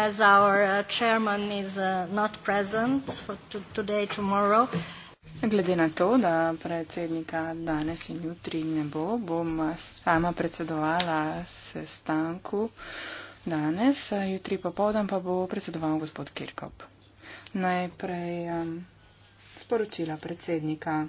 as our uh, chairman is uh, not present for today, tomorrow. Glede na to, da predsednika danes in jutri ne bo, bom uh, sama predsedovala sestanku danes, uh, jutri popovdan pa bo predsedoval gospod Kirkop. Najprej um, sporočila predsednika.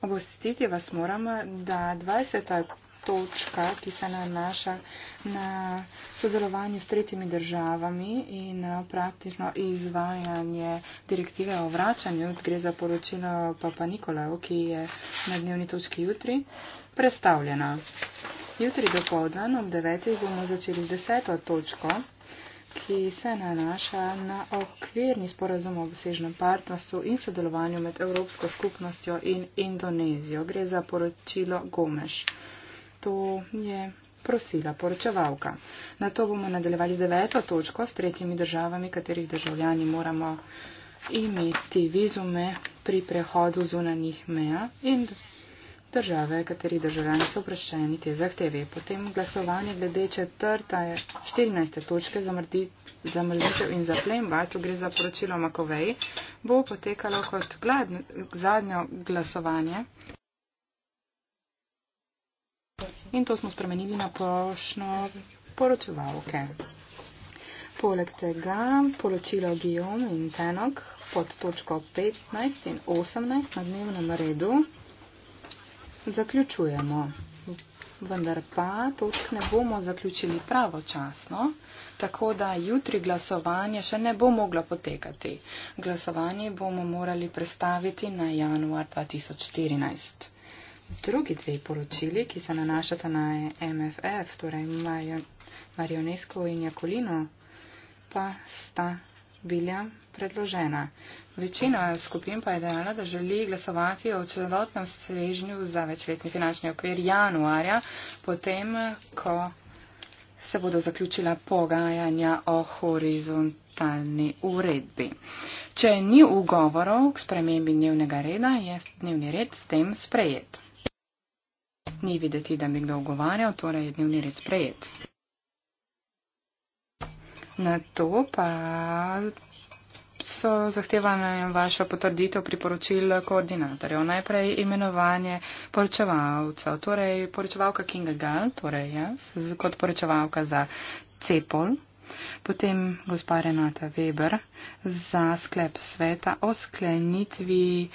Obostiti vas moram, da 20 točka, ki se nanaša na sodelovanje s tretjimi državami in eh, praktično izvajanje direktive o vračanju. Gre za poročilo Papa Nikolaev, ki je na dnevni točki jutri predstavljena. Jutri do povdan ob 9. bomo začeli z deseto točko ki se nanaša na okvirni sporazum o obsežnem partnerstvu in sodelovanju med Evropsko skupnostjo in Indonezijo. Gre za poročilo Gomeš to je prosila poročevalka. Na to bomo nadaljevali z deveto točko, s tretjimi državami, katerih državljani moramo imeti vizume pri prehodu zunanjih meja in države, katerih državljani so vprašeni te zahteve. Potem glasovanje glede četrta je 14. točke za mrzitev in zaplemba, tu gre za poročilo Makovej, bo potekalo kot gladno, zadnjo glasovanje in to smo spremenili na prošno poročevalke. Poleg tega poročilo Gijom in Tenok pod točko 15 in 18 na dnevnem redu zaključujemo. Vendar pa točk ne bomo zaključili pravočasno, tako da jutri glasovanje še ne bo moglo potekati. Glasovanje bomo morali prestaviti na januar 2014 drugi dve poročili, ki se nanašata na MFF, torej Marionesko in Jakolino, pa sta bila predložena. Večina skupin pa je dejala, da želi glasovati o celotnem svežnju za večletni finančni okvir januarja, potem, ko se bodo zaključila pogajanja o horizontalni uredbi. Če ni ugovorov k spremembi dnevnega reda, je dnevni red s tem sprejet ni videti, da bi kdo ogovarjal, torej je dnevni red sprejet. Na to pa so zahtevane vaša potrditev priporočil koordinatorjev. Najprej imenovanje poročevalcev, torej poročevalka Kinga Gal, torej jaz, kot poročevalka za Cepol. Potem gospa Renata Weber za sklep sveta o sklenitvi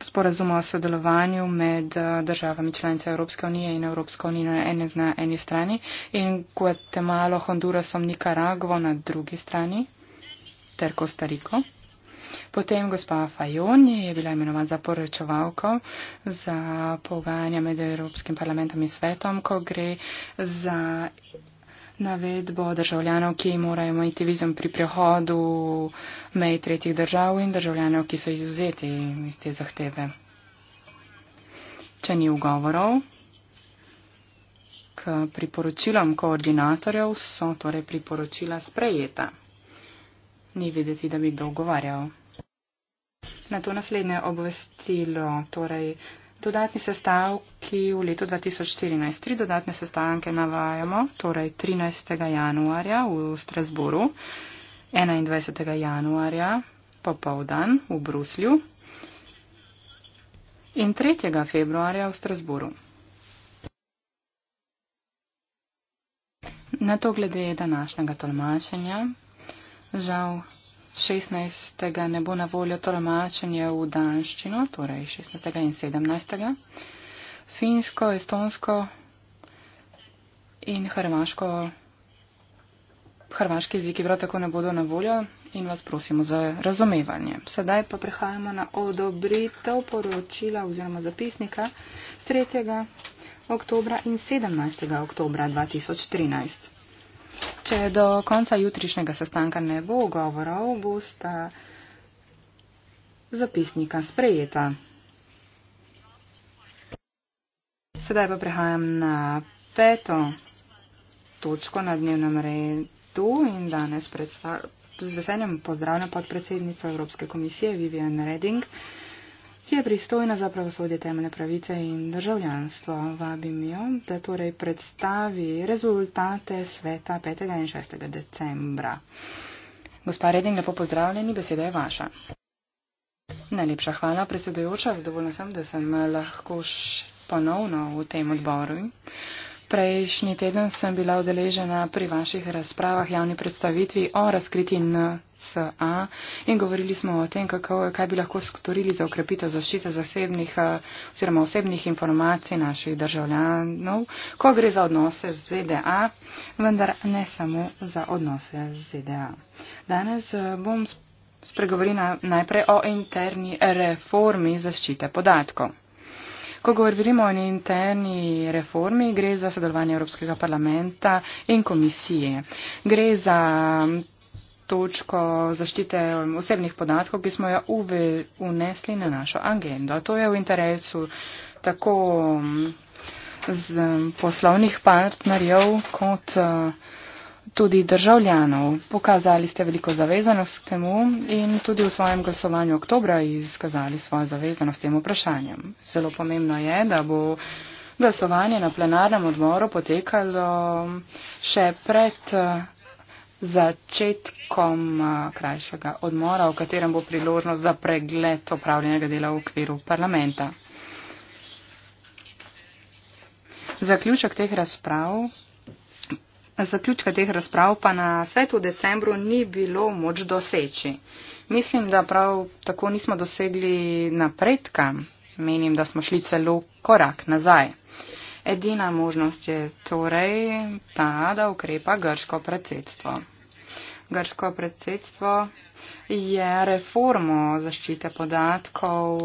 sporazuma o sodelovanju med eh, državami članice Evropske unije in Evropsko unijo na eni, na eni strani in Guatemalo, Hondurasom, Nicaragvo na drugi strani ter Kostariko. Potem gospa Fajon je bila imenovana za poročevalko za pogajanja med Evropskim parlamentom in svetom, ko gre za navedbo državljanov, ki morajo imeti vizum pri prihodu mej tretjih držav in državljanov, ki so izuzeti iz te zahteve. Če ni ugovorov, k priporočilom koordinatorjev so torej priporočila sprejeta. Ni videti, da bi kdo ugovarjal. Na to naslednje obvestilo, torej Dodatni sestavki v letu 2014. Tri dodatne sestanke navajamo, torej 13. januarja v Strasburu, 21. januarja popovdan v Bruslju in 3. februarja v Strasburu. Na to glede današnjega tolmačenja. Žal 16. ne bo na voljo tolmačenje v danščino, torej 16. in 17. Finsko, estonsko in hrvaško. Hrvaški jeziki prav tako ne bodo na voljo in vas prosimo za razumevanje. Sedaj pa prehajamo na odobritev poročila oziroma zapisnika z 3. oktobra in 17. oktobra 2013. Če do konca jutrišnjega sestanka ne bo govorov, bosta zapisnika sprejeta. Sedaj pa prehajam na peto točko na dnevnem redu in danes z veseljem pozdravljam podpredsednico Evropske komisije Vivian Redding ki je pristojna za pravosodje temeljne pravice in državljanstvo. Vabim jo, da torej predstavi rezultate sveta 5. in 6. decembra. Gospa Reding, lepo pozdravljeni, beseda je vaša. Najlepša hvala, predsedujoča. Zadovoljna sem, da sem lahko ponovno v tem odboru. Prejšnji teden sem bila udeležena pri vaših razpravah javni predstavitvi o razkriti NSA in govorili smo o tem, kako, kaj bi lahko storili za ukrepitev zaščite zasebnih eh, oziroma osebnih informacij naših državljanov, ko gre za odnose z ZDA, vendar ne samo za odnose z ZDA. Danes eh, bom spregovorila najprej o interni reformi zaščite podatkov. Ko govorimo o interni reformi, gre za sodelovanje Evropskega parlamenta in komisije. Gre za mm, točko zaščite osebnih podatkov, ki smo jo unesli na našo agendo. To je v interesu tako mm, z poslovnih partnerjev kot uh, tudi državljanov. Pokazali ste veliko zavezanost k temu in tudi v svojem glasovanju oktobra izkazali svojo zavezanost tem vprašanjem. Zelo pomembno je, da bo glasovanje na plenarnem odboru potekalo še pred eh, začetkom eh, krajšega odmora, v katerem bo priložnost za pregled opravljenega dela v okviru parlamenta. Zaključek teh razprav zaključka teh razprav pa na svetu v decembru ni bilo moč doseči. Mislim, da prav tako nismo dosegli napredka. Menim, da smo šli celo korak nazaj. Edina možnost je torej ta, da ukrepa grško predsedstvo. Grško predsedstvo je reformo zaščite podatkov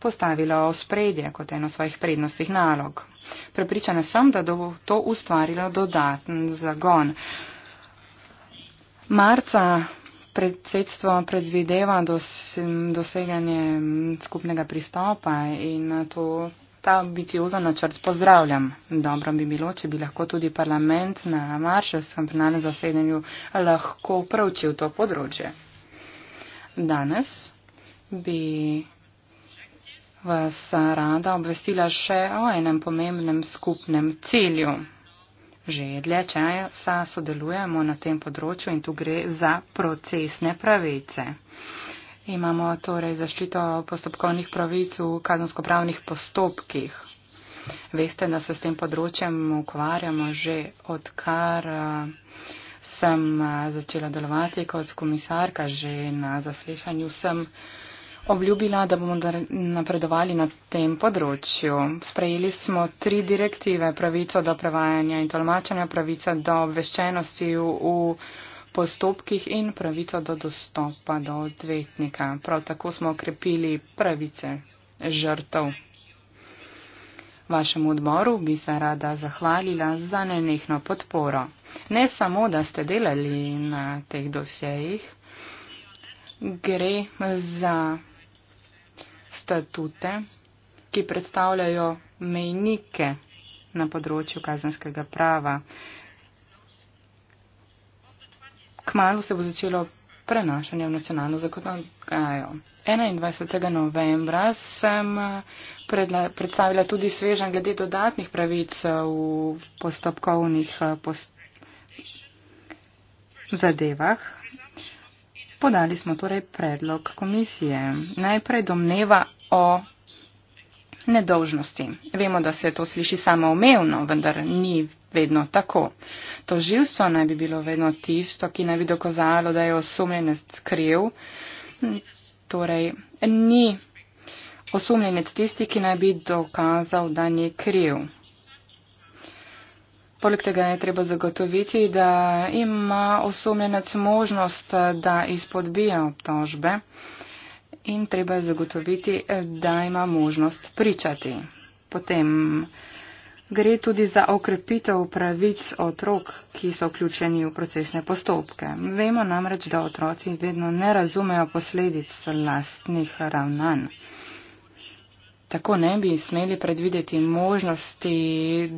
postavila v spredje kot eno svojih prednostih nalog. Prepričana sem, da bo to ustvarilo dodaten zagon. Marca predsedstvo predvideva dos doseganje skupnega pristopa in to. Ta ambiciozen načrt pozdravljam. Dobro bi bilo, če bi lahko tudi parlament na maršalskem plenarnem zasedanju lahko pravčil to področje. Danes bi vas rada obvestila še o enem pomembnem skupnem cilju. Že dlje časa sodelujemo na tem področju in tu gre za procesne pravice. Imamo torej zaščito postopkovnih pravic v kazensko-pravnih postopkih. Veste, da se s tem področjem ukvarjamo že odkar eh, sem eh, začela delovati kot komisarka, že na zaslišanju sem obljubila, da bomo napredovali na tem področju. Sprejeli smo tri direktive, pravico do prevajanja in tolmačanja, pravica do obveščenosti v, v postopkih in pravico do dostopa do odvetnika. Prav tako smo okrepili pravice žrtev. Vašemu odboru bi se rada zahvalila za nenehno podporo. Ne samo, da ste delali na teh dosjejih, gre za statute, ki predstavljajo mejnike na področju kazenskega prava. Kmalo se bo začelo prenašanje v nacionalno zakonodajo. 21. novembra sem predstavila tudi svežen glede dodatnih pravic v postopkovnih eh, post zadevah. Podali smo torej predlog komisije. Najprej domneva o nedolžnosti. Vemo, da se to sliši samoumevno, vendar ni vedno tako. To živstvo naj bi bilo vedno tisto, ki naj bi dokazalo, da je osumljenec kriv. Torej, ni osumljenec tisti, ki naj bi dokazal, da ni kriv. Poleg tega je treba zagotoviti, da ima osumljenec možnost, da izpodbije obtožbe in treba je zagotoviti, da ima možnost pričati. Potem gre tudi za okrepitev pravic otrok, ki so vključeni v procesne postopke. Vemo namreč, da otroci vedno ne razumejo posledic lastnih ravnanj. Tako ne bi smeli predvideti možnosti,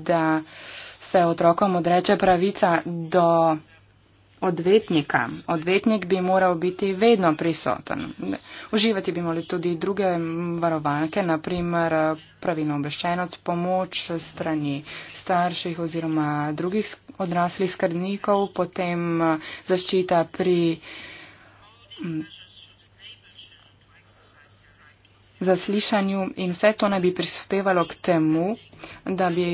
da se otrokom odreče pravica do odvetnika. Odvetnik bi moral biti vedno prisoten. Uživati bi morali tudi druge varovalke, naprimer pravilno obveščenost, pomoč strani starših oziroma drugih odraslih skrbnikov, potem zaščita pri zaslišanju in vse to naj bi prispevalo k temu, da bi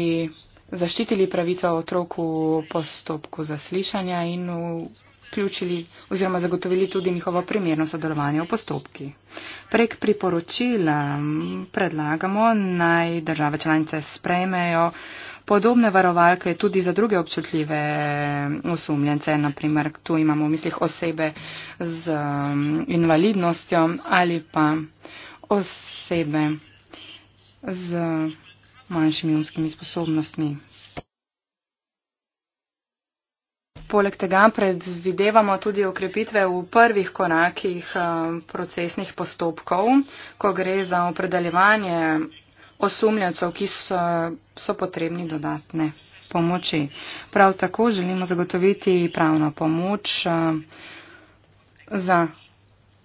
zaščitili pravico otrok v postopku zaslišanja in vključili oziroma zagotovili tudi njihovo primerno sodelovanje v postopki. Prek priporočila predlagamo naj države članice sprejmejo podobne varovalke tudi za druge občutljive osumljence, naprimer tu imamo v mislih osebe z invalidnostjo ali pa osebe z manjšimi umskimi sposobnostmi. Poleg tega predvidevamo tudi okrepitve v prvih korakih eh, procesnih postopkov, ko gre za opredeljevanje osumljencev, ki so, so potrebni dodatne pomoči. Prav tako želimo zagotoviti pravno pomoč eh, za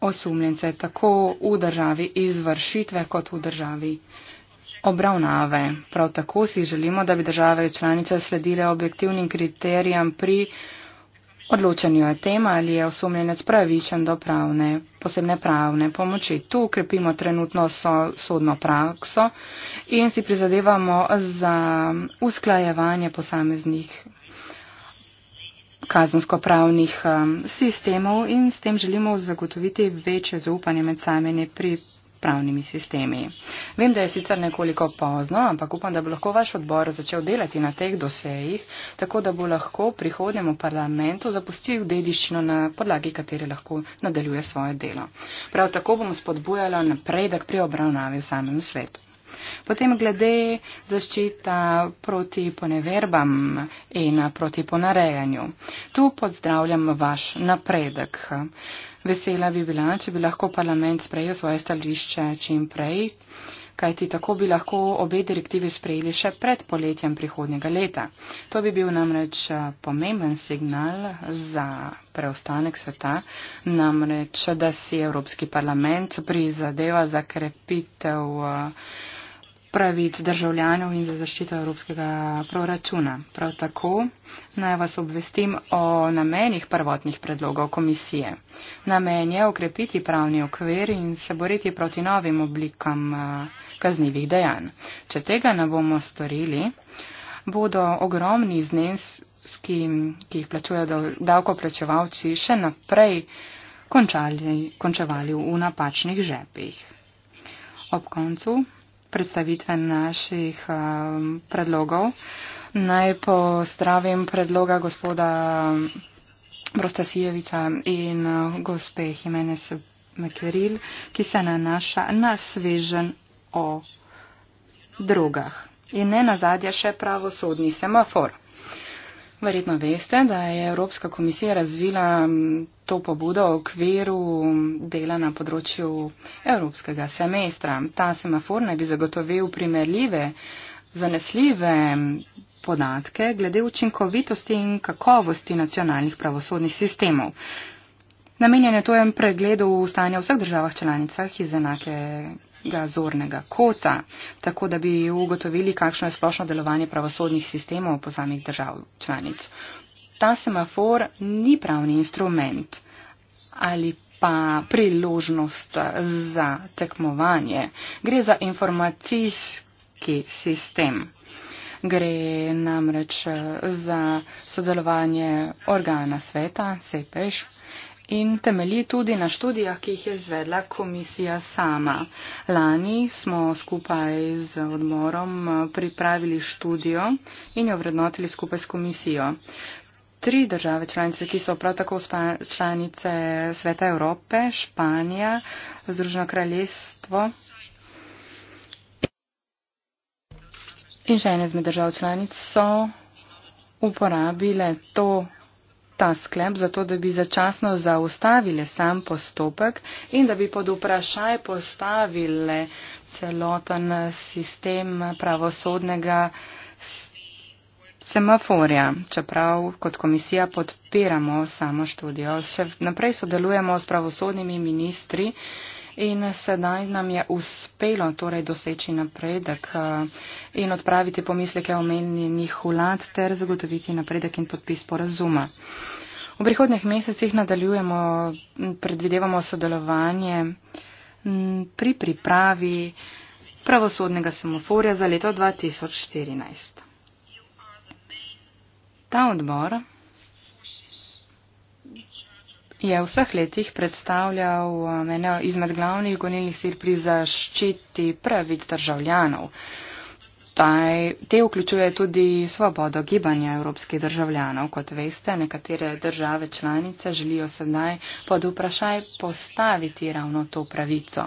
osumljence tako v državi izvršitve kot v državi obravnave. Prav tako si želimo, da bi države članice sledile objektivnim kriterijem pri odločanju o tem, ali je osumljenec pravičen do pravne, posebne pravne pomoči. Tu krepimo trenutno so, sodno prakso in si prizadevamo za usklajevanje posameznih kazensko-pravnih um, sistemov in s tem želimo zagotoviti večje zaupanje med samimi pripravami pravnimi sistemi. Vem, da je sicer nekoliko pozno, ampak upam, da bo lahko vaš odbor začel delati na teh dosejih, tako da bo lahko prihodnjemu parlamentu zapustil dediščino, na podlagi katere lahko nadaljuje svoje delo. Prav tako bomo spodbujali napredek pri obravnavi v samem svetu. Potem glede zaščita proti poneverbam in proti ponarejanju. Tu pozdravljam vaš napredek. Vesela bi bila, če bi lahko parlament sprejel svoje stališče čim prej, kajti tako bi lahko obe direktivi sprejeli še pred poletjem prihodnjega leta. To bi bil namreč eh, pomemben signal za preostanek sveta, namreč, da si Evropski parlament prizadeva za krepitev. Uh, pravic državljanov in za zaščito evropskega proračuna. Prav tako naj vas obvestim o namenih prvotnih predlogov komisije. Namen je okrepiti pravni okvir in se boriti proti novim oblikam eh, kaznjivih dejanj. Če tega ne bomo storili, bodo ogromni zneski, ki jih plačujejo davkoplačevalci, še naprej končali, končevali v napačnih žepih. Ob koncu predstavitve naših um, predlogov. Naj pozdravim predloga gospoda Brostasijeviča in uh, gospe Jimenez Makeril, ki se nanaša na svežen o drogah. In ne nazadje še pravosodni semafor. Verjetno veste, da je Evropska komisija razvila mm, to pobudo v okviru mm, dela na področju evropskega semestra. Ta semafor naj bi zagotovil primerljive, zanesljive mm, podatke glede učinkovitosti in kakovosti nacionalnih pravosodnih sistemov. Namenjen je to en pregled v stanje vseh državah članicah iz enake drugega zornega kota, tako da bi ugotovili, kakšno je splošno delovanje pravosodnih sistemov pozamih držav članic. Ta semafor ni pravni instrument ali pa priložnost za tekmovanje. Gre za informacijski sistem. Gre namreč eh, za sodelovanje organa sveta, sepeš, in temelji tudi na študijah, ki jih je izvedla komisija sama. Lani smo skupaj z odmorom eh, pripravili študijo in jo vrednotili skupaj s komisijo. Tri države članice, ki so prav tako članice Sveta Evrope, Španija, Združeno kraljestvo in še ene izmed držav članic so uporabile to ta sklep zato, da bi začasno zaustavile sam postopek in da bi pod vprašaj postavile celoten sistem pravosodnega semaforja. Čeprav kot komisija podpiramo samo študijo, še naprej sodelujemo s pravosodnimi ministri in sedaj nam je uspelo torej doseči napredek eh, in odpraviti pomisleke omenjenih vlad ter zagotoviti napredek in podpis porazuma. V prihodnih mesecih nadaljujemo, predvidevamo sodelovanje pri pripravi pravosodnega semaforja za leto 2014. Ta odbor je v vseh letih predstavljal um, eno izmed glavnih gonilnih sil pri zaščiti pravic državljanov. Taj, te vključuje tudi svobodo gibanja evropskih državljanov. Kot veste, nekatere države članice želijo sedaj pod vprašaj postaviti ravno to pravico.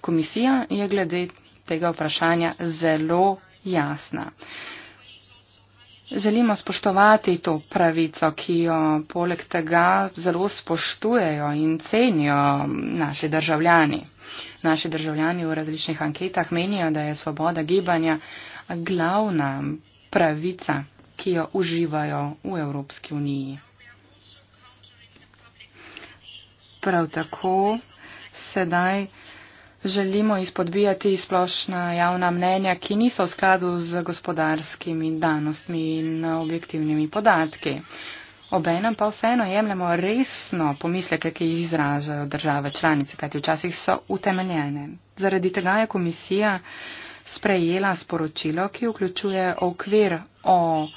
Komisija je glede tega vprašanja zelo jasna. Želimo spoštovati to pravico, ki jo poleg tega zelo spoštujejo in cenijo naši državljani. Naši državljani v različnih anketah menijo, da je svoboda gibanja glavna pravica, ki jo uživajo v Evropski uniji. Prav tako sedaj želimo izpodbijati splošna javna mnenja, ki niso v skladu z gospodarskimi danostmi in objektivnimi podatki. Obenem pa vseeno jemljamo resno pomisleke, ki jih izražajo države članice, kajti včasih so utemeljene. Zaradi tega je komisija sprejela sporočilo, ki vključuje okvir o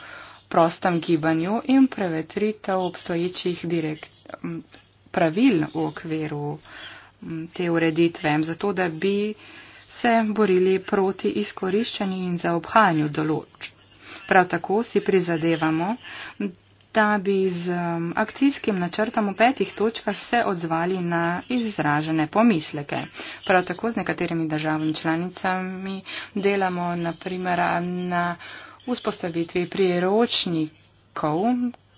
prostem gibanju in prevetritev obstoječih direkt, pravil v okviru uh, te ureditve, zato da bi se borili proti izkoriščanju in zaobhajanju določ. Prav tako si prizadevamo, da bi z um, akcijskim načrtom v petih točkah se odzvali na izražene pomisleke. Prav tako z nekaterimi državami članicami delamo naprimer na vzpostavitvi priročnikov,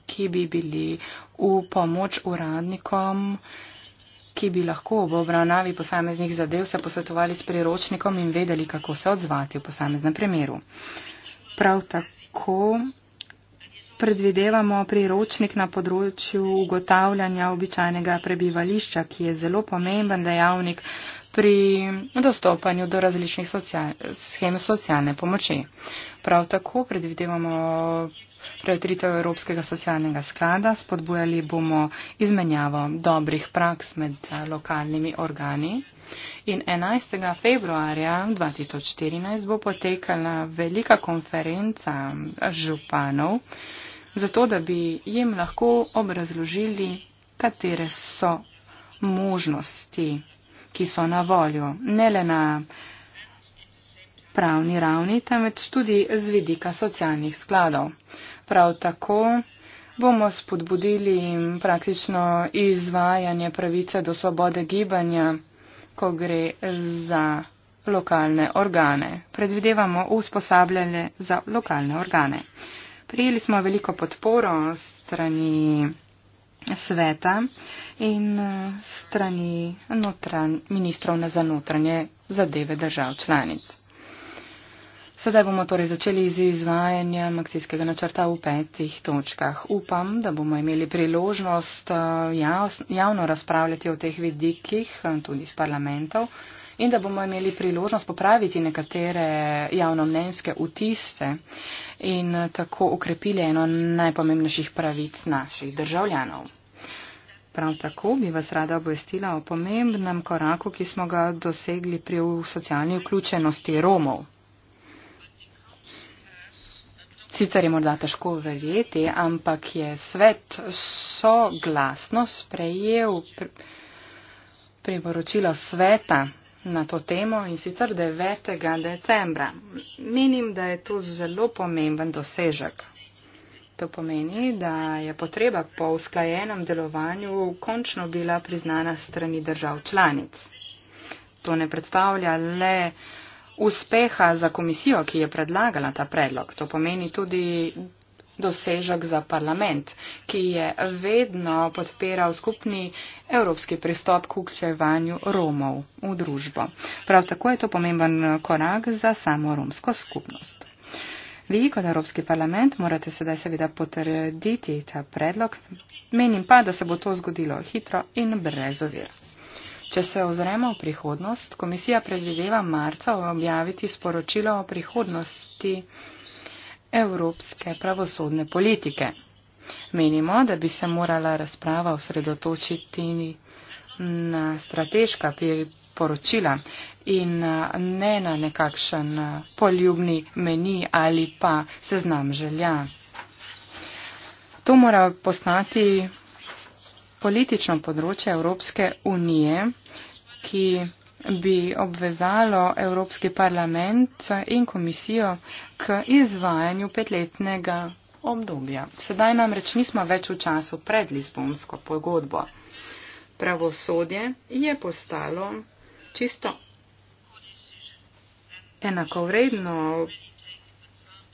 ki bi bili v pomoč uradnikom ki bi lahko v obravnavi posameznih zadev se posvetovali s priročnikom in vedeli, kako se odzvati v posameznem primeru. Prav tako predvidevamo priročnik na področju ugotavljanja običajnega prebivališča, ki je zelo pomemben dejavnik pri dostopanju do različnih social, schem socialne pomoči. Prav tako predvidevamo preotritev Evropskega socialnega sklada, spodbujali bomo izmenjavo dobrih praks med eh, lokalnimi organi. In 11. februarja 2014 bo potekala velika konferenca eh, županov, zato da bi jim lahko obrazložili, katere so možnosti, ki so na voljo, ne le na pravni ravni, temveč tudi z vidika socialnih skladov. Prav tako bomo spodbudili praktično izvajanje pravice do svobode gibanja, ko gre za lokalne organe. Predvidevamo usposabljanje za lokalne organe. Prijeli smo veliko podporo strani sveta in eh, strani notran, ministrov za notranje zadeve držav članic. Sedaj bomo torej začeli z izvajanjem akcijskega načrta v petih točkah. Upam, da bomo imeli priložnost eh, javno razpravljati o teh vidikih eh, tudi s parlamentov in da bomo imeli priložnost popraviti nekatere javnomnenjske utiste in eh, tako ukrepili eno najpomembnejših pravic naših državljanov. Prav tako bi vas rada obvestila o pomembnem koraku, ki smo ga dosegli pri socialni vključenosti Romov. Sicer je morda težko verjeti, ampak je svet soglasno sprejel priporočilo sveta na to temo in sicer 9. decembra. Menim, da je to zelo pomemben dosežek. To pomeni, da je potreba po usklajenem delovanju končno bila priznana strani držav članic. To ne predstavlja le uspeha za komisijo, ki je predlagala ta predlog. To pomeni tudi dosežek za parlament, ki je vedno podpiral skupni evropski pristop k vključevanju Romov v družbo. Prav tako je to pomemben korak za samo romsko skupnost. Vi kot Evropski parlament morate sedaj seveda potrditi ta predlog. Menim pa, da se bo to zgodilo hitro in brez ovir. Če se ozremo v prihodnost, komisija predvideva marca objaviti sporočilo o prihodnosti evropske pravosodne politike. Menimo, da bi se morala razprava osredotočiti na strateška poročila in ne na nekakšen poljubni meni ali pa seznam želja. To mora postati politično področje Evropske unije, ki bi obvezalo Evropski parlament in komisijo k izvajanju petletnega obdobja. Sedaj namreč nismo več v času pred Lizbonsko pogodbo. Pravosodje je postalo čisto enakovredno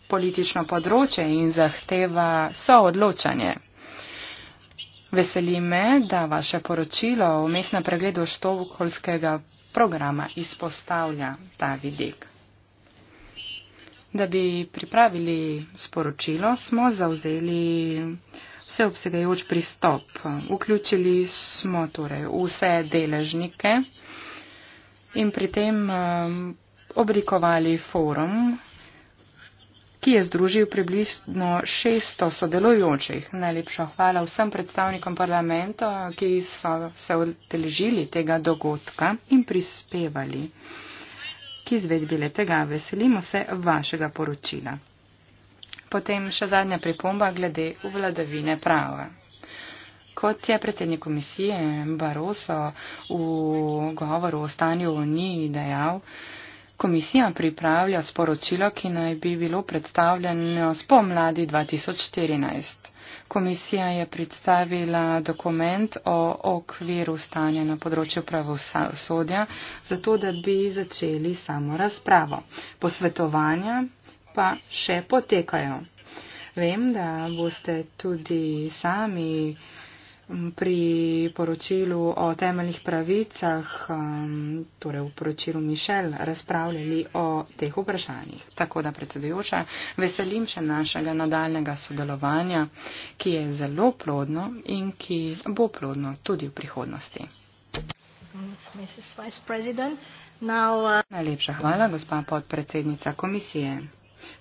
politično področje in zahteva soodločanje. Veseli me, da vaše poročilo o mestnem pregledu štokholmskega programa izpostavlja ta vidik. Da bi pripravili sporočilo, smo zauzeli vseobsegajoč pristop. Vključili smo torej vse deležnike in pri tem eh, oblikovali forum, ki je združil približno 600 sodelujočih. Najlepša hvala vsem predstavnikom parlamenta, ki so se odeležili tega dogodka in prispevali k izvedbi letega. Veselimo se vašega poročila. Potem še zadnja pripomba glede vladavine prava. Kot je predsednik komisije Baroso v govoru o stanju v Uniji dejal, Komisija pripravlja sporočilo, ki naj bi bilo predstavljeno spomladi 2014. Komisija je predstavila dokument o okviru stanja na področju pravosodja, zato da bi začeli samo razpravo. Posvetovanja pa še potekajo. Vem, da boste tudi sami pri poročilu o temeljnih pravicah, um, torej v poročilu Mišel, razpravljali o teh vprašanjih. Tako da, predsedujoča, veselim še našega nadaljnega sodelovanja, ki je zelo plodno in ki bo plodno tudi v prihodnosti. Now, uh... Najlepša hvala, gospa podpredsednica komisije.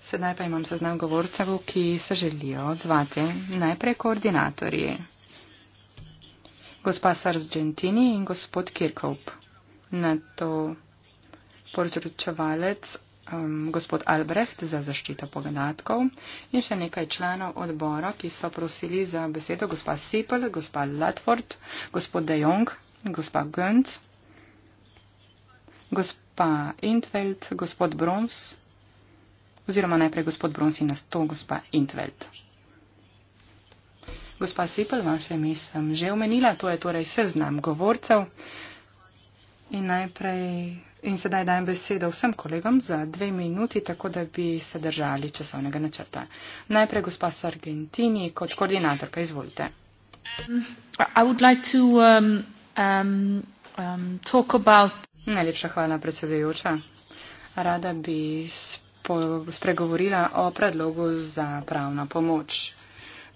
Sedaj pa imam seznam govorcev, ki se želijo odzvati najprej koordinatorji gospa Sargentini in gospod Kirkov. Na to poročevalec um, gospod Albrecht za zaščito pogledatkov in še nekaj članov odbora, ki so prosili za besedo gospa Sipel, gospa Latford, gospod De Jong, gospa Gönc, gospa Intveld, gospod Brons, oziroma najprej gospod Brons in nas to gospa Intveld. Gospa Sipel, vaše ime sem že omenila, to je torej seznam govorcev. In najprej in sedaj dajem besedo vsem kolegom za dve minuti, tako da bi se držali časovnega načrta. Najprej gospa Sargentini kot koordinatorka, izvolite. Um, um, um about... Najlepša hvala, predsedujoča. Rada bi spregovorila o predlogu za pravno pomoč.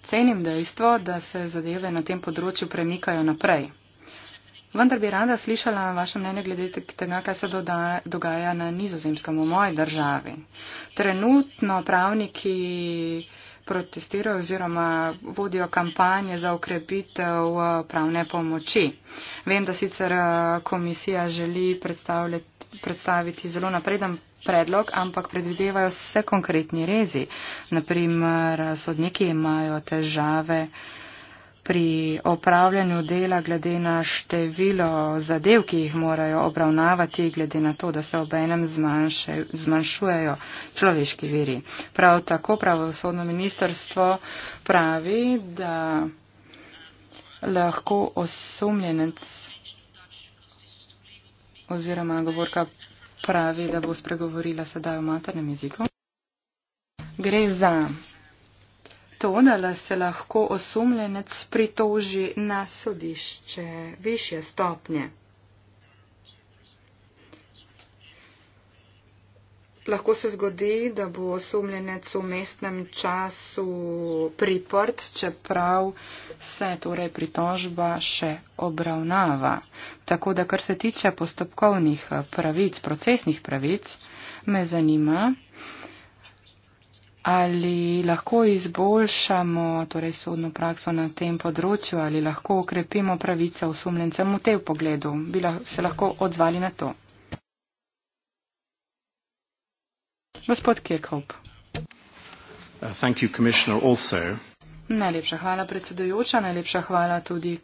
Cenim dejstvo, da se zadeve na tem področju premikajo naprej. Vendar bi rada slišala vaše mnenje glede tega, kaj se dogaja na nizozemskem, v moji državi. Trenutno pravniki protestirajo oziroma vodijo kampanje za ukrepitev eh, pravne pomoči. Vem, da sicer eh, komisija želi predstaviti zelo napreden predlog, ampak predvidevajo vse konkretni rezi. Naprimer, sodniki imajo težave pri opravljanju dela glede na število zadev, ki jih morajo obravnavati, glede na to, da se obenem zmanjšujejo človeški viri. Prav tako pravosodno ministrstvo pravi, da lahko osumljenec oziroma govorka pravi, da bo spregovorila sedaj v maternem jeziku. Gre za to, da se lahko osumljenec pritoži na sodišče višje stopnje. Lahko se zgodi, da bo osumljenec v mestnem času priprt, čeprav se torej pritožba še obravnava. Tako da, kar se tiče postopkovnih pravic, procesnih pravic, me zanima, ali lahko izboljšamo torej sodno prakso na tem področju, ali lahko okrepimo pravice osumljencem v tem pogledu. Bi se lahko odzvali na to? Gospod Kirkhope. Uh, thank you, Commissioner, also. Najlepša hvala, predsedujoča, najlepša hvala tudi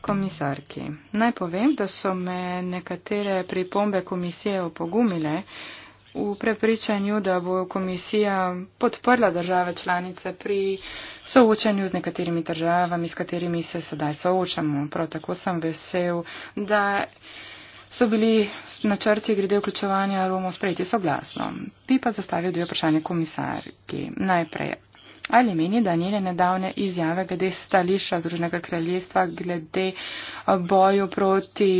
komisarki. Naj povem, da so me nekatere pripombe komisije opogumile v prepričanju, da bo komisija podprla države članice pri soočanju z nekaterimi državami, s katerimi se sedaj soočamo. Prav tako sem vesel, da so bili načrti glede vključevanja Romov sprejeti soglasno. Bi pa zastavil dve vprašanje komisarki. Najprej, ali meni, da njene nedavne izjave glede stališča Združnega kraljestva glede eh, boju proti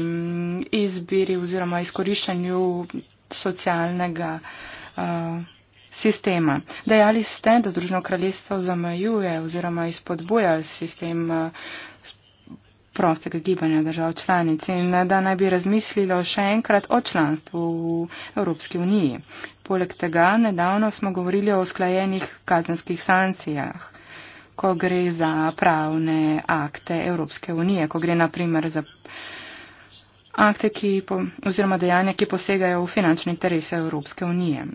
mm, izbiri oziroma izkoriščanju socialnega uh, sistema. Dejali ste, da Združeno kraljestvo zamajuje oziroma izpodbuja sistem uh, prostega gibanja držav članic in da naj bi razmislilo še enkrat o članstvu v Evropski uniji. Poleg tega nedavno smo govorili o usklajenih kazenskih sankcijah, ko gre za pravne akte Evropske unije, ko gre naprimer za akte ki, oziroma dejanja, ki posegajo v finančne interese Evropske unije.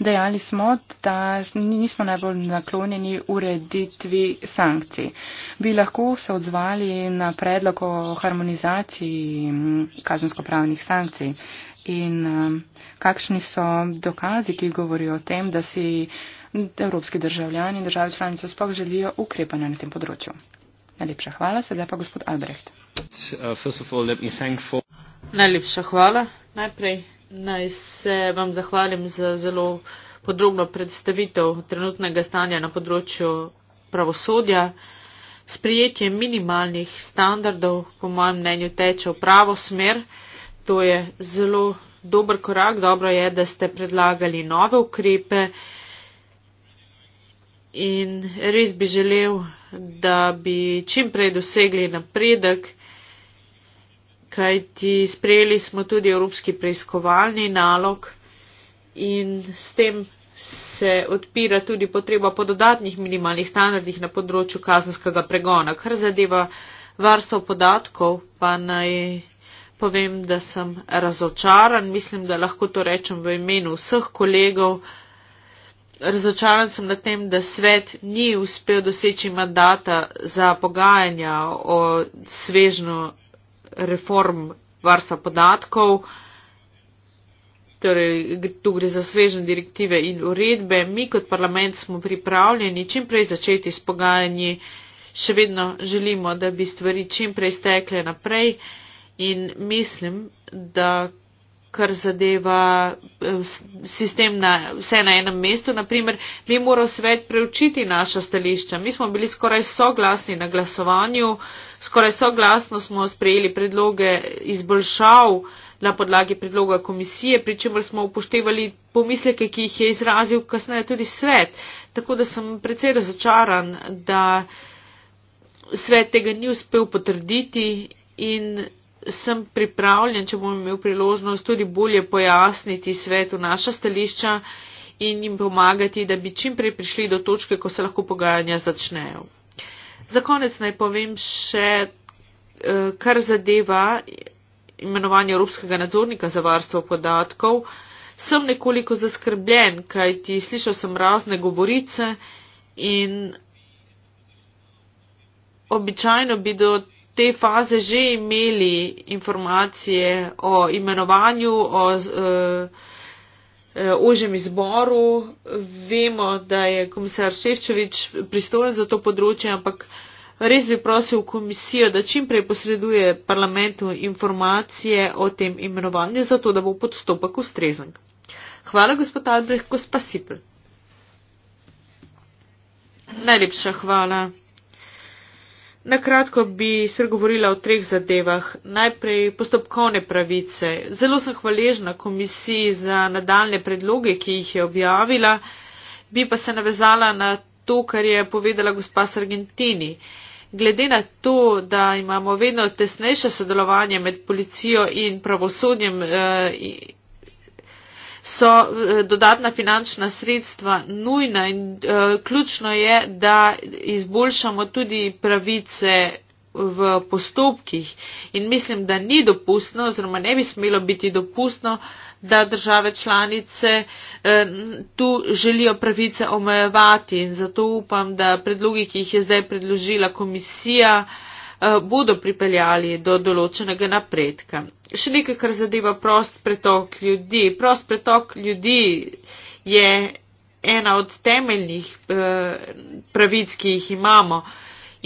Dejali smo, da nismo najbolj naklonjeni ureditvi sankcij. Bi lahko se odzvali na predlog o harmonizaciji kazensko-pravnih sankcij in kakšni so dokazi, ki govorijo o tem, da si evropski državljani in države članice sploh želijo ukrepanja na tem področju. Najlepša hvala, sedaj pa gospod Albrecht. Uh, Najlepša hvala. Najprej Naj se vam zahvalim za zelo podrobno predstavitev trenutnega stanja na področju pravosodja. Sprijetje minimalnih standardov, po mojem mnenju, teče v pravo smer. To je zelo dober korak. Dobro je, da ste predlagali nove ukrepe. In res bi želel, da bi čim prej dosegli napredek kajti sprejeli smo tudi evropski preiskovalni nalog in s tem se odpira tudi potreba po dodatnih minimalnih standardih na področju kazenskega pregona. Kar zadeva varstvo podatkov, pa naj povem, da sem razočaran, mislim, da lahko to rečem v imenu vseh kolegov. Razočaran sem na tem, da svet ni uspel doseči mandata za pogajanja o svežno reform varstva podatkov. Torej, tu gre za svežen direktive in uredbe. Mi kot parlament smo pripravljeni čim prej začeti s pogajanji. Še vedno želimo, da bi stvari čim prej stekle naprej in mislim, da kar zadeva eh, sistem na, vse na enem mestu. Naprimer, bi moral svet preučiti naša stališča. Mi smo bili skoraj soglasni na glasovanju, skoraj soglasno smo sprejeli predloge izboljšav na podlagi predloga komisije, pri čemer smo upoštevali pomisleke, ki jih je izrazil kasneje tudi svet. Tako da sem precej razočaran, da svet tega ni uspel potrditi in sem pripravljen, če bom imel priložnost, tudi bolje pojasniti svetu naša stališča in jim pomagati, da bi čim prej prišli do točke, ko se lahko pogajanja začnejo. Za konec naj povem še, eh, kar zadeva imenovanje Evropskega nadzornika za varstvo podatkov. Sem nekoliko zaskrbljen, kaj ti slišal sem razne govorice in običajno bi do te faze že imeli informacije o imenovanju, o e, eh, eh, ožem izboru. Vemo, da je komisar Ševčevič pristojen za to področje, ampak res bi prosil komisijo, da čim prej posreduje parlamentu informacije o tem imenovanju, zato da bo podstopek ustrezen. Hvala, gospod Albrecht, gospod Sipl. Najlepša hvala. Na kratko bi spregovorila o treh zadevah. Najprej postopkovne pravice. Zelo sem hvaležna komisiji za nadaljne predloge, ki jih je objavila, bi pa se navezala na to, kar je povedala gospa Sargentini. Glede na to, da imamo vedno tesnejše sodelovanje med policijo in pravosodjem eh, so eh, dodatna finančna sredstva nujna in uh, ključno je, da izboljšamo tudi pravice v postopkih. In mislim, da ni dopustno oziroma ne bi smelo biti dopustno, da države članice eh, tu želijo pravice omejevati. In zato upam, da predlogi, ki jih je zdaj predložila komisija, Eh, bodo pripeljali do določenega napredka. Še nekaj, kar zadeva prost pretok ljudi. Prost pretok ljudi je ena od temeljnih eh, pravic, ki jih imamo.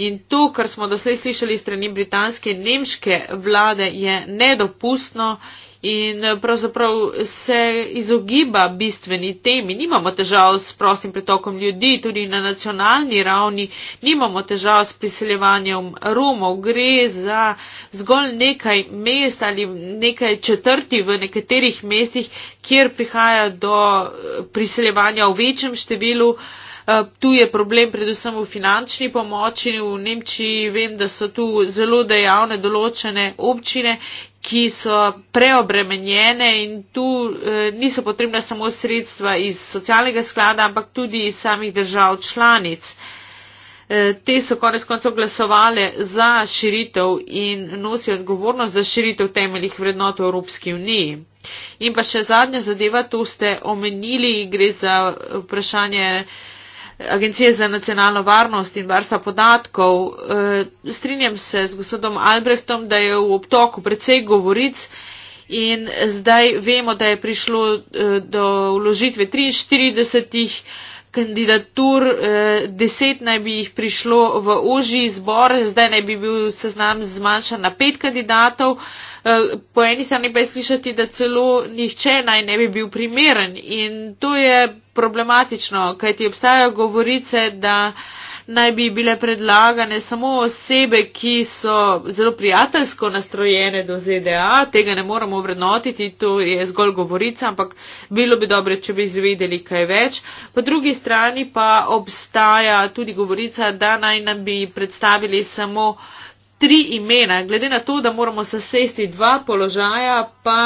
In to, kar smo doslej slišali strani britanske in nemške vlade, je nedopustno in eh, pravzaprav se izogiba bistveni temi. Nimamo težav s prostim pretokom ljudi, tudi na nacionalni ravni nimamo težav s priseljevanjem Romov. Gre za zgolj nekaj mest ali nekaj četrti v nekaterih mestih, kjer prihaja do eh, priseljevanja v večjem številu. Eh, tu je problem predvsem v finančni pomoči. V Nemčiji vem, da so tu zelo dejavne določene občine, ki so preobremenjene in tu eh, niso potrebna samo sredstva iz socialnega sklada, ampak tudi iz samih držav članic. Eh, te so konec koncev glasovale za širitev in nosijo odgovornost za širitev temeljih vrednot v Evropski uniji. In pa še zadnja zadeva, to ste omenili, gre za vprašanje eh, Agencije za nacionalno varnost in varstva podatkov. Eh, strinjam se z gospodom Albrehtom, da je v obtoku precej govoric in zdaj vemo, da je prišlo eh, do uložitve 43 kandidatur, eh, deset naj bi jih prišlo v oži izbor, zdaj naj bi bil seznam zmanjšan na pet kandidatov. Eh, po eni strani pa je slišati, da celo nihče naj ne bi bil primeren in to je problematično, kajti obstajajo govorice, da uh, naj bi bile predlagane samo osebe, ki so zelo prijateljsko nastrojene do ZDA. Tega ne moramo vrednotiti, to je zgolj govorica, ampak bilo bi dobro, če bi izvedeli kaj več. Po drugi strani pa obstaja tudi govorica, da naj nam bi predstavili samo tri imena. Glede na to, da moramo sesesti dva položaja, pa.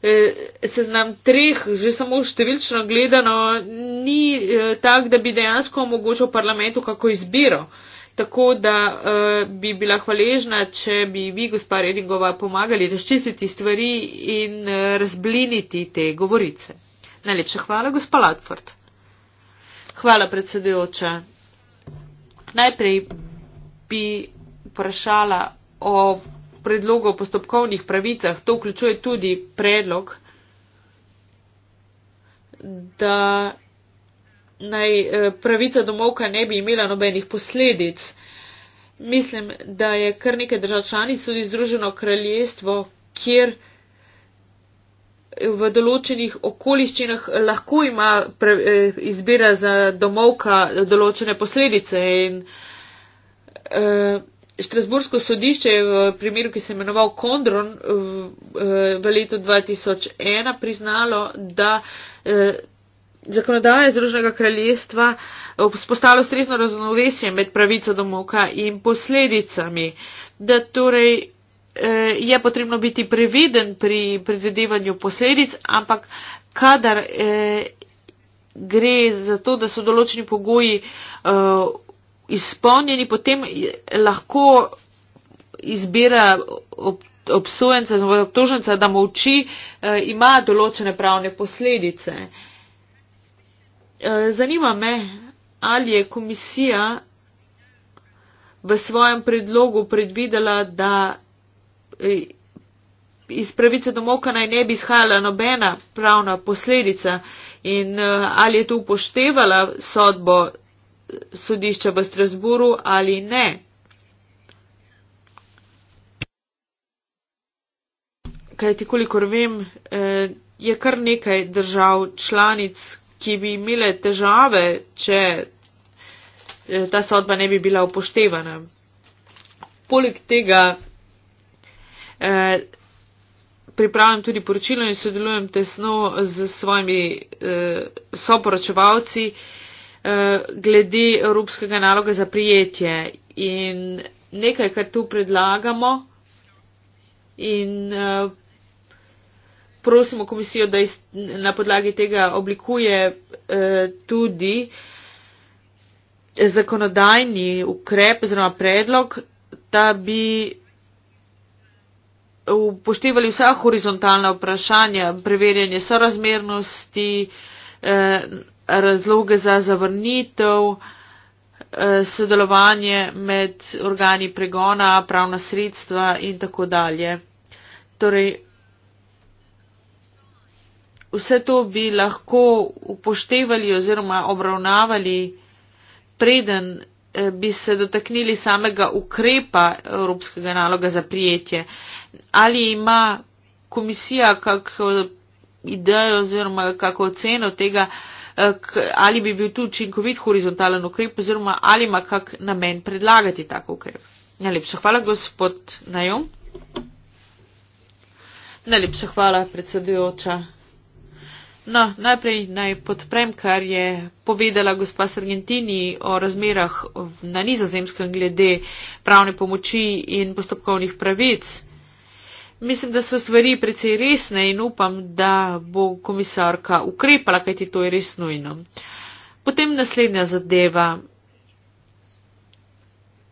E, seznam treh, že samo številčno gledano, ni e, tak, da bi dejansko omogočil parlamentu kako izbiro. Tako da e, bi bila hvaležna, če bi vi, gospa Redingova, pomagali razčistiti stvari in razbliniti te govorice. Najlepša hvala, gospa Latford. Hvala, predsedujoča. Najprej bi vprašala o predlogu o postopkovnih pravicah, to vključuje tudi predlog, da naj eh, pravica domovka ne bi imela nobenih posledic. Mislim, da je kar nekaj držav članic, tudi Združeno kraljestvo, kjer v določenih okoliščinah lahko ima eh, izbira za domovka določene posledice. In, eh, Štrasbursko sodišče je v primeru, ki se je imenoval Kondron, v eh, letu 2001 priznalo, da eh, zakonodaja Združenega kraljestva spostavlja eh, strezno raznovesje med pravico do moka in posledicami, da torej je potrebno biti previden pri predvedevanju posledic, ampak kadar gre za to, da so določeni pogoji izpolnjeni, potem lahko izbira obsojenca, obtoženca, da molči, eh, ima določene pravne posledice. Eh, zanima me, ali je komisija v svojem predlogu predvidela, da eh, iz pravice do moka naj ne bi izhajala nobena pravna posledica in ali je tu upoštevala sodbo sodišča v Strasburu ali ne. Kaj ti kolikor vem, eh, je kar nekaj držav članic, ki bi imele težave, če eh, ta sodba ne bi bila upoštevana. Poleg tega eh, pripravljam tudi poročilo in sodelujem tesno z svojimi soporočevalci. Eh, glede evropskega naloga za prijetje. In nekaj, kar tu predlagamo in eh, prosimo komisijo, da na podlagi tega oblikuje eh, tudi zakonodajni ukrep oziroma predlog, da bi upoštevali vsa horizontalna vprašanja, preverjanje sorazmernosti, razloge za zavrnitev eh, sodelovanje med organi pregona, pravna sredstva in tako dalje. Torej, vse to bi lahko upoštevali oziroma obravnavali, preden eh, bi se dotaknili samega ukrepa Evropskega naloga za prijetje. Ali ima komisija kakšno eh, idejo oziroma kakšno oceno tega, Eh, ali bi bil tu učinkovit horizontalen ukrep, oziroma ali ima kak namen predlagati tak ukrep. Najlepša hvala, gospod Najom. Najlepša hvala, predsedujoča. No, najprej naj podprem, kar je povedala gospa Sargentini o razmerah na nizozemskem glede pravne pomoči in postopkovnih pravic. Mislim, da so stvari precej resne in upam, da bo komisarka ukrepala, kajti to je res nujno. Potem naslednja zadeva.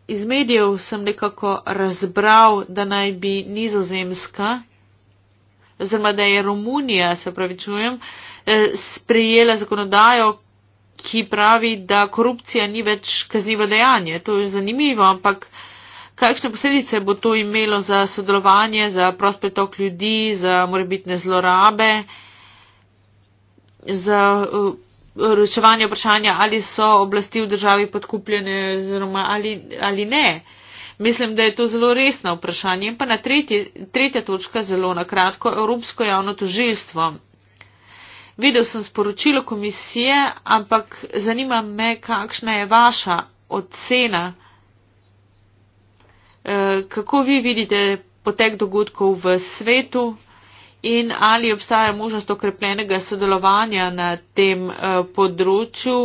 Iz medijev sem nekako razbral, da naj bi nizozemska, oziroma da je Romunija, se pravi čujem, eh, sprejela zakonodajo, ki pravi, da korupcija ni več kaznivo dejanje. To je zanimivo, ampak kakšne posledice bo to imelo za sodelovanje, za prost pretok ljudi, za morebitne zlorabe, za uh, reševanje vprašanja, ali so oblasti v državi podkupljene oziroma ali, ali ne. Mislim, da je to zelo resno vprašanje. In pa na tretji, tretja točka, zelo na kratko, Evropsko javno tožilstvo. Videl sem sporočilo komisije, ampak zanima me, kakšna je vaša ocena. Eh, kako vi vidite potek dogodkov v svetu in ali obstaja možnost okrepljenega sodelovanja na tem eh, področju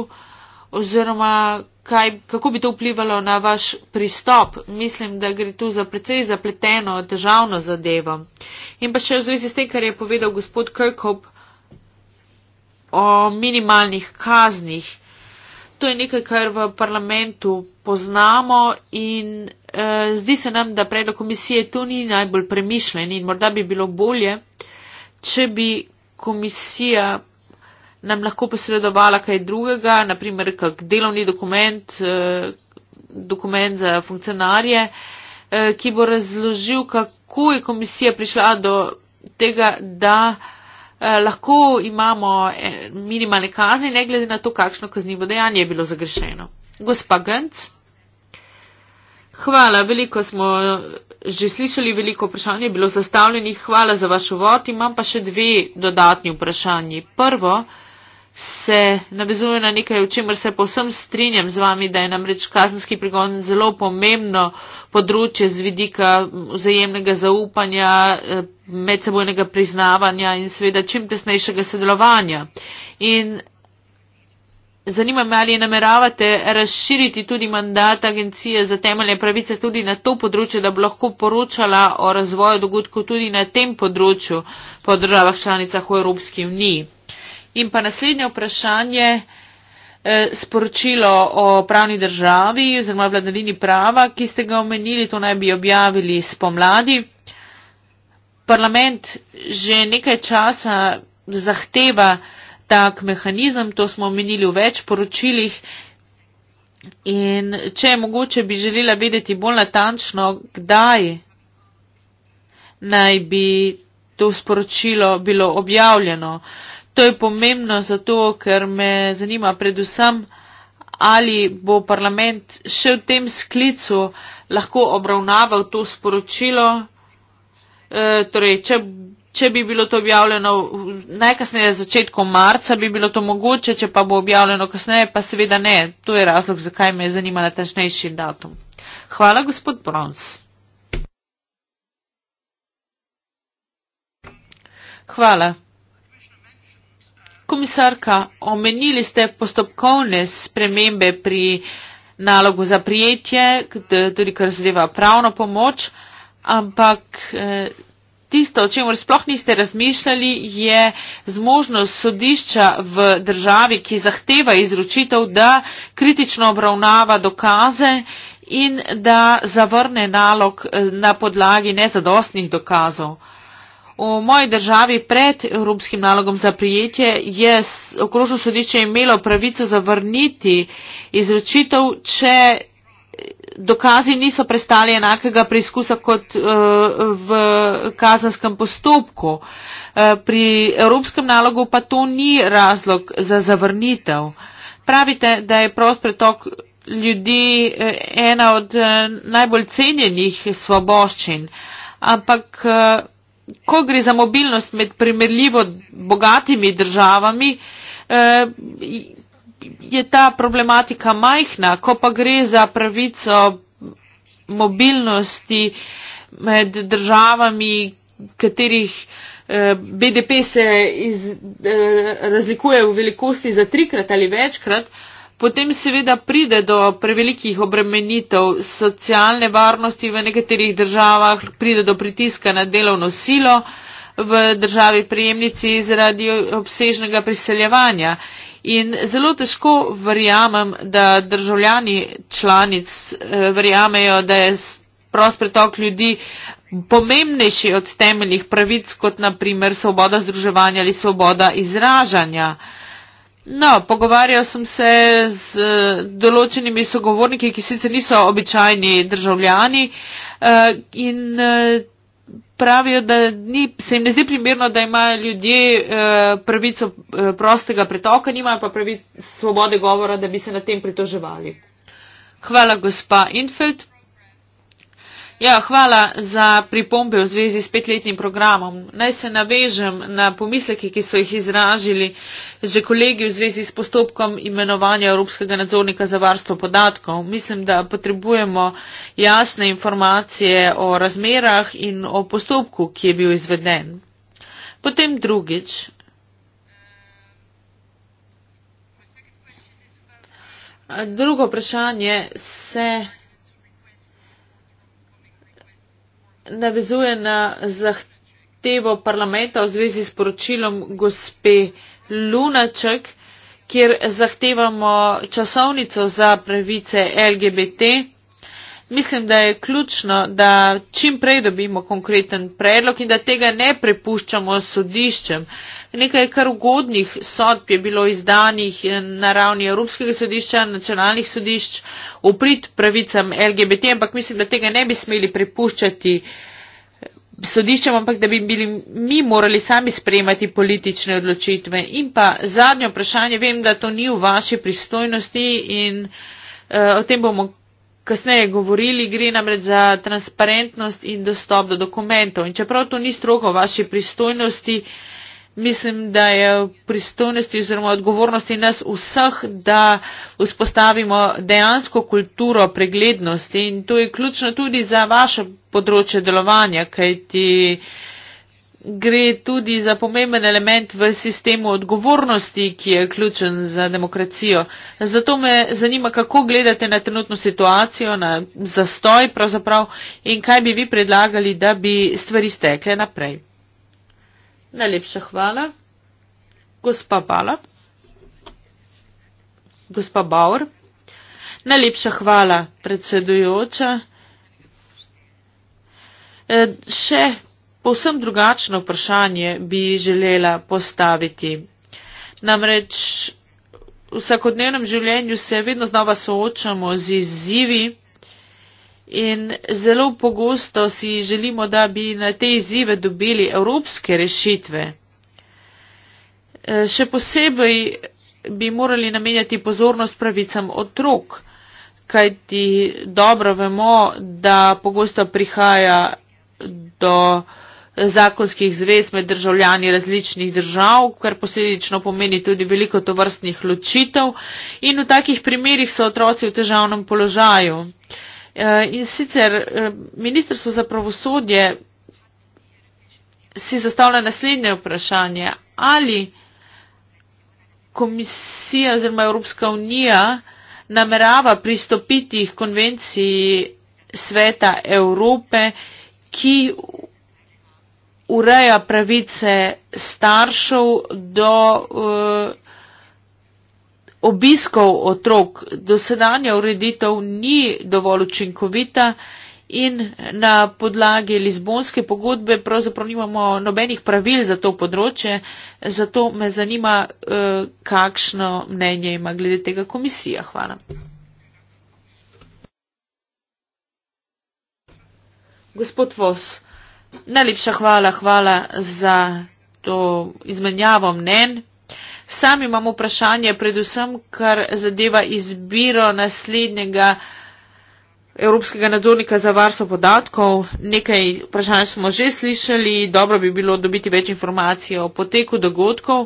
oziroma kaj, kako bi to vplivalo na vaš pristop. Mislim, da gre tu za precej zapleteno državno zadevo. In pa še v zvezi s tem, kar je povedal gospod Kirkhope o minimalnih kaznih. To je nekaj, kar v parlamentu poznamo in Eh, zdi se nam, da predlog komisije tu ni najbolj premišljen in morda bi bilo bolje, če bi komisija nam lahko posredovala kaj drugega, naprimer kak delovni dokument, eh, dokument za funkcionarje, eh, ki bo razložil, kako je komisija prišla do tega, da lahko imamo minimalne kazni, ne glede na to, kakšno kaznivo dejanje je bilo zagrešeno. Gospa Gönc. Hvala, veliko smo že slišali, veliko vprašanj je bilo zastavljenih. Hvala za vaš uvod. Imam pa še dve dodatni vprašanji. Prvo se navezuje na nekaj, o čemer se povsem strinjam z vami, da je namreč kazenski pregon zelo pomembno področje z vidika vzajemnega zaupanja, eh, medsebojnega priznavanja in seveda čim tesnejšega sodelovanja. In Zanima me, ali nameravate razširiti tudi mandat Agencije za temeljne pravice tudi na to področje, da bi lahko poročala o razvoju dogodkov tudi na tem področju po državah članicah v Evropski uniji. In pa naslednje vprašanje, eh, sporočilo o pravni državi oziroma vladavini prava, ki ste ga omenili, to naj bi objavili spomladi. Parlament že nekaj časa zahteva, tak mehanizem, to smo omenili v več poročilih. In če je mogoče, bi želela vedeti bolj natančno, kdaj naj bi to sporočilo bilo objavljeno. To je pomembno zato, ker me zanima predvsem, ali bo parlament še v tem sklicu lahko obravnaval to sporočilo. E, torej, če Če bi bilo to objavljeno najkasneje začetku marca, bi bilo to mogoče, če pa bo objavljeno kasneje, pa seveda ne. To je razlog, zakaj me zanima natančnejši datum. Hvala, gospod Brons. Hvala. Komisarka, omenili ste postopkovne spremembe pri nalogu za prijetje, tudi kar zadeva pravno pomoč, ampak. Eh, tisto, o čemer sploh niste razmišljali, je zmožnost sodišča v državi, ki zahteva izročitev, da kritično obravnava dokaze in da zavrne nalog eh, na podlagi nezadostnih dokazov. V moji državi pred evropskim nalogom za prijetje je okrožno sodišče imelo pravico zavrniti izročitev, če dokazi niso prestali enakega preizkusa kot eh, v kazanskem postopku. Eh, pri evropskem nalogu pa to ni razlog za zavrnitev. Pravite, da je prost pretok ljudi eh, ena od najbolj cenjenih svoboščin, ampak ko gre za mobilnost med primerljivo bogatimi državami, je ta problematika majhna, ko pa gre za pravico mobilnosti med državami, katerih eh, BDP se iz, eh, razlikuje v velikosti za trikrat ali večkrat, potem seveda pride do prevelikih obremenitev socialne varnosti v nekaterih državah, pride do pritiska na delovno silo v državi prijemnici zaradi obsežnega priseljevanja. In zelo težko verjamem, da državljani članic eh, verjamejo, da je prost pretok ljudi pomembnejši od temeljnih pravic, kot naprimer svoboda združevanja ali svoboda izražanja. No, pogovarjal sem se z eh, določenimi sogovorniki, ki sicer niso običajni državljani eh, in pravijo, da ni, se jim ne zdi primerno, da imajo ljudje eh, pravico eh, prostega pretoka, nimajo pa pravice svobode govora, da bi se na tem pritoževali. Hvala, gospa Infeld. Ja, hvala za pripombe v zvezi s petletnim programom. Naj se navežem na pomisleke, ki so jih izražili že kolegi v zvezi s postopkom imenovanja Evropskega nadzornika za varstvo podatkov. Mislim, da potrebujemo jasne informacije o razmerah in o postopku, ki je bil izveden. Potem drugič. Drugo vprašanje se. navezuje na zahtevo parlamenta v zvezi s poročilom gospe Lunaček, kjer zahtevamo časovnico za pravice LGBT mislim, da je ključno, da čim prej dobimo konkreten predlog in da tega ne prepuščamo sodiščem. Nekaj kar ugodnih sodb je bilo izdanih na ravni Evropskega sodišča, nacionalnih sodišč, uprit pravicam LGBT, ampak mislim, da tega ne bi smeli prepuščati sodiščem, ampak da bi bili mi morali sami sprejemati politične odločitve. In pa zadnje vprašanje, vem, da to ni v vaši pristojnosti in uh, o tem bomo kasneje govorili, gre namreč za transparentnost in dostop do dokumentov. In čeprav to ni strogo vaše pristojnosti, mislim, da je pristojnosti oziroma odgovornosti nas vseh, da vzpostavimo dejansko kulturo preglednosti. In to je ključno tudi za vaše področje delovanja, kajti gre tudi za pomemben element v sistemu odgovornosti, ki je ključen za demokracijo. Zato me zanima, kako gledate na trenutno situacijo, na zastoj pravzaprav in kaj bi vi predlagali, da bi stvari stekle naprej. Najlepša hvala. Gospa Bala. Gospa Bauer. Najlepša hvala, predsedujoča. E, še Povsem drugačno vprašanje bi želela postaviti. Namreč v vsakodnevnem življenju se vedno znova soočamo z izzivi in zelo pogosto si želimo, da bi na te izzive dobili evropske rešitve. Eh, še posebej bi morali namenjati pozornost pravicam otrok, kajti dobro vemo, da pogosto prihaja do zakonskih zvez med državljani različnih držav, kar posledično pomeni tudi veliko tovrstnih ločitev in v takih primerjih so otroci v težavnem položaju. E, in sicer e, Ministrstvo za pravosodje si zastavlja naslednje vprašanje, ali Komisija oziroma Evropska unija namerava pristopiti konvenciji Sveta Evrope, ki ureja pravice staršev do uh, obiskov otrok. Dosedanja ureditev ni dovolj učinkovita in na podlagi Lizbonske pogodbe pravzaprav nimamo nobenih pravil za to področje, zato me zanima, uh, kakšno mnenje ima glede tega komisija. Hvala. Gospod Vos, uh, Najlepša hvala, hvala za to izmenjavo mnen. Sam imam vprašanje, predvsem kar zadeva izbiro naslednjega Evropskega nadzornika za varstvo podatkov. Nekaj vprašanj smo že slišali, dobro bi bilo dobiti več informacij o poteku dogodkov.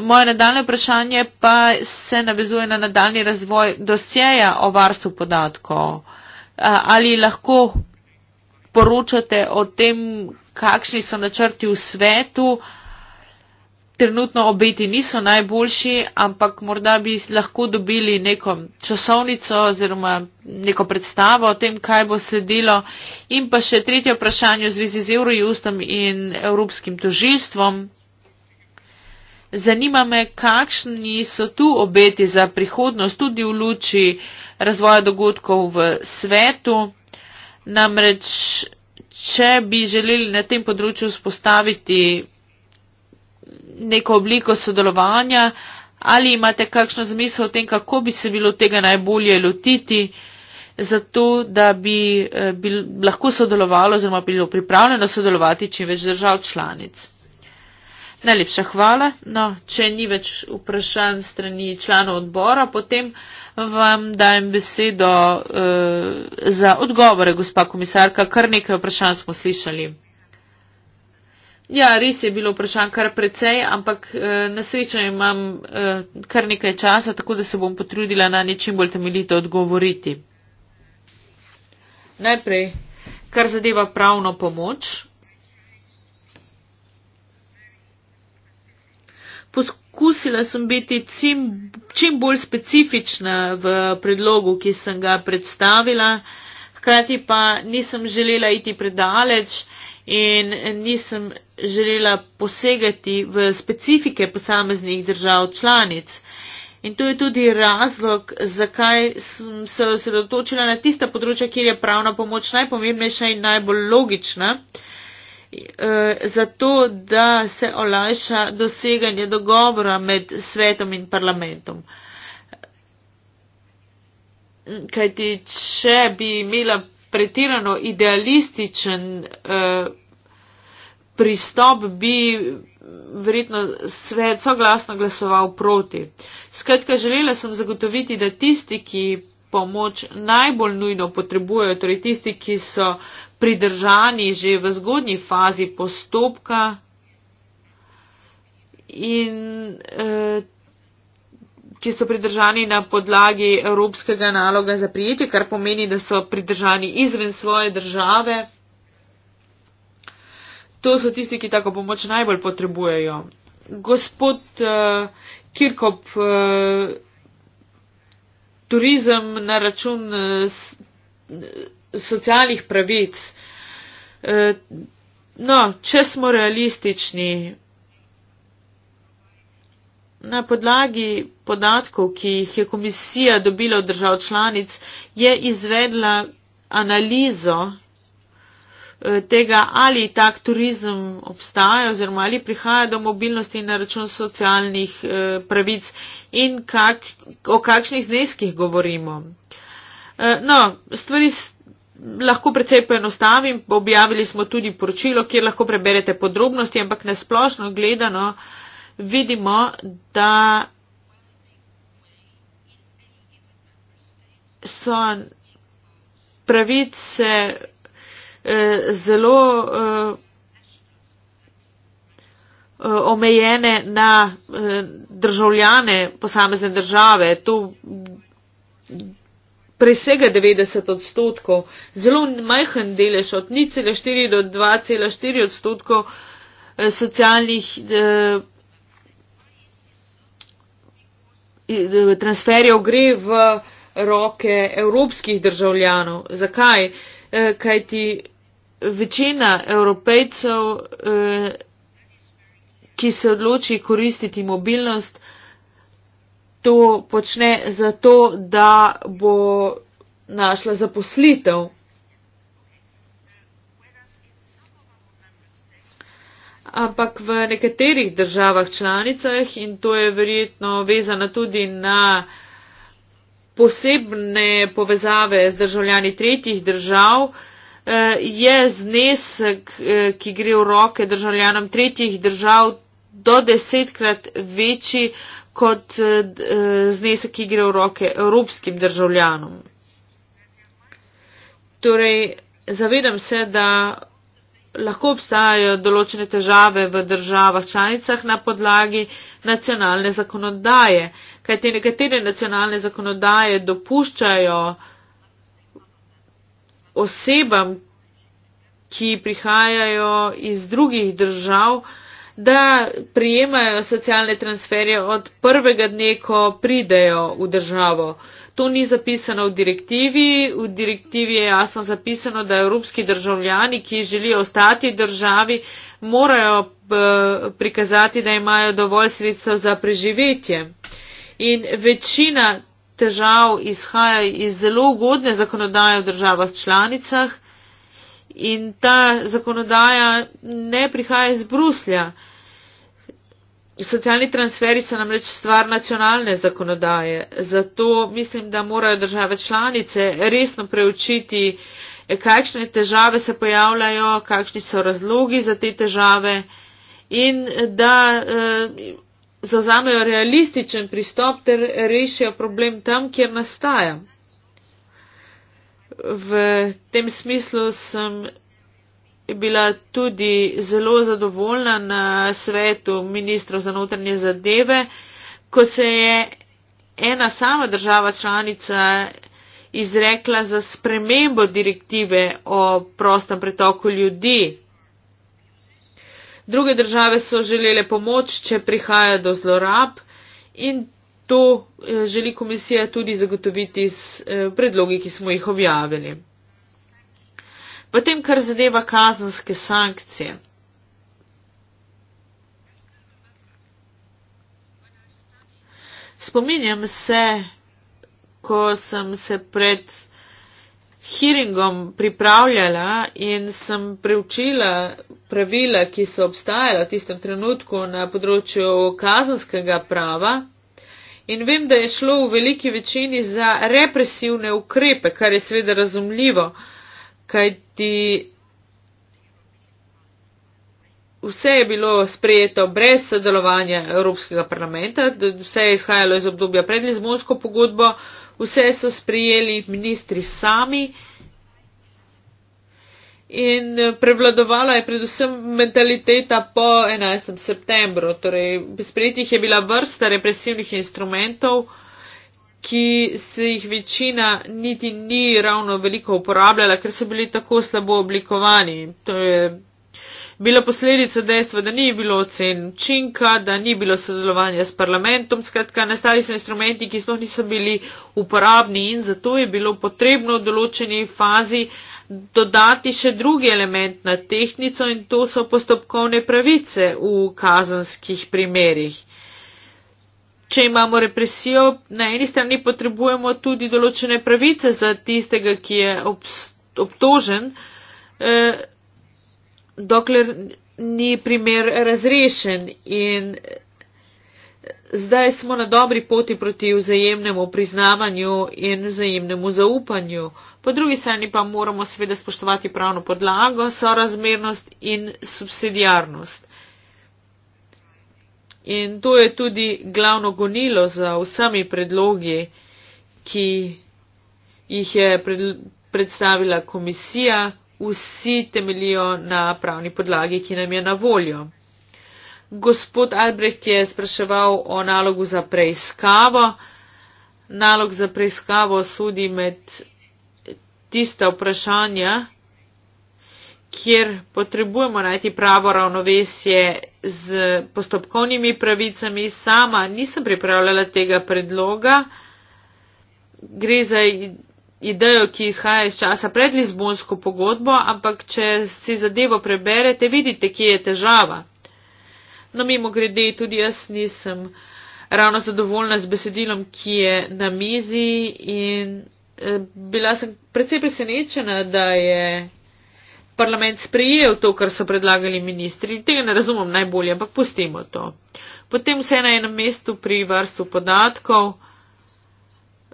Moje nadaljne vprašanje pa se navezuje na nadaljni razvoj dosjeja o varstvu podatkov. Ali lahko poročate o tem, kakšni so načrti v svetu. Trenutno obeti niso najboljši, ampak morda bi lahko dobili neko časovnico oziroma neko predstavo o tem, kaj bo sledilo. In pa še tretje vprašanje v zvezi z Eurojustom in Evropskim tožilstvom. Zanima me, kakšni so tu obeti za prihodnost, tudi v luči razvoja dogodkov v svetu. Namreč, če bi želeli na tem področju spostaviti neko obliko sodelovanja, ali imate kakšno zmisel o tem, kako bi se bilo tega najbolje lotiti, zato da bi, eh, bi lahko sodelovalo oziroma bilo pripravljeno sodelovati čim več držav članic. Najlepša hvala. No, če ni več vprašanj strani članov odbora, potem vam dajem besedo uh, za odgovore, gospa komisarka. Kar nekaj vprašanj smo slišali. Ja, res je bilo vprašanj kar precej, ampak uh, na srečo imam uh, kar nekaj časa, tako da se bom potrudila na nečim bolj temeljito odgovoriti. Najprej, kar zadeva pravno pomoč. Posk poskusila sem biti cim, čim bolj specifična v predlogu, ki sem ga predstavila, hkrati pa nisem želela iti predaleč in nisem želela posegati v specifike posameznih držav članic. In to je tudi razlog, zakaj sem se osredotočila na tista področja, kjer je pravna pomoč najpomembnejša in najbolj logična. Eh, zato da se olajša doseganje dogovora med svetom in parlamentom. Kajti, če bi imela pretirano idealističen uh, pristop, bi verjetno svet soglasno glasoval proti. Skratka, želela sem zagotoviti, da tisti, ki pomoč najbolj nujno potrebujejo, torej tisti, ki so pridržani že v zgodnji fazi postopka. In eh, ki so pridržani na podlagi evropskega naloga za prijetje, kar pomeni, da so pridržani izven svoje države. To so tisti, ki tako pomoč najbolj potrebujejo. Gospod uh, Kirkop. Uh, turizem na račun eh, eh, socialnih pravic. Eh, no, če smo realistični, na podlagi podatkov, ki jih je komisija dobila od držav članic, je izvedla analizo Eh, tega, ali tak turizem obstaja oziroma ali prihaja do mobilnosti na račun socialnih eh, pravic in kak, o kakšnih zneskih govorimo. Eh, no, stvari lahko precej poenostavim, objavili smo tudi poročilo, kjer lahko preberete podrobnosti, ampak nasplošno gledano vidimo, da so pravice eh, zelo eh, eh, omejene na eh, državljane posamezne države. Tu presega 90 odstotkov, zelo majhen delež od 0,4 do 2,4 odstotkov eh, socialnih. Eh, eh, transferjev gre v roke evropskih državljanov. Zakaj? Eh, Kaj ti večina evropejcev, eh, ki se odloči koristiti mobilnost, to počne zato, da bo našla zaposlitev. Ampak v nekaterih državah članicah in to je verjetno vezano tudi na posebne povezave z državljani tretjih držav, Eh, je znesek, eh, ki gre v roke državljanom tretjih držav, do desetkrat večji kot eh, znesek, ki gre v roke evropskim državljanom. Torej, zavedam se, da lahko obstajajo določene težave v državah članicah na podlagi nacionalne zakonodaje, kajte nekatere nacionalne zakonodaje dopuščajo uh, osebam, ki prihajajo iz drugih držav, da prijemajo socialne transferje od prvega dne, ko pridejo v državo. To ni zapisano v direktivi. V direktivi je jasno zapisano, da evropski državljani, ki želijo ostati v državi, morajo eh, prikazati, da imajo dovolj sredstev za preživetje. In večina težav izhaja iz zelo ugodne zakonodaje v državah članicah in ta zakonodaja ne prihaja iz Bruslja. Socialni transferi so namreč stvar nacionalne zakonodaje, zato mislim, da morajo države članice resno preučiti, kakšne težave se pojavljajo, kakšni so razlogi za te težave in da eh, zauzamejo realističen pristop ter rešijo problem tam, kjer nastaja. V tem smislu sem bila tudi zelo zadovoljna na svetu ministrov za notranje zadeve, ko se je ena sama država članica izrekla za spremembo direktive o prostem pretoku ljudi. Druge države so želele pomoč, če prihaja do zlorab in to eh, želi komisija tudi zagotoviti s eh, predlogi, ki smo jih objavili. Potem, kar zadeva kazanske sankcije. Spominjam se, ko sem se pred hearingom pripravljala in sem preučila pravila, ki so obstajala v tistem trenutku na področju kazanskega prava. In vem, da je šlo v veliki večini za represivne ukrepe, kar je seveda razumljivo, kajti vse je bilo sprejeto brez sodelovanja Evropskega parlamenta, vse je izhajalo iz obdobja pred Lizbonsko pogodbo, vse so sprejeli ministri sami in eh, prevladovala je predvsem mentaliteta po 11. septembru. Torej, sprejetih je bila vrsta represivnih instrumentov, ki se jih večina niti ni ravno veliko uporabljala, ker so bili tako slabo oblikovani. To je bila posledica dejstva, da ni bilo ocen učinka, da ni bilo sodelovanja s parlamentom, skratka, nastali so instrumenti, ki sploh niso bili uporabni in zato je bilo potrebno v določeni fazi dodati še drugi element na tehnico in to so postopkovne pravice v kazanskih primerih. Če imamo represijo, na eni strani potrebujemo tudi določene pravice za tistega, ki je obst, obtožen. Eh, dokler ni primer razrešen in zdaj smo na dobri poti proti vzajemnemu priznavanju in vzajemnemu zaupanju. Po drugi strani pa moramo seveda spoštovati pravno podlago, sorazmernost in subsidijarnost. In to je tudi glavno gonilo za vsemi predlogi, ki jih je predstavila komisija vsi temeljijo na pravni podlagi, ki nam je na voljo. Gospod Albrecht je spraševal o nalogu za preiskavo. Nalog za preiskavo sodi med tista vprašanja, kjer potrebujemo najti pravo ravnovesje z postopkovnimi pravicami. Sama nisem pripravljala tega predloga. Gre za idejo, ki izhaja iz časa pred Lizbonsko pogodbo, ampak če si zadevo preberete, vidite, kje je težava. No, mimo grede, tudi jaz nisem ravno zadovoljna z besedilom, ki je na mizi in eh, bila sem predvsej presenečena, da je parlament sprejel to, kar so predlagali ministri. Tega ne razumem najbolje, ampak pustimo to. Potem vse na enem mestu pri varstvu podatkov.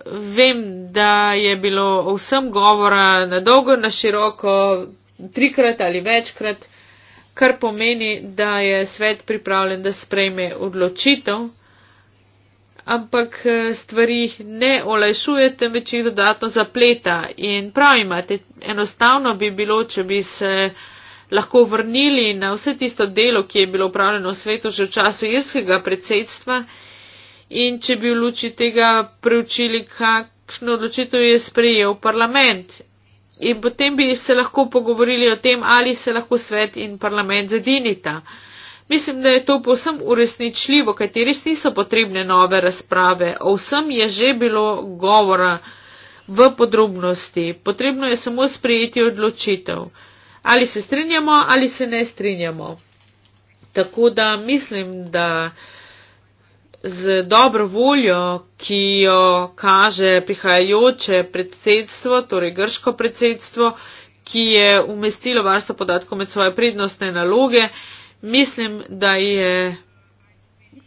Vem, da je bilo o vsem govora na dolgo, na široko, trikrat ali večkrat, kar pomeni, da je svet pripravljen, da sprejme odločitev, ampak eh, stvari ne olajšujete, več jih dodatno zapleta. In prav imate, enostavno bi bilo, če bi se lahko vrnili na vse tisto delo, ki je bilo upravljeno v svetu že v času irskega predsedstva in če bi v luči tega preučili, kakšno odločitev je sprejel parlament. In potem bi se lahko pogovorili o tem, ali se lahko svet in parlament zedinita. Mislim, da je to povsem uresničljivo, kateri niso potrebne nove razprave. O vsem je že bilo govora v podrobnosti. Potrebno je samo sprejeti odločitev. Ali se strinjamo ali se ne strinjamo. Tako da mislim, da z dobro voljo, ki jo kaže prihajajoče predsedstvo, torej grško predsedstvo, ki je umestilo varstvo podatkov med svoje prednostne naloge, mislim, da je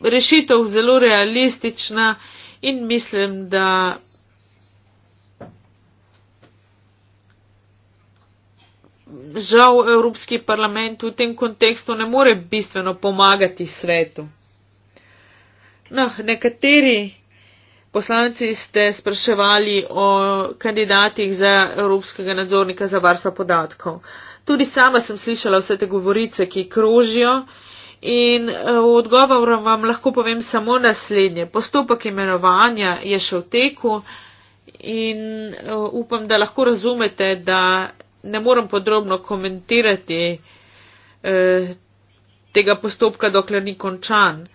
rešitev zelo realistična in mislim, da žal Evropski parlament v tem kontekstu ne more bistveno pomagati svetu. No, nekateri poslanci ste spraševali o kandidatih za Evropskega nadzornika za varstvo podatkov. Tudi sama sem slišala vse te govorice, ki krožijo in eh, v odgovoru vam lahko povem samo naslednje. Postopek imenovanja je še v teku in eh, upam, da lahko razumete, da ne moram podrobno komentirati eh, tega postopka, dokler ni končan.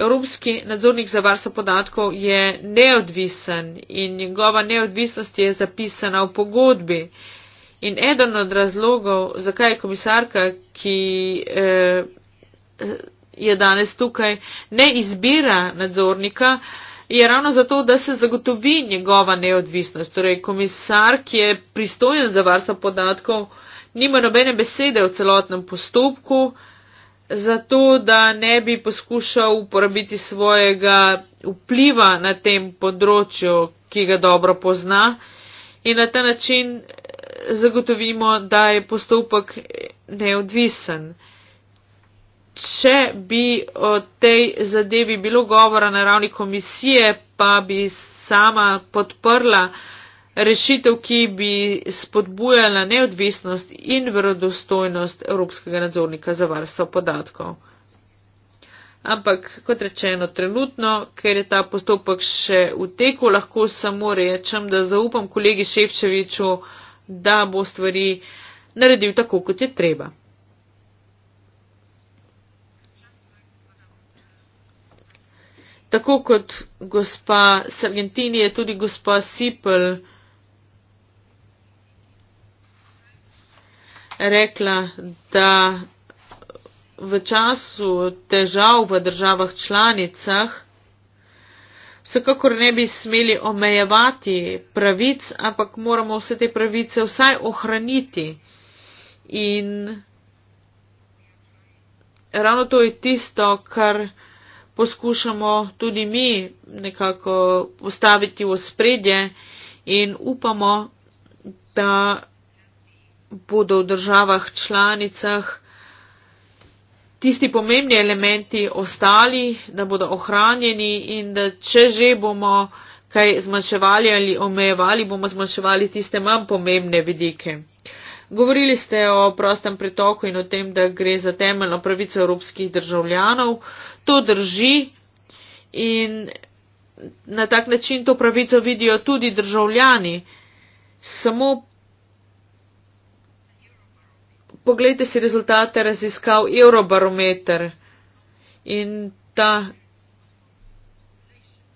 Evropski nadzornik za varstvo podatkov je neodvisen in njegova neodvisnost je zapisana v pogodbi. In eden od razlogov, zakaj je komisarka, ki eh, je danes tukaj, ne izbira nadzornika, je ravno zato, da se zagotovi njegova neodvisnost. Torej, komisar, ki je pristojen za varstvo podatkov, nima nobene besede o celotnem postopku, eh, zato da ne bi poskušal uporabiti svojega vpliva na tem področju, ki ga dobro pozna in na ta način eh, zagotovimo, da je postopek eh, neodvisen. Če bi o tej zadevi bilo govora na ravni komisije, pa bi sama podprla uh, rešitev, ki bi spodbujala neodvisnost in verodostojnost Evropskega nadzornika za varstvo podatkov. Ampak, kot rečeno, trenutno, ker je ta postopek še v teku, lahko samo rečem, da zaupam kolegi Ševčeviču, da bo stvari naredil tako, kot je treba. Tako kot gospa Sargentini je tudi gospa Sipel. rekla, da v času težav v državah članicah vsekakor ne bi smeli omejevati pravic, ampak moramo vse te pravice vsaj ohraniti. In ravno to je tisto, kar poskušamo tudi mi nekako postaviti v spredje in upamo, da bodo v državah članicah tisti pomembni elementi ostali, da bodo ohranjeni in da če že bomo kaj zmanjševali ali omejevali, bomo zmanjševali tiste manj pomembne vidike. Govorili ste o prostem pretoku in o tem, da gre za temeljno pravico evropskih državljanov. To drži in na tak način to pravico vidijo tudi državljani. Samo Poglejte si rezultate raziskav Eurobarometer in ta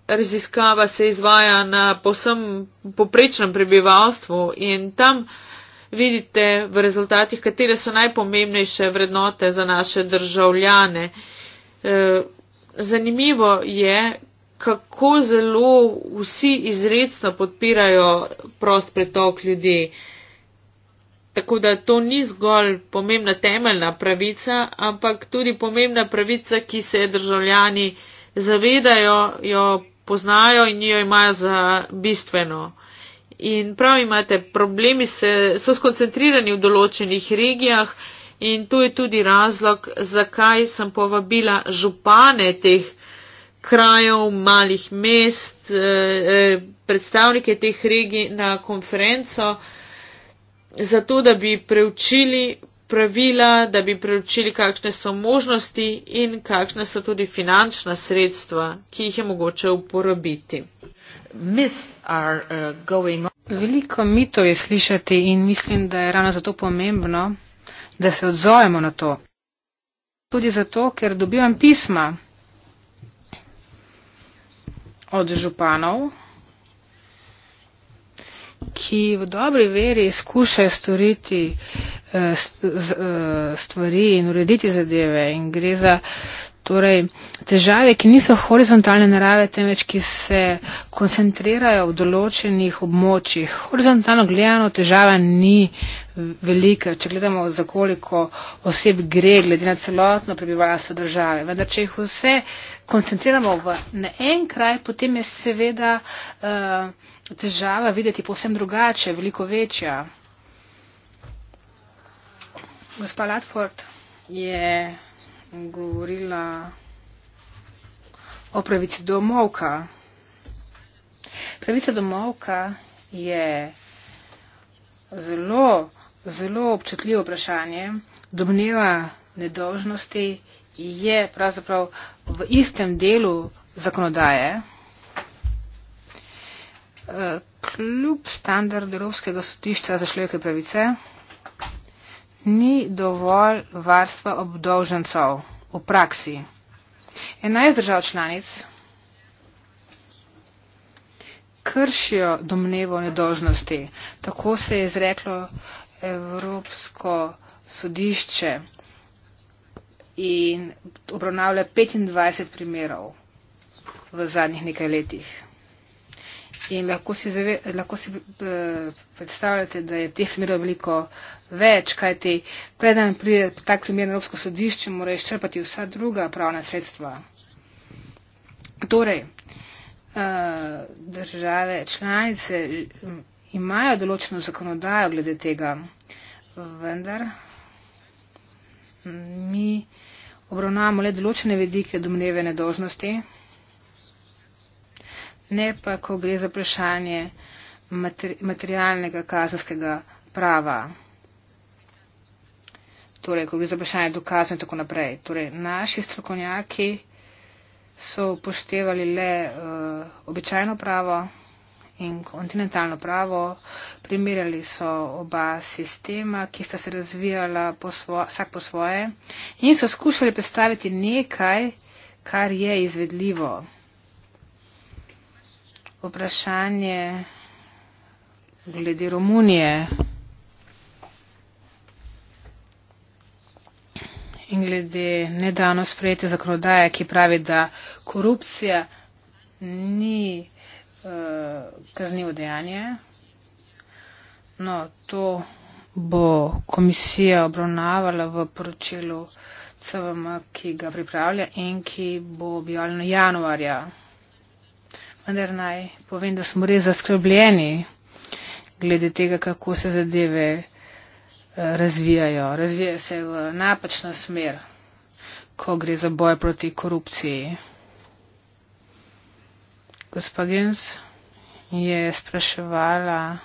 raziskava se izvaja na posem poprečnem prebivalstvu in tam vidite v rezultatih, katere so najpomembnejše vrednote za naše državljane. E, zanimivo je, kako zelo vsi izredno podpirajo prost pretok ljudi. Tako da to ni zgolj pomembna temeljna pravica, ampak tudi pomembna pravica, ki se državljani zavedajo, jo poznajo in jo imajo za bistveno. In prav imate, problemi se, so skoncentrirani v določenih regijah in to je tudi razlog, zakaj sem povabila župane teh krajev, malih mest, eh, eh, predstavnike teh regij na konferenco zato da bi preučili pravila, da bi preučili, kakšne so možnosti in kakšne so tudi finančna sredstva, ki jih je mogoče uporabiti. Uh, Veliko mitov je slišati in mislim, da je ravno zato pomembno, da se odzovemo na to. Tudi zato, ker dobivam pisma od županov, ki v dobri veri skušajo storiti eh, eh, stvari in urediti zadeve in gre za torej težave, ki niso horizontalne narave, temveč ki se koncentrirajo v določenih območjih. Horizontalno gledano težava ni velika, če gledamo za koliko oseb gre, glede na celotno prebivalstvo države. Vendar, če jih vse koncentriramo v, na en kraj, potem je seveda uh, težava videti povsem drugače, veliko večja. Gospa Latford je. Yeah govorila o pravici do molka. Pravica do molka je zelo, zelo občutljivo vprašanje, domneva nedolžnosti je pravzaprav v istem delu zakonodaje. Eh, kljub standardu Evropskega sodišča za človekove pravice, ni dovolj varstva obdolžencov v praksi. 11 držav članic kršijo domnevo nedožnosti. Tako se je izreklo Evropsko sodišče in obravnavlja 25 primerov v zadnjih nekaj letih. In lahko si, zave, lahko si eh, predstavljate, da je teh primerov veliko več, kajti preden pride tak primer na Evropsko sodišče, mora izčrpati vsa druga pravna sredstva. Torej, eh, države članice imajo določeno zakonodajo glede tega, vendar mi obravnavamo le določene vedike domneve nedožnosti ne pa, ko gre za vprašanje materialnega kazanskega prava. Torej, ko gre za vprašanje dokazov in tako naprej. Torej, naši strokovnjaki so upoštevali le uh, običajno pravo in kontinentalno pravo, primerjali so oba sistema, ki sta se razvijala po svoje, vsak po svoje in so skušali predstaviti nekaj, kar je izvedljivo vprašanje glede Romunije in glede nedavno sprejete zakonodaje, ki pravi, da korupcija ni uh, kaznivo dejanje. No, to bo komisija obravnavala v poročilu CVM, ki ga pripravlja in ki bo objavljeno januarja vendar naj povem, da smo res zaskrbljeni glede tega, kako se zadeve eh, razvijajo. Razvijajo se v napačno smer, ko gre za boj proti korupciji. Gospa Gens je spraševala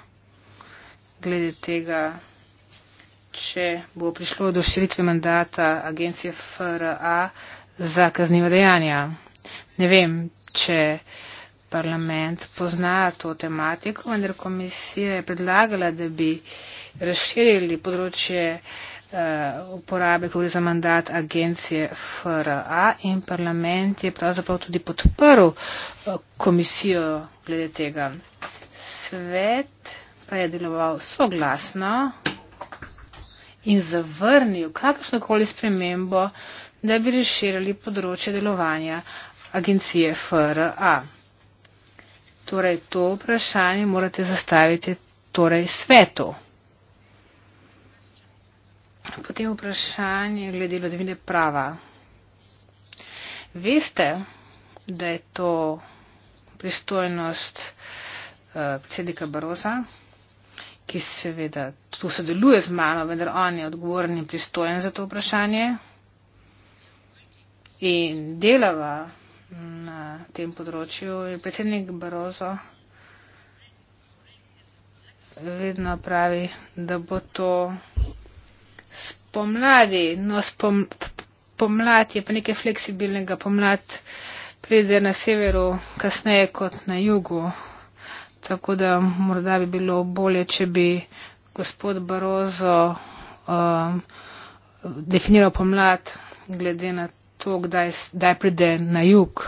glede tega, če bo prišlo do širitve mandata agencije FRA za kaznjiva dejanja. Ne vem, če parlament pozna to tematiko, vendar komisija je predlagala, da bi razširili področje uh, uporabe, ko gre za mandat agencije FRA in parlament je pravzaprav tudi podprl uh, komisijo glede tega. Svet pa je deloval soglasno in zavrnil kakršnokoli spremembo, da bi razširili področje delovanja agencije FRA. Torej, to vprašanje morate zastaviti torej svetu. Potem vprašanje glede vladavine prava. Veste, da je to pristojnost uh, predsednika Baroza, ki seveda tu sodeluje z mano, vendar on je odgovoren in pristojen za to vprašanje. In delava na tem področju. Predsednik Barozo vedno pravi, da bo to spomladi. No, spom, pomlad je pa nekaj fleksibilnega. Pomlad pride na severu kasneje kot na jugu. Tako da morda bi bilo bolje, če bi gospod Barozo um, definiral pomlad glede na to, to, kdaj, kdaj pride na jug.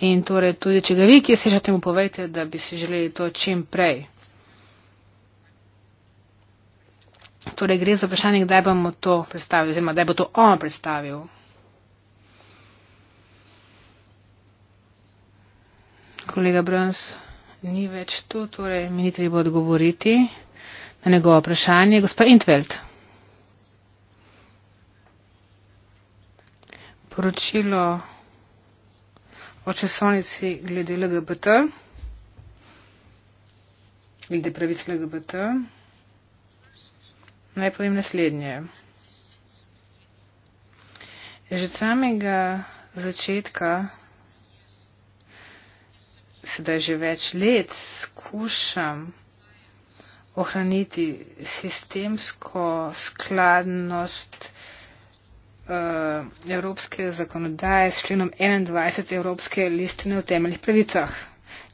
In torej, tudi če ga vi, ki se že temu povejte, da bi si želeli to čim prej. Torej, gre za vprašanje, kdaj bomo to predstavili, oziroma kdaj bo to on predstavil. Kolega Brons ni več tu, torej mi ni treba odgovoriti na njegovo vprašanje. Gospa Intveld. poročilo o časovnici glede LGBT, glede pravic LGBT, naj povem naslednje. Že od samega začetka, sedaj že več let, skušam ohraniti sistemsko skladnost Eh, evropske zakonodaje s členom 21 Evropske listine o temeljih pravicah.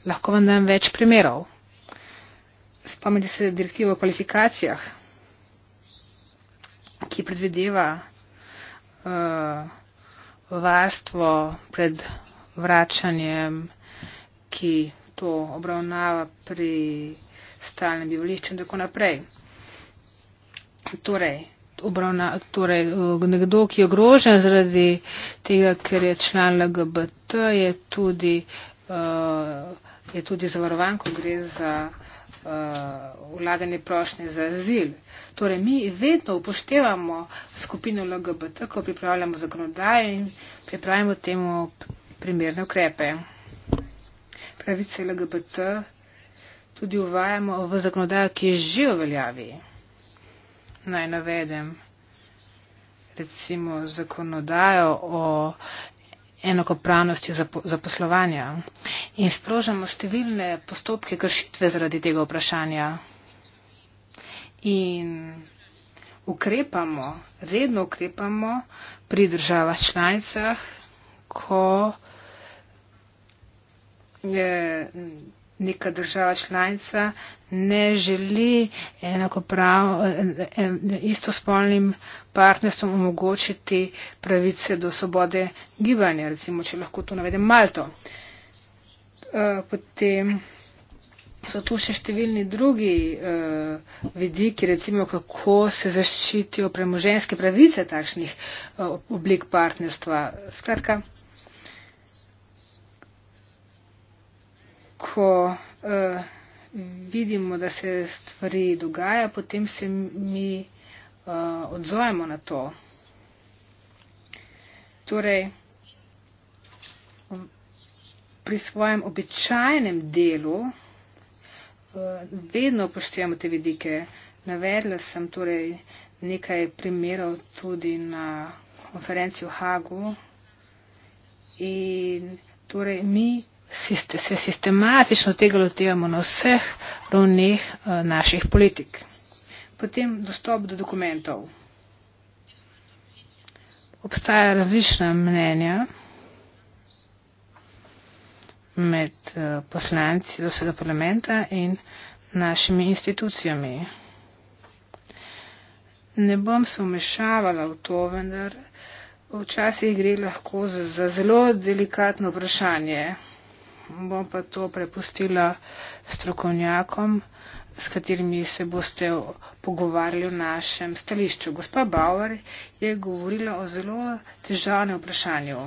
Lahko vam dam več primerov. Spomnite se direktive o kvalifikacijah, ki predvideva uh, varstvo pred vračanjem, ki to obravnava pri stalnem bivališču in tako naprej. Torej, obravnava, torej eh, nekdo, ki je ogrožen zaradi tega, ker je član LGBT, je tudi, uh, je tudi zavarovan, ko gre za eh, vlaganje uh, prošnje za azil. Torej, mi vedno upoštevamo skupino LGBT, ko pripravljamo zakonodajo in pripravljamo temu primerne ukrepe. Pravice LGBT tudi uvajamo v zakonodajo, ki je že v veljavi naj navedem recimo zakonodajo o enakopravnosti zaposlovanja in sprožamo številne postopke kršitve zaradi tega vprašanja in ukrepamo, redno ukrepamo pri državah članicah, ko je, eh, neka država članica ne želi enakoprav, e, e, istospolnim partnerstvom omogočiti pravice do svobode gibanja, recimo, če lahko to navedem Malto. E, potem so tu še številni drugi vidiki, recimo, kako se zaščitijo premoženske pravice takšnih oblik partnerstva. Skratka, ko uh, vidimo, da se stvari dogaja, potem se mi uh, odzovemo na to. Torej, pri svojem običajnem delu uh, vedno upoštevamo te vidike. Navedla sem torej nekaj primerov tudi na konferenci v Hagu. In torej mi se sistematično tega lotevamo na vseh ravneh eh, naših politik. Potem dostop do dokumentov. Obstaja različna mnenja med eh, poslanci vsega parlamenta in našimi institucijami. Ne bom se umešavala v to, vendar včasih gre lahko za, za zelo delikatno vprašanje bom pa to prepustila strokovnjakom, s katerimi se boste pogovarjali o našem stališču. Gospa Bauer je govorila o zelo težavnem vprašanju.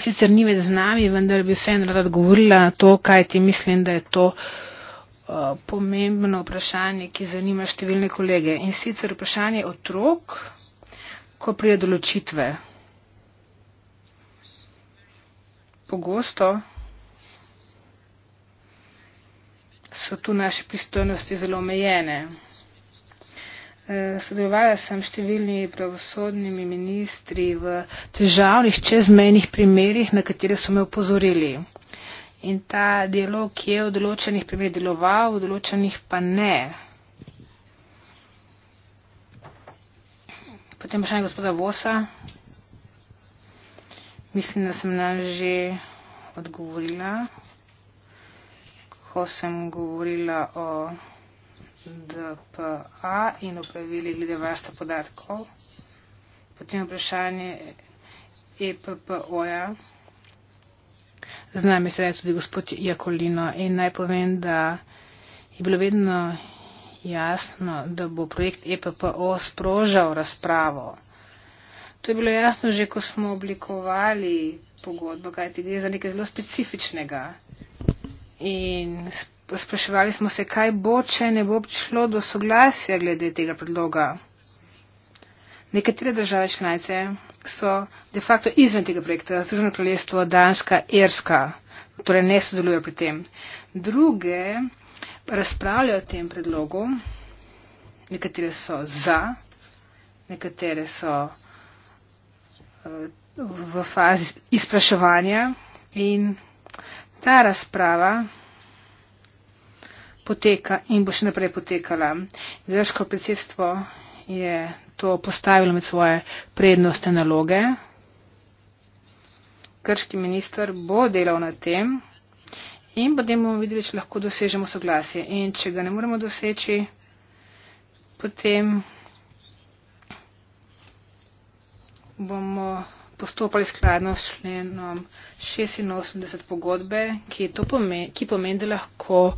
Sicer ni več z nami, vendar bi vseeno rada govorila to, kaj ti mislim, da je to uh, pomembno vprašanje, ki zanima številne kolege. In sicer vprašanje otrok, ko prije določitve. Pogosto. so tu naše pristojnosti zelo omejene. E, sodelovala sem številni pravosodnimi ministri v težavnih čezmejnih primerjih, na katere so me upozorili. In ta dialog je v določenih primerjih deloval, v določenih pa ne. Potem vprašanje gospoda Vosa. Mislim, da sem nam že odgovorila ko sem govorila o DPA in o pravilih glede varstva podatkov, potem vprašanje EPPO-ja. Z nami se je tudi gospod Jakolino in naj povem, da je bilo vedno jasno, da bo projekt EPPO sprožal razpravo. To je bilo jasno že, ko smo oblikovali pogodbo, kajti gre za nekaj zelo specifičnega in spraševali smo se, kaj bo, če ne bo prišlo do soglasja glede tega predloga. Nekatere države članice so de facto izven tega projekta, Združeno kraljestvo, Danska, Erska, torej ne sodelujo pri tem. Druge pa razpravljajo o tem predlogu, nekatere so za, nekatere so eh, v fazi izpraševanja in ta razprava poteka in bo še naprej potekala. Grško predsedstvo je to postavilo med svoje prednostne naloge. Krški ministr bo delal na tem in potem bomo videli, če lahko dosežemo soglasje. In če ga ne moremo doseči, potem bomo postopali skladno s členom 86 pogodbe, ki, pomen, ki pomeni, da lahko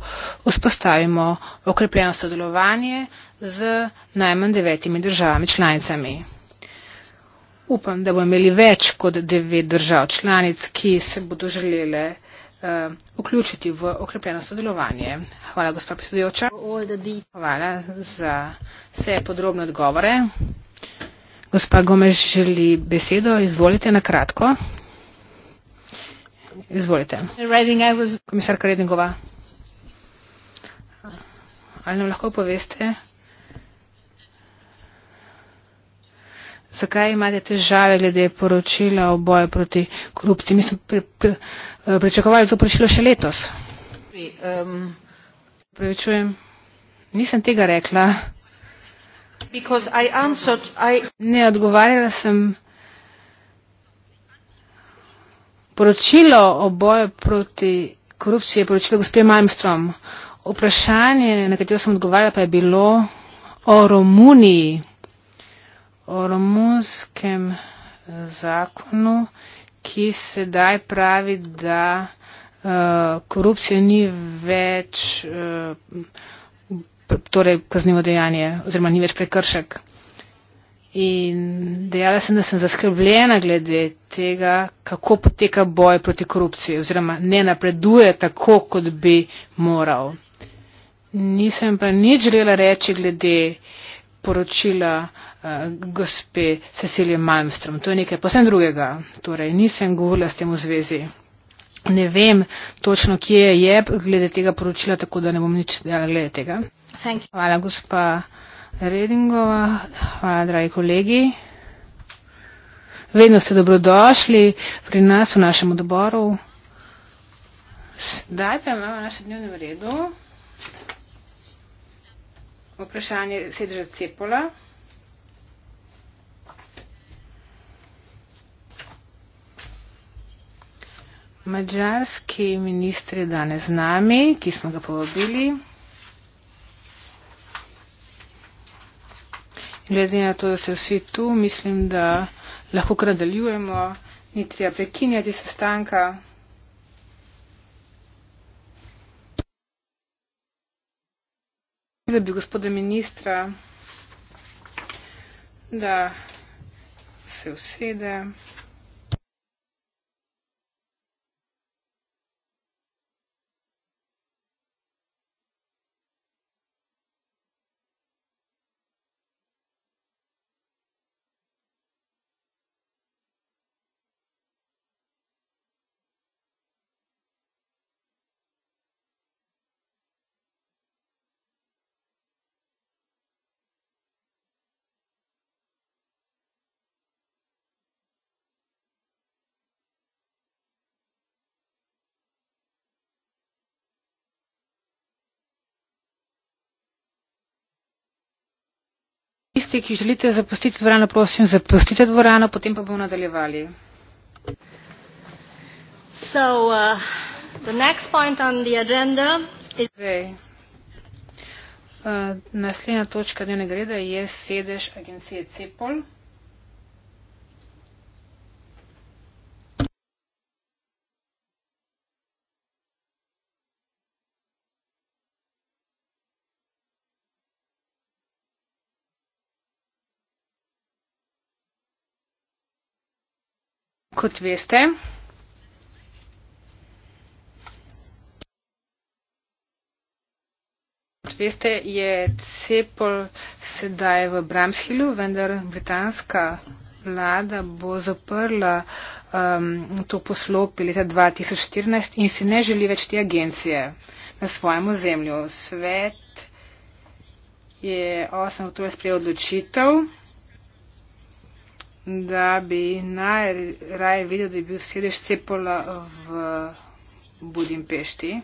vzpostavimo okrepljeno sodelovanje z najmanj devetimi državami članicami. Upam, da bomo imeli več kot devet držav članic, ki se bodo želele eh, vključiti v okrepljeno sodelovanje. Hvala, gospod predsedujoča. Hvala za vse podrobne odgovore. Gospa Gomez želi besedo, izvolite na kratko. Izvolite. Komisarka Redingova. Ali nam lahko poveste, zakaj imate težave glede poročila o boju proti korupciji? Mi smo pri, pri, pričakovali to poročilo še letos. Um, Prevečujem, nisem tega rekla. Ne odgovarjala sem. Poročilo o boju proti korupciji je poročilo gospe Malmström. Vprašanje, na katero sem odgovarjala, pa je bilo o Romuniji, o romunskem eh, zakonu, ki sedaj pravi, da uh, eh, korupcija ni več. Uh, torej kaznivo dejanje oziroma ni več prekršek. In dejala sem, da sem zaskrbljena glede tega, kako poteka boj proti korupciji oziroma ne napreduje tako, kot bi moral. Nisem pa nič želela reči glede poročila uh, gospe Cecilije Malmström. To je nekaj posebno drugega. Torej, nisem govorila s tem v zvezi. Ne vem točno, kje je glede tega poročila, tako da ne bom nič dejala glede tega. Hvala, gospa Redingova. Hvala, dragi kolegi. Vedno ste dobrodošli pri nas v našem odboru. Zdaj pa imamo na našem dnevnem redu vprašanje sedeža Cepola. Mačarski ministr je danes z nami, ki smo ga povabili. Glede na to, da ste vsi tu, mislim, da lahko kar nadaljujemo, ni treba prekinjati sestanka. Da bi gospoda ministra, da se usede. tisti, ki želite zapustiti dvorano, prosim, zapustite dvorano, potem pa bomo nadaljevali. So, uh, is... okay. Torej, uh, naslednja točka dnevnega reda je sedež agencije CEPOL. kot veste, veste, je Cepol sedaj v Bramshillu, vendar britanska vlada bo zaprla um, to poslopje leta 2014 in si ne želi več te agencije na svojem ozemlju. Svet je 8. oktober sprejel odločitev da bi najraje videl, da je bil sedež Cepola v Budimpešti.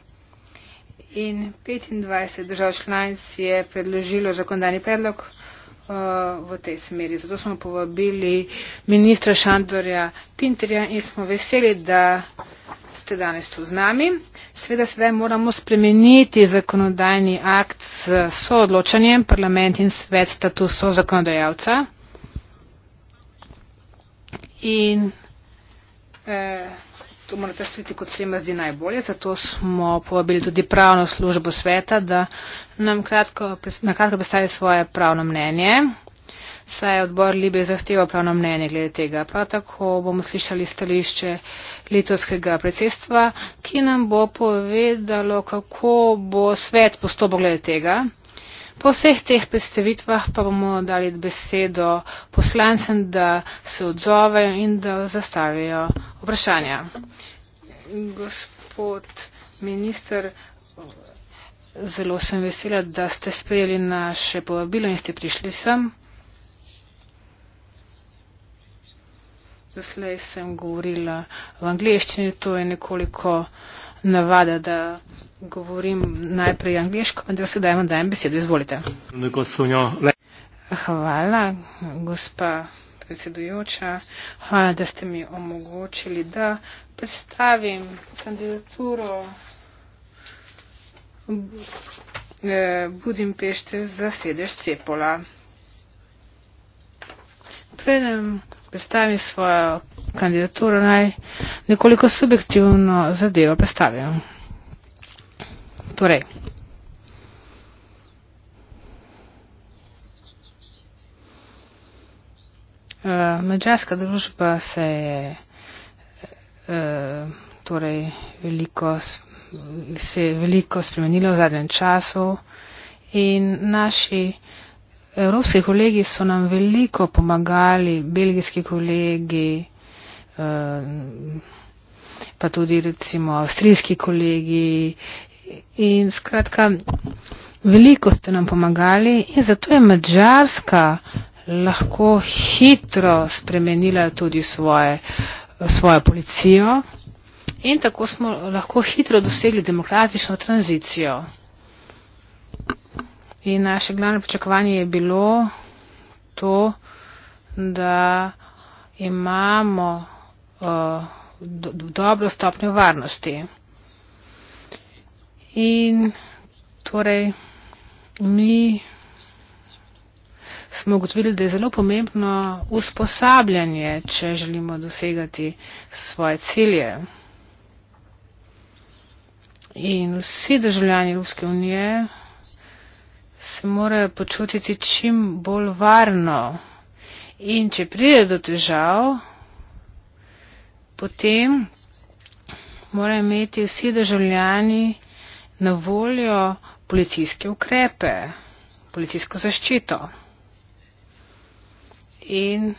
In 25 držav članic je predložilo zakonodajni predlog uh, v tej smeri. Zato smo povabili ministra Šandorja Pinterja in smo veseli, da ste danes tu z nami. Sveda sedaj moramo spremeniti zakonodajni akt s soodločanjem. Parlament in svet sta tu so zakonodajalca in eh, to morate storiti, kot se jim zdi najbolje. Zato smo povabili tudi pravno službo sveta, da nam na kratko predstavi svoje pravno mnenje. Saj je odbor Libe zahteval pravno mnenje glede tega. Prav tako bomo slišali stališče litovskega predsedstva, ki nam bo povedalo, kako bo svet postopal glede tega. Po vseh teh predstavitvah pa bomo dali besedo poslancem, da se odzovejo in da zastavijo vprašanja. Gospod minister, zelo sem vesela, da ste sprejeli naše povabilo in ste prišli sem. Doslej sem govorila v angliščini, to je nekoliko. Uh, navada, da govorim najprej angliško, vendar se dajem, dajem besedo. Izvolite. Hvala, gospa predsedujoča. Hvala, da ste mi omogočili, da predstavim kandidaturo eh, Budimpešte za sedež Cepola. Preden predstavim svojo kandidaturo naj nekoliko subjektivno zadevo predstavijo. Torej. Uh, eh, Mađarska družba se je uh, torej veliko, se je veliko spremenila v zadnjem času in naši evropski kolegi so nam veliko pomagali, belgijski kolegi, Eh, pa tudi recimo avstrijski kolegi. In skratka, veliko ste nam pomagali in zato je Mačarska lahko hitro spremenila tudi svoje, svojo policijo in tako smo lahko hitro dosegli demokratično tranzicijo. In naše glavne pričakovanje je bilo to, da imamo Eh, dobro stopnjo varnosti. In torej mi smo ugotovili, da je zelo pomembno usposabljanje, če želimo dosegati svoje cilje. In vsi državljani Evropske unije se morajo počutiti čim bolj varno. In če pride do težav, potem morajo imeti vsi državljani na voljo policijske ukrepe, policijsko zaščito. In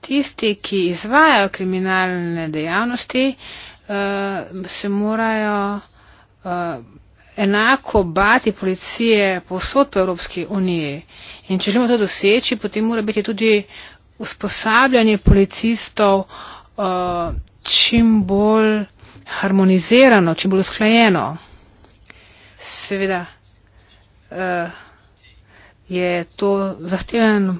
tisti, ki izvajajo kriminalne dejavnosti, eh, se morajo eh, enako bati policije povsod po Evropski uniji. In če želimo to doseči, potem mora biti tudi usposabljanje policistov uh, Uh, čim bolj harmonizirano, čim bolj usklajeno. Seveda uh, je to zahteven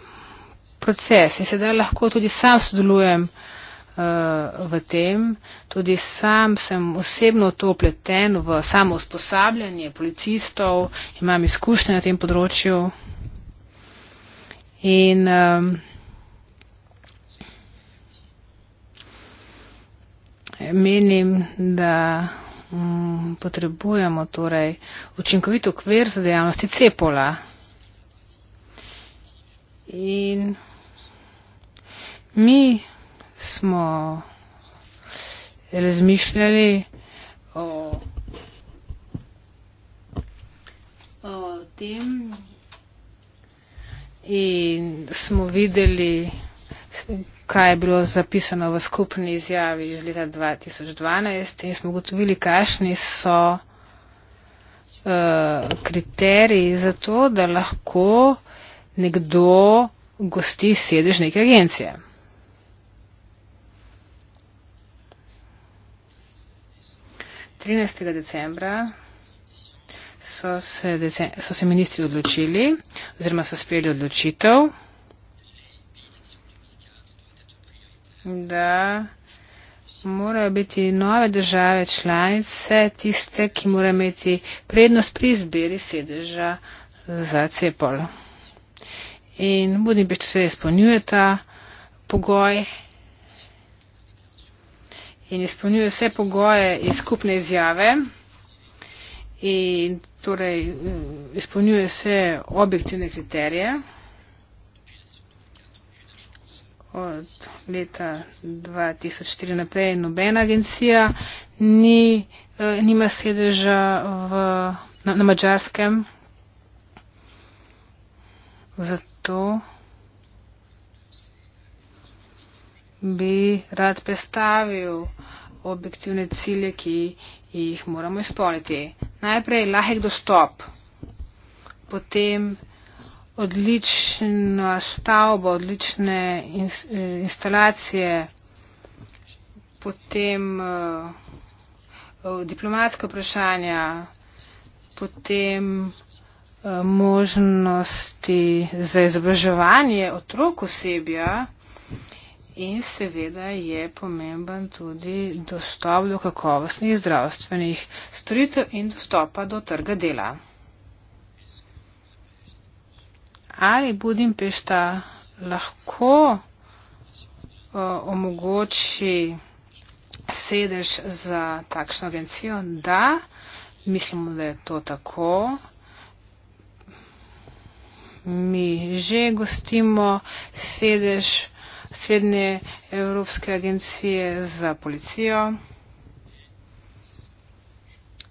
proces in sedaj lahko tudi sam sodelujem uh, v tem. Tudi sam sem osebno to pleten v samo usposabljanje policistov, imam izkušnje na tem področju. In, um, menim, da m, mm, potrebujemo torej učinkovit okvir za dejavnosti cepola. In mi smo razmišljali o, o tem in smo videli, kaj je bilo zapisano v skupni izjavi iz leta 2012 in smo ugotovili, kakšni so uh, kriteriji za to, da lahko nekdo gosti sedež neke agencije. decembra so se, decem so se ministri odločili oziroma so sprejeli odločitev. da morajo biti nove države članice tiste, ki morajo imeti prednost pri izbiri sedeža za cepol. In Budimpešti se izpolnjuje ta pogoj in izpolnjuje vse pogoje iz skupne izjave in torej eh, izpolnjuje vse objektivne kriterije od leta 2004 naprej nobena agencija ni, uh, nima sedeža v, na, na mačarskem. Zato bi rad predstavil objektivne cilje, ki jih moramo izpolniti. Najprej lahek dostop, potem odlična stavba, odlične eh, instalacije, potem eh, diplomatske vprašanja, potem eh, možnosti za izobraževanje otrok osebja in seveda je pomemben tudi dostop do kakovostnih zdravstvenih storitev in dostopa do trga dela. ali Budimpešta lahko eh, omogoči sedež za takšno agencijo? Da, mislimo, da je to tako. Mi že gostimo sedež Srednje Evropske agencije za policijo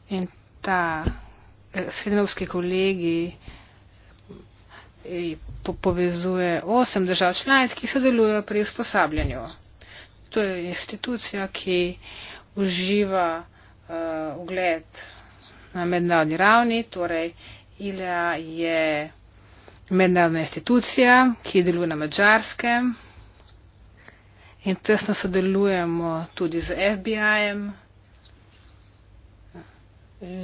in ta eh, srednjevski kolegi povezuje osem držav članic, ki sodelujejo pri usposabljanju. To je institucija, ki uživa uh, ugled na mednarodni ravni, torej ILA je mednarodna institucija, ki deluje na mačarskem in tesno sodelujemo tudi z FBI-jem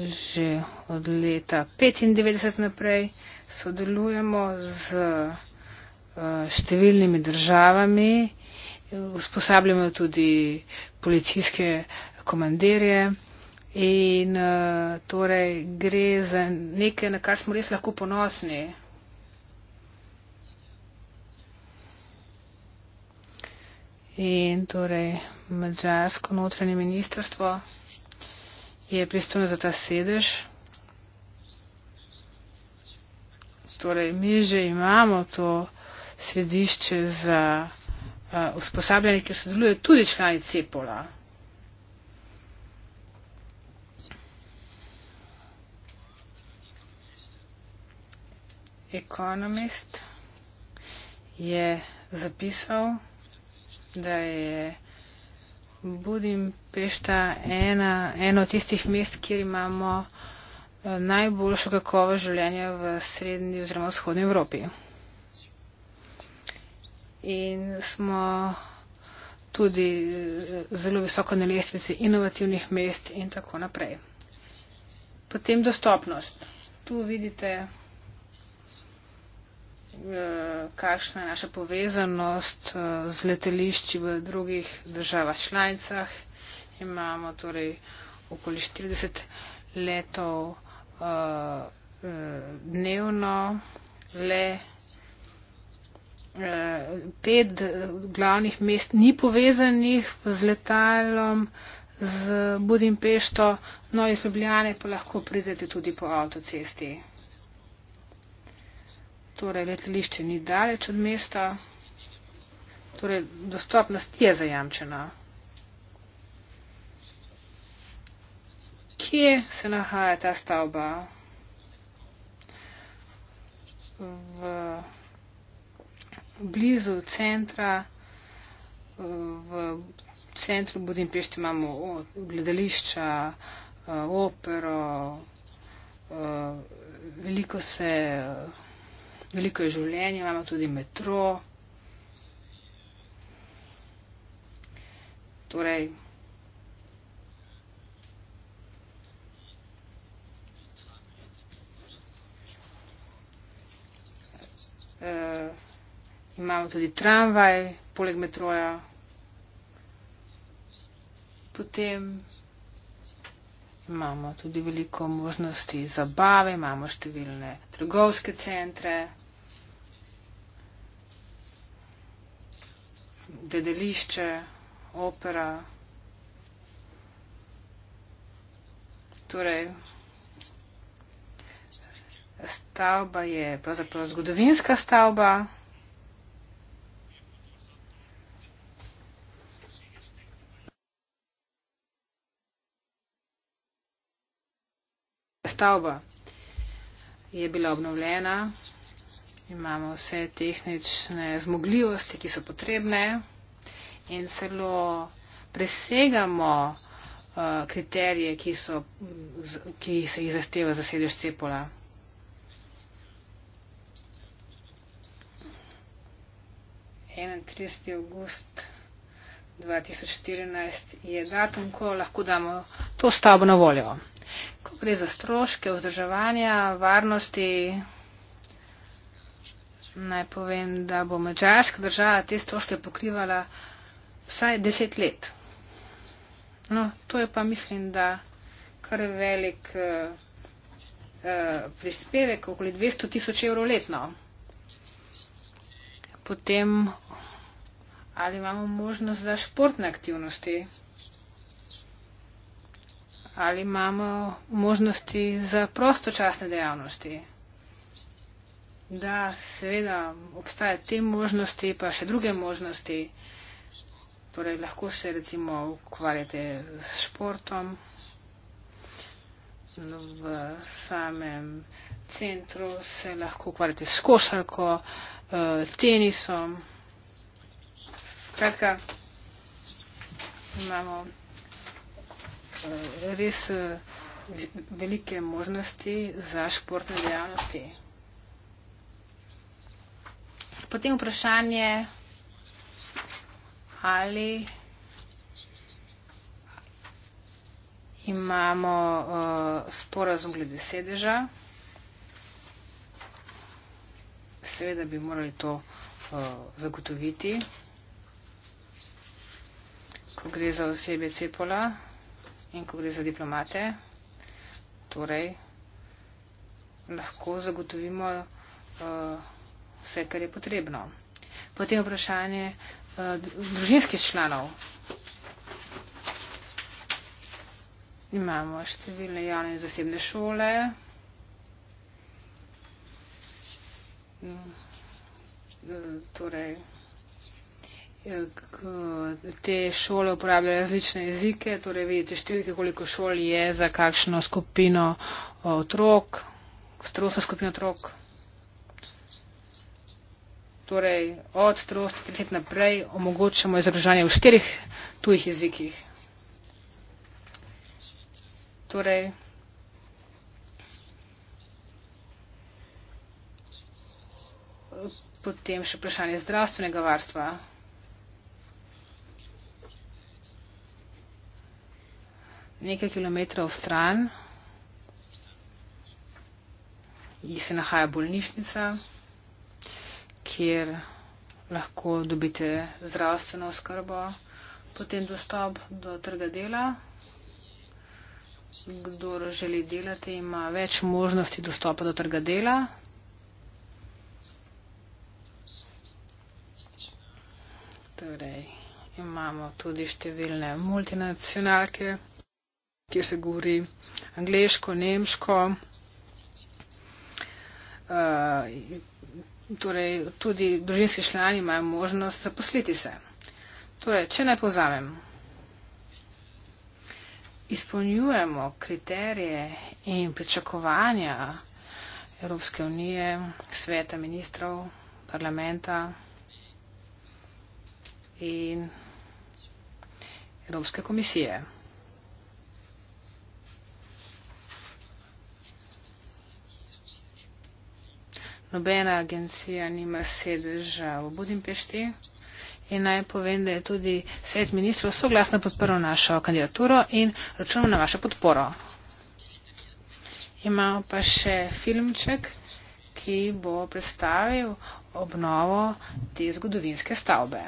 že od leta 95 naprej sodelujemo z eh, številnimi državami, usposabljamo tudi policijske komanderje in eh, torej gre za nekaj, na kar smo res lahko ponosni. In torej Mađarsko notranje ministrstvo je pristojno za ta sedež. Torej, mi že imamo to središče za uh, usposabljanje, ki sodeluje tudi člani Cepola. Ekonomist je zapisal, da je Budimpešta ena, eno tistih mest, kjer imamo eh, najboljšo kakovo življenja v srednji oziroma vzhodni Evropi. In smo tudi eh, zelo visoko na lestvici inovativnih mest in tako naprej. Potem dostopnost. Tu vidite. Eh, kakšna je naša povezanost eh, z letališči v drugih državah članicah. Imamo torej okoli 40 letov eh, dnevno, le pet glavnih mest ni povezanih z letalom z Budimpešto, no iz Ljubljane pa lahko pridete tudi po avtocesti torej letališče ni daleč od mesta, torej dostopnost je zajamčena. Kje se nahaja ta stavba? V blizu centra, v centru Budimpešti imamo gledališča, eh, opero, eh, veliko se veliko je življenje, imamo tudi metro. Torej, Uh, imamo tudi tramvaj, poleg metroja. Potem imamo tudi veliko možnosti zabave, imamo številne trgovske centre. gledališče, opera. Torej, stavba je pravzaprav zgodovinska stavba. Stavba je bila obnovljena imamo vse tehnične zmogljivosti, ki so potrebne in celo presegamo uh, kriterije, ki, so, ki se jih zahteva za sedež cepola. je datum, ko lahko damo to stavbo na voljo. Ko gre za stroške vzdrževanja, varnosti, Naj povem, da bo mačarska država te stroške pokrivala vsaj deset let. No, to je pa mislim, da kar velik uh, uh, prispevek, okoli 200 tisoč evrov letno. Potem, ali imamo možnost za športne aktivnosti? Ali imamo možnosti za prostočasne dejavnosti? da seveda obstaja te možnosti, pa še druge možnosti. Torej, lahko se recimo ukvarjate s športom no, v samem centru, se lahko ukvarjate s košarko, eh, tenisom. Skratka, imamo eh, res eh, velike možnosti za športne dejavnosti potem vprašanje, ali imamo uh, sporazum glede sedeža. Seveda bi morali to uh, zagotoviti, ko gre za osebe cepola in ko gre za diplomate. Torej, lahko zagotovimo uh, vse, kar je potrebno. Potem vprašanje uh, družinskih članov. Imamo številne javne in zasebne šole. Eh, torej, eh, te šole uporabljajo različne jezike, torej vidite številke, koliko šol je za kakšno skupino otrok, strosno skupino otrok torej od starosti treh let naprej omogočamo izražanje v štirih tujih jezikih. Torej, potem še vprašanje zdravstvenega varstva. Nekaj kilometrov stran se nahaja bolnišnica kjer lahko dobite zdravstveno oskrbo, potem dostop do trga dela. Kdo želi delati, ima več možnosti dostopa do trga dela. Torej, imamo tudi številne multinacionalke, kjer se govori angliško, nemško. Uh, torej tudi družinski člani imajo možnost zaposliti se. Torej, če ne povzamem, izpolnjujemo kriterije in pričakovanja Evropske unije, sveta ministrov, parlamenta in Evropske komisije. nobena agencija nima sedeža v Budimpešti. In naj povem, da je tudi svet ministrov soglasno podprl našo kandidaturo in računam na vašo podporo. Imamo pa še filmček, ki bo predstavil obnovo te zgodovinske stavbe.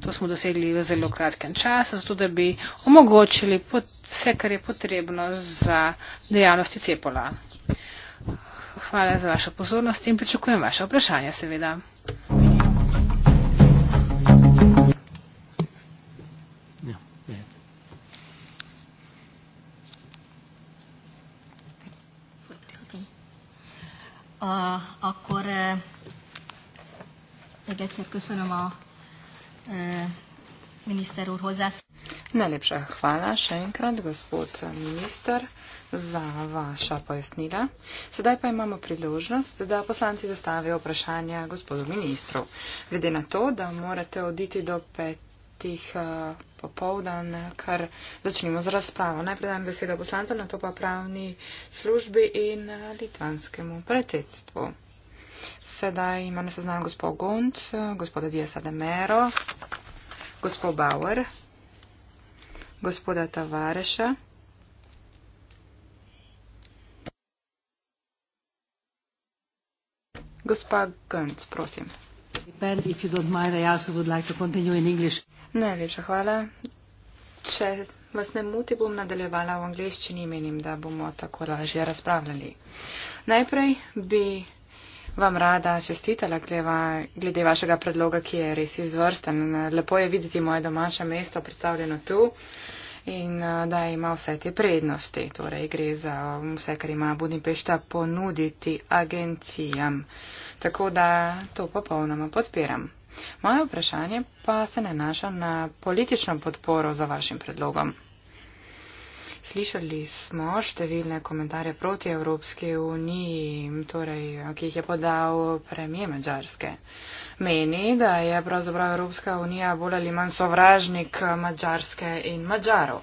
To smo dosegli v zelo kratkem času, zato da bi omogočili vse, kar je potrebno za dejavnosti cepola. Hvala za vašo pozornost in pričakujem vaše vprašanje, seveda. Uh, akkor uh, még egyszer köszönöm a uh, miniszter úr hozzászólását. Najlepša hvala še enkrat, gospod minister, za vaša pojasnila. Sedaj pa imamo priložnost, da poslanci zastavijo vprašanja gospodu ministru. Glede na to, da morate oditi do petih eh, popovdan, kar začnimo z razpravo. Najprej dam besedo poslancem, na to pa pravni službi in eh, litvanskemu predsedstvu. Sedaj ima na seznam gospod Gond, gospoda Diasa Demero, gospod Bauer gospoda Tavareša. Gospa Gönc, prosim. Najlepša hvala. Če vas ne muti, bom nadaljevala v angliščini, menim, da bomo tako lažje razpravljali. Najprej bi vam rada čestitala glede vašega predloga, ki je res izvrsten. Lepo je videti moje domače mesto predstavljeno tu in eh, da ima vse te prednosti. Torej, gre za vse, kar ima Budimpešta ponuditi agencijam. Tako da to popolnoma podpiram. Moje vprašanje pa se nanaša na politično podporo za vašim predlogom. Slišali smo številne komentarje proti Evropske unije, torej, ki jih je podal premije Mačarske. Meni, da je pravzaprav Evropska unija bolj ali manj sovražnik Mačarske in Mačarov.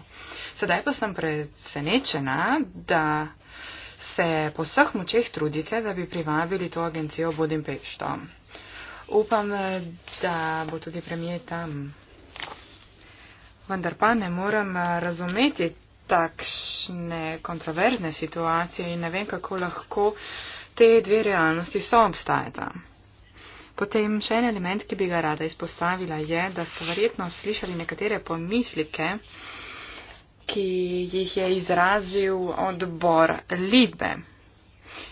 Sedaj pa sem presenečena, da se po vseh močeh trudite, da bi privabili to agencijo Budimpešto. Upam, da bo tudi premije tam. Vendar pa ne morem razumeti takšne kontroverzne situacije in ne vem, kako lahko te dve realnosti so obstajata. Potem še en element, ki bi ga rada izpostavila, je, da ste verjetno slišali nekatere pomislike, ki jih je izrazil odbor Libe.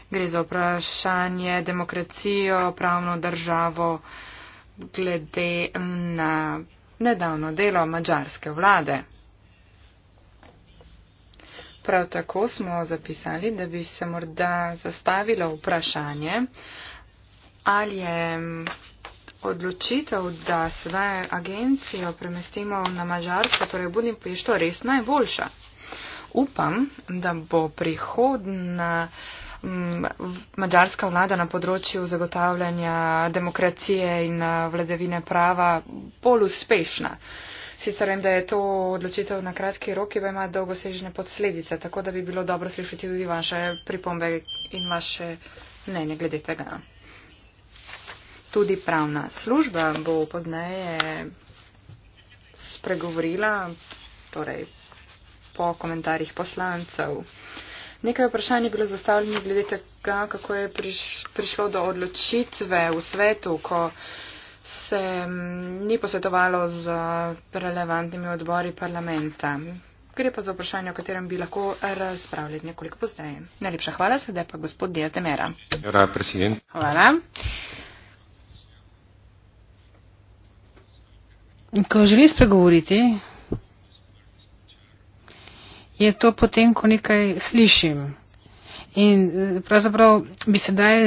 Gre za vprašanje demokracijo, pravno državo glede mm, na nedavno delo mađarske vlade. Prav tako smo zapisali, da bi se morda zastavilo vprašanje, ali je odločitev, da sedaj agencijo premestimo na Mažarsko, torej Budimpešto, res najboljša. Upam, da bo prihodna mm, mađarska vlada na področju zagotavljanja demokracije in eh, vladavine prava bolj uspešna. Uh, Sicer vem, da je to odločitev na kratki rok, ki pa ima dolgosežne posledice, tako da bi bilo dobro slišati tudi vaše pripombe in vaše mnenje glede tega. Tudi pravna služba bo pozneje spregovorila, torej po komentarjih poslancev. Nekaj vprašanj je bilo zastavljeno glede tega, kako je prišlo do odločitve v svetu, ko se mm, ni posvetovalo z relevantnimi odbori parlamenta. Gre pa za vprašanje, o katerem bi lahko razpravljali nekoliko pozdaje. Najlepša hvala, sedaj pa gospod Dijaz Demera. Hvala, predsednik. Hvala. Ko želi spregovoriti, je to potem, ko nekaj slišim. In eh, pravzaprav bi sedaj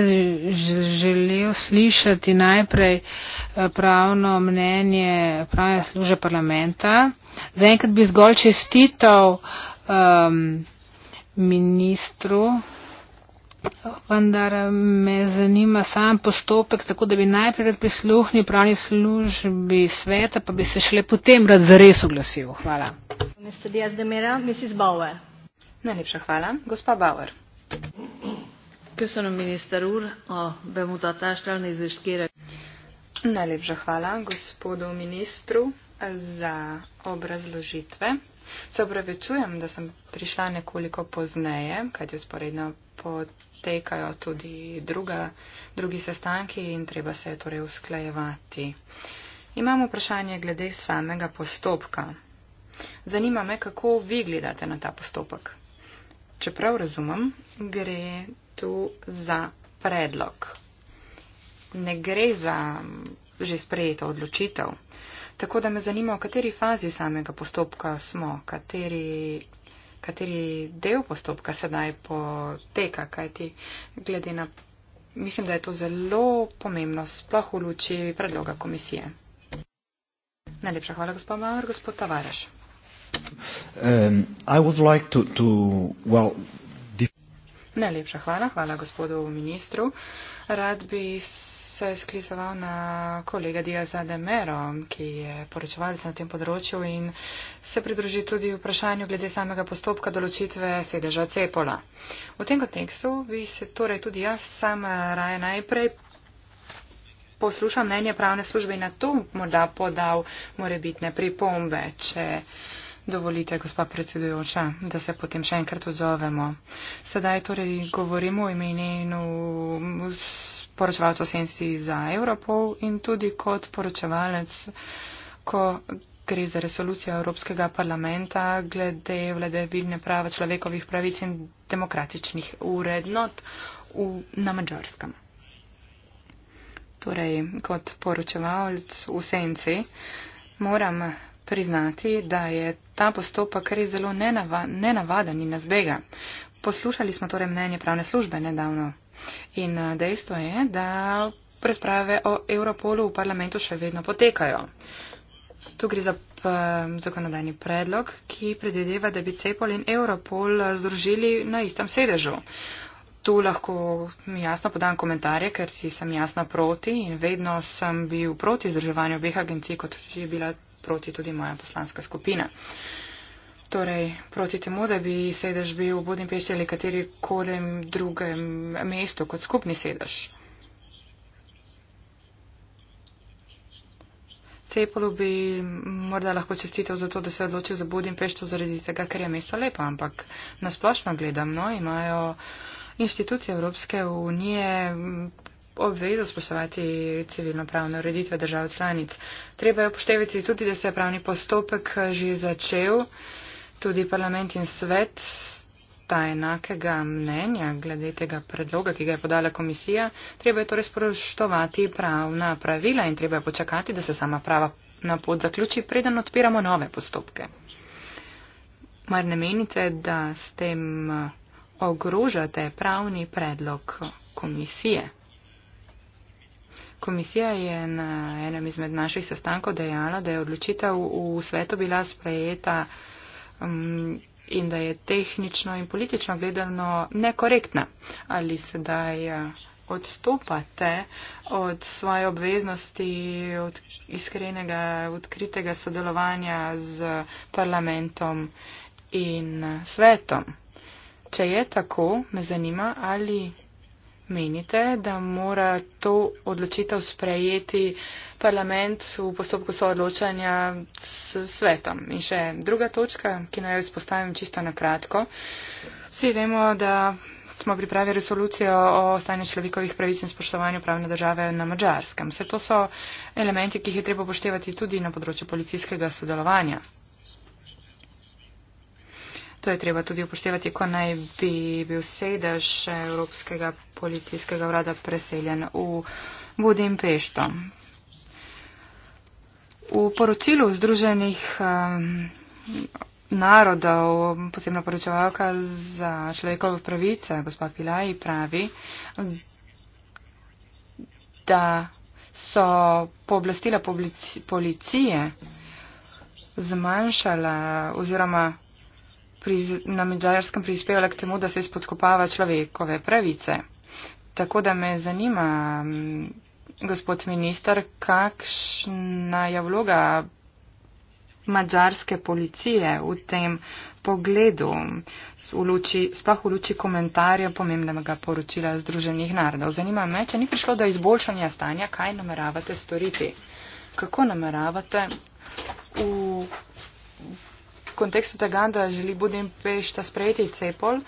želel slišati najprej eh, pravno mnenje pravne službe parlamenta. Zaenkrat bi zgolj čestital um, ministru, vendar me zanima sam postopek, tako da bi najprej prisluhnil pravni službi sveta, pa bi se šele potem rad zares oglasil. Hvala. Najlepša hvala. Gospa Bauer. Köszönöm, miniszter úr, a bemutatást, elnézést kérek. Najlepša hvala gospodu ministru za obrazložitve. Se opravičujem, da sem prišla nekoliko pozneje, kajti usporedno potekajo tudi druga, drugi sestanki in treba se je torej usklajevati. Imam vprašanje glede samega postopka. Zanima me, kako vi gledate na ta postopek čeprav razumem, gre tu za predlog. Ne gre za že sprejeto odločitev. Tako da me zanima, v kateri fazi samega postopka smo, kateri, kateri del postopka sedaj poteka, kajti glede na. Mislim, da je to zelo pomembno, sploh v luči predloga komisije. Najlepša hvala, gospod Maur, gospod Tavares. Um, Najlepša hvala. Hvala gospodu ministru. Rad bi se skrizoval na kolega Diaza de Mero, ki je poročevalec na tem področju in se pridruži tudi vprašanju glede samega postopka določitve sedeža Cepola. V tem kontekstu bi se torej tudi jaz sam raje najprej. Poslušam mnenje pravne službe in na to morda podal morebitne pripombe, če uh, Dovolite, gospa predsedujoča, da se potem še enkrat odzovemo. Sedaj torej govorimo o imenu poročevalca Sensi za Evropol in tudi kot poročevalec, ko gre za resolucijo Evropskega parlamenta glede vladevilne prava človekovih pravic in demokratičnih urednot v, na Mačarskem. Torej, kot poročevalc v Senci moram priznati, da je ta postopek res zelo nenava, nenavaden in nazbega. Poslušali smo torej mnenje pravne službe nedavno in eh, dejstvo je, da razprave o Europolu v parlamentu še vedno potekajo. Tu gre za eh, zakonodajni predlog, ki predvideva, da bi Cepol in Europol eh, združili na istem sedežu. Tu lahko jasno podam komentarje, ker si sem jasna proti in vedno sem bil proti združevanju obeh agencij, kot si bila proti tudi moja poslanska skupina. Torej, proti temu, da bi sedež bil v Budimpešti ali kateri kolem drugem mestu kot skupni sedež. Cepolu bi morda lahko čestitev za to, da se je odločil za Budimpešto zaradi tega, ker je mesto lepo, ampak nasplošno gledam, no, imajo inštitucije Evropske unije obvezo spoštovati civilno-pravne ureditve držav članic. Treba je upoštevati tudi, da se je pravni postopek eh, že začel, tudi parlament in svet sta enakega mnenja glede tega predloga, ki ga je podala komisija. Treba je torej spoštovati pravna pravila in treba je počakati, da se sama prava na pot zaključi, preden odpiramo nove postopke. Mar ne menite, da s tem eh, ogrožate pravni predlog komisije? Komisija je na enem izmed naših sestankov dejala, da je odločitev v svetu bila sprejeta um, in da je tehnično in politično gledano nekorektna. Ali sedaj uh, odstopate od svoje obveznosti, od iskrenega, odkritega sodelovanja z parlamentom in svetom? Če je tako, me zanima, ali Menite, da mora to odločitev sprejeti parlament v postopku soodločanja s svetom? In še druga točka, ki naj jo izpostavim čisto na kratko. Vsi vemo, da smo pripravili resolucijo o stanju človekovih pravic in spoštovanju pravne države na mačarskem. Vse to so elementi, ki jih je treba poštevati tudi na področju policijskega sodelovanja. To je treba tudi upoštevati, ko naj bi bil sedež Evropskega policijskega vrada preseljen v Budimpešto. V poročilu Združenih narodov, posebno poročevalka za človekove pravice, gospa Pilaj, pravi, da so pooblastila policije zmanjšala oziroma pri, na Mađarskem prispevala k temu, da se spodkopava človekove pravice. Tako da me zanima, gospod minister, kakšna je vloga mađarske policije v tem pogledu, v luči, sploh v luči komentarja pomembnega poročila Združenih narodov. Zanima me, če ni prišlo do izboljšanja stanja, kaj nameravate storiti? Kako nameravate v kontekstu tega, da želi Budimpešta sprejeti cepol,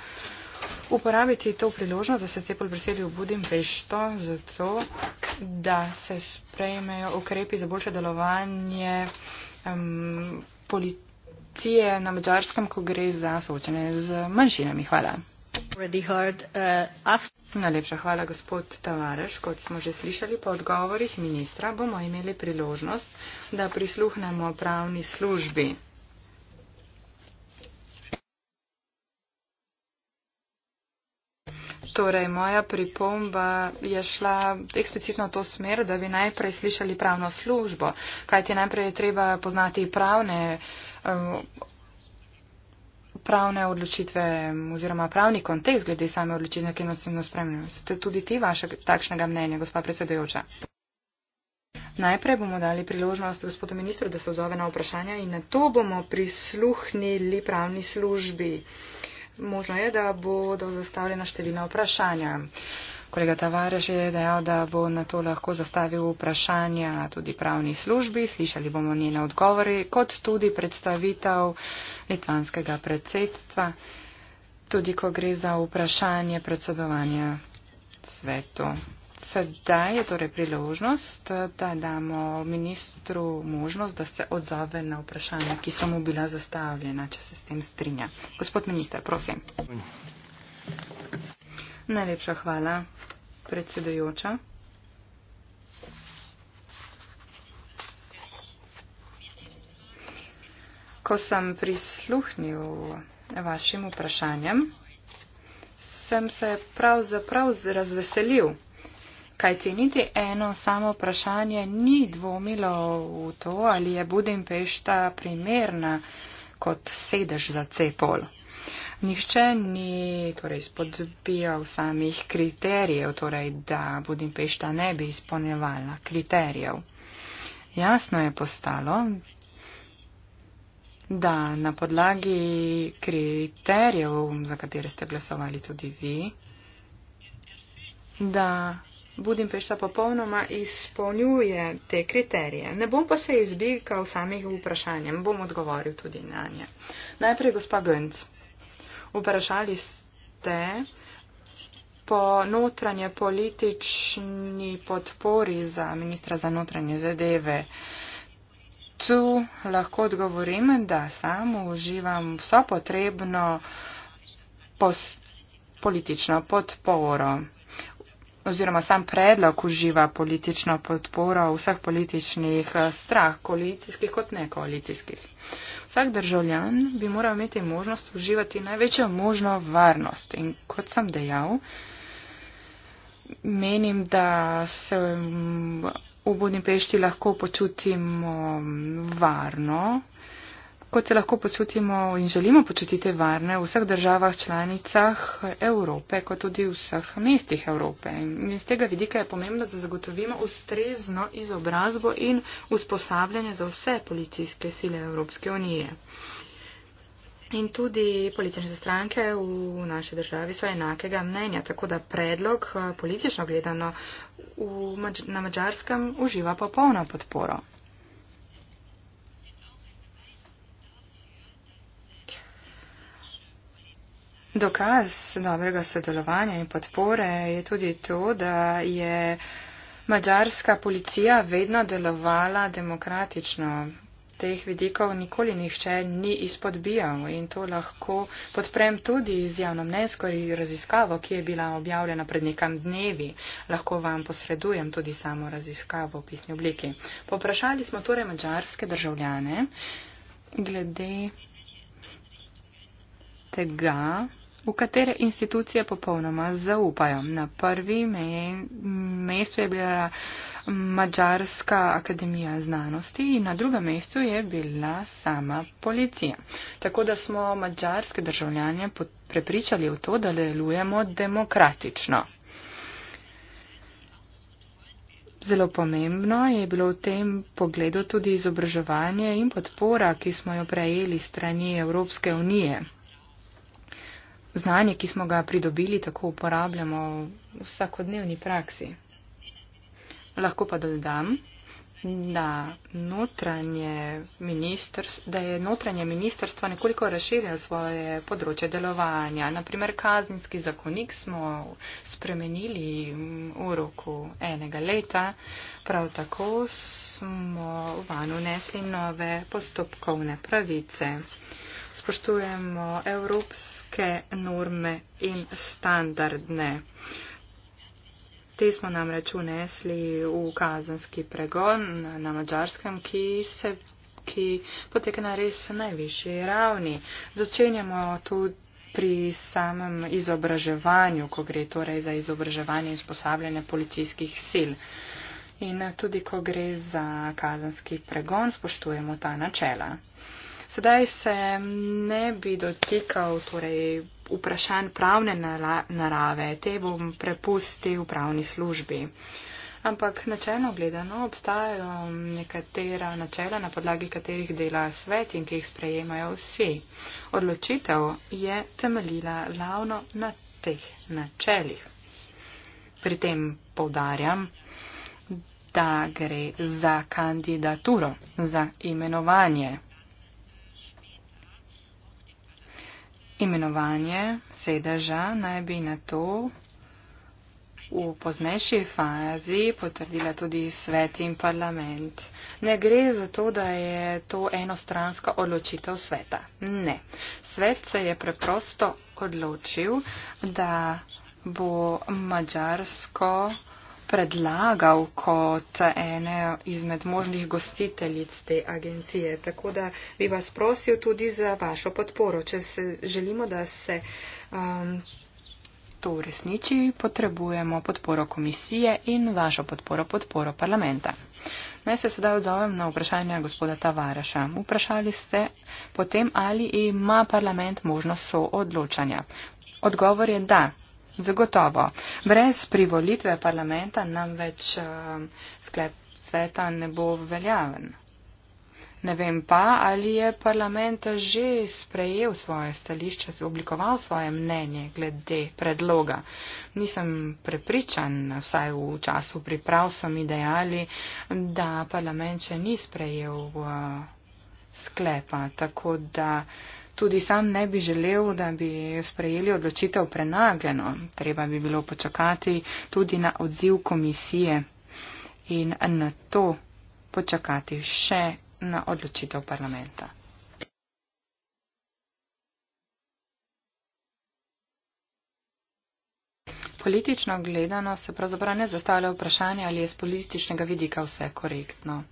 uporabiti to priložnost, da se cepol preseli v Budimpešto, zato da se sprejmejo ukrepi za boljše delovanje um, policije na mačarskem, ko gre za soočanje z manjšinami. Hvala. Uh, Najlepša hvala, gospod Tavares. Kot smo že slišali po odgovorih ministra, bomo imeli priložnost, da prisluhnemo pravni službi. Torej, moja pripomba je šla eksplicitno v to smer, da bi najprej slišali pravno službo, kajti najprej je treba poznati pravne, eh, pravne odločitve oziroma pravni kontekst glede same odločitve, ki nas vedno spremljajo. Ste tudi ti vašeg takšnega mnenja, gospa predsedujoča? Najprej bomo dali priložnost gospodu ministru, da se odzove na vprašanja in na to bomo prisluhnili pravni službi možno je, da bodo zastavljena številna vprašanja. Kolega Tavares je dejal, da bo na to lahko zastavil vprašanja tudi pravni službi, slišali bomo njene odgovori, kot tudi predstavitev litvanskega predsedstva, tudi ko gre za vprašanje predsedovanja svetu sedaj je torej priložnost, da damo ministru možnost, da se odzove na vprašanja, ki so mu bila zastavljena, če se s tem strinja. Gospod minister, prosim. Najlepša hvala, predsedojoča. Ko sem prisluhnil vašim vprašanjem, sem se pravzaprav prav razveselil. Kaj ti niti eno samo vprašanje ni dvomilo v to, ali je Budimpešta primerna kot sedež za cepol. Nihče ni torej, spodbijal samih kriterijev, torej, da Budimpešta ne bi izpolnjevala kriterijev. Jasno je postalo, da na podlagi kriterijev, za katere ste glasovali tudi vi, da Budimpešta popolnoma izpolnjuje te kriterije. Ne bom pa se izbikal samih vprašanjem, bom odgovoril tudi na nje. Najprej gospa Gönc. Vprašali ste po notranje politični podpori za ministra za notranje zadeve. Tu lahko odgovorim, da sam uživam vso potrebno pos politično podporo oziroma sam predlog uživa politično podporo vseh političnih eh, strah, koalicijskih kot ne koalicijskih. Vsak državljan bi moral imeti možnost uživati največjo možno varnost. In kot sem dejal, menim, da se mm, v Budimpešti lahko počutimo mm, varno, kot se lahko počutimo in želimo počutiti varne v vseh državah članicah Evrope, kot tudi v vseh mestih Evrope. In z tega vidika je pomembno, da zagotovimo ustrezno izobrazbo in usposabljanje za vse policijske sile Evropske unije. In tudi politične stranke v naši državi so enakega mnenja, tako da predlog eh, politično gledano v, na mačarskem uživa popolno podporo. Dokaz dobrega sodelovanja in podpore je tudi to, da je mađarska policija vedno delovala demokratično. Teh vidikov nikoli nihče ni izpodbijal in to lahko podprem tudi z javno mnenjskori raziskavo, ki je bila objavljena pred nekam dnevi. Lahko vam posredujem tudi samo raziskavo v pisni obliki. Poprašali smo torej mađarske državljane glede tega, v katere institucije popolnoma zaupajo. Na prvi mestu je bila Mačarska akademija znanosti in na drugem mestu je bila sama policija. Tako da smo mačarske državljanje prepričali v to, da delujemo demokratično. Zelo pomembno je bilo v tem pogledu tudi izobraževanje in podpora, ki smo jo prejeli strani Evropske unije znanje, ki smo ga pridobili, tako uporabljamo v vsakodnevni praksi. Lahko pa dodam, da, da je notranje ministrstvo nekoliko razširilo svoje področje delovanja. Naprimer, kazninski zakonik smo spremenili v roku enega leta, prav tako smo vanj unesli nove postopkovne pravice spoštujemo evropske norme in standardne. Te smo namreč unesli v kazanski pregon na mačarskem, ki se ki poteka na res najvišji ravni. Začenjamo tu pri samem izobraževanju, ko gre torej za izobraževanje in usposabljanje policijskih sil. In tudi, ko gre za kazanski pregon, spoštujemo ta načela. Sedaj se ne bi dotikal torej, vprašanj pravne narave, te bom prepustil pravni službi. Ampak načelno gledano obstajajo nekatera načela, na podlagi katerih dela svet in ki jih sprejemajo vsi. Odločitev je temeljila ravno na teh načelih. Pri tem povdarjam, da gre za kandidaturo, za imenovanje. Imenovanje sedeža naj bi na to v poznejši fazi potrdila tudi svet in parlament. Ne gre za to, da je to enostranska odločitev sveta. Ne. Svet se je preprosto odločil, da bo mačarsko predlagal kot ene izmed možnih gostiteljic te agencije. Tako da bi vas prosil tudi za vašo podporo. Če se, želimo, da se um, to uresniči, potrebujemo podporo komisije in vašo podporo, podporo parlamenta. Naj se sedaj odzovem na vprašanje gospoda Tavaraša. Vprašali ste potem, ali ima parlament možnost soodločanja. Odgovor je da. Zagotovo. Brez privolitve parlamenta nam več eh, sklep sveta ne bo veljaven. Ne vem pa, ali je parlament že sprejel svoje stališče, oblikoval svoje mnenje glede predloga. Nisem prepričan, vsaj v času priprav so mi dejali, da parlament še ni sprejel uh, sklepa. Tako da. Uh, Tudi sam ne bi želel, da bi sprejeli odločitev prenagljeno. Treba bi bilo počakati tudi na odziv komisije in na to počakati še na odločitev parlamenta. Politično gledano se pravzaprav ne zastavlja vprašanje, ali je z političnega vidika vse korektno.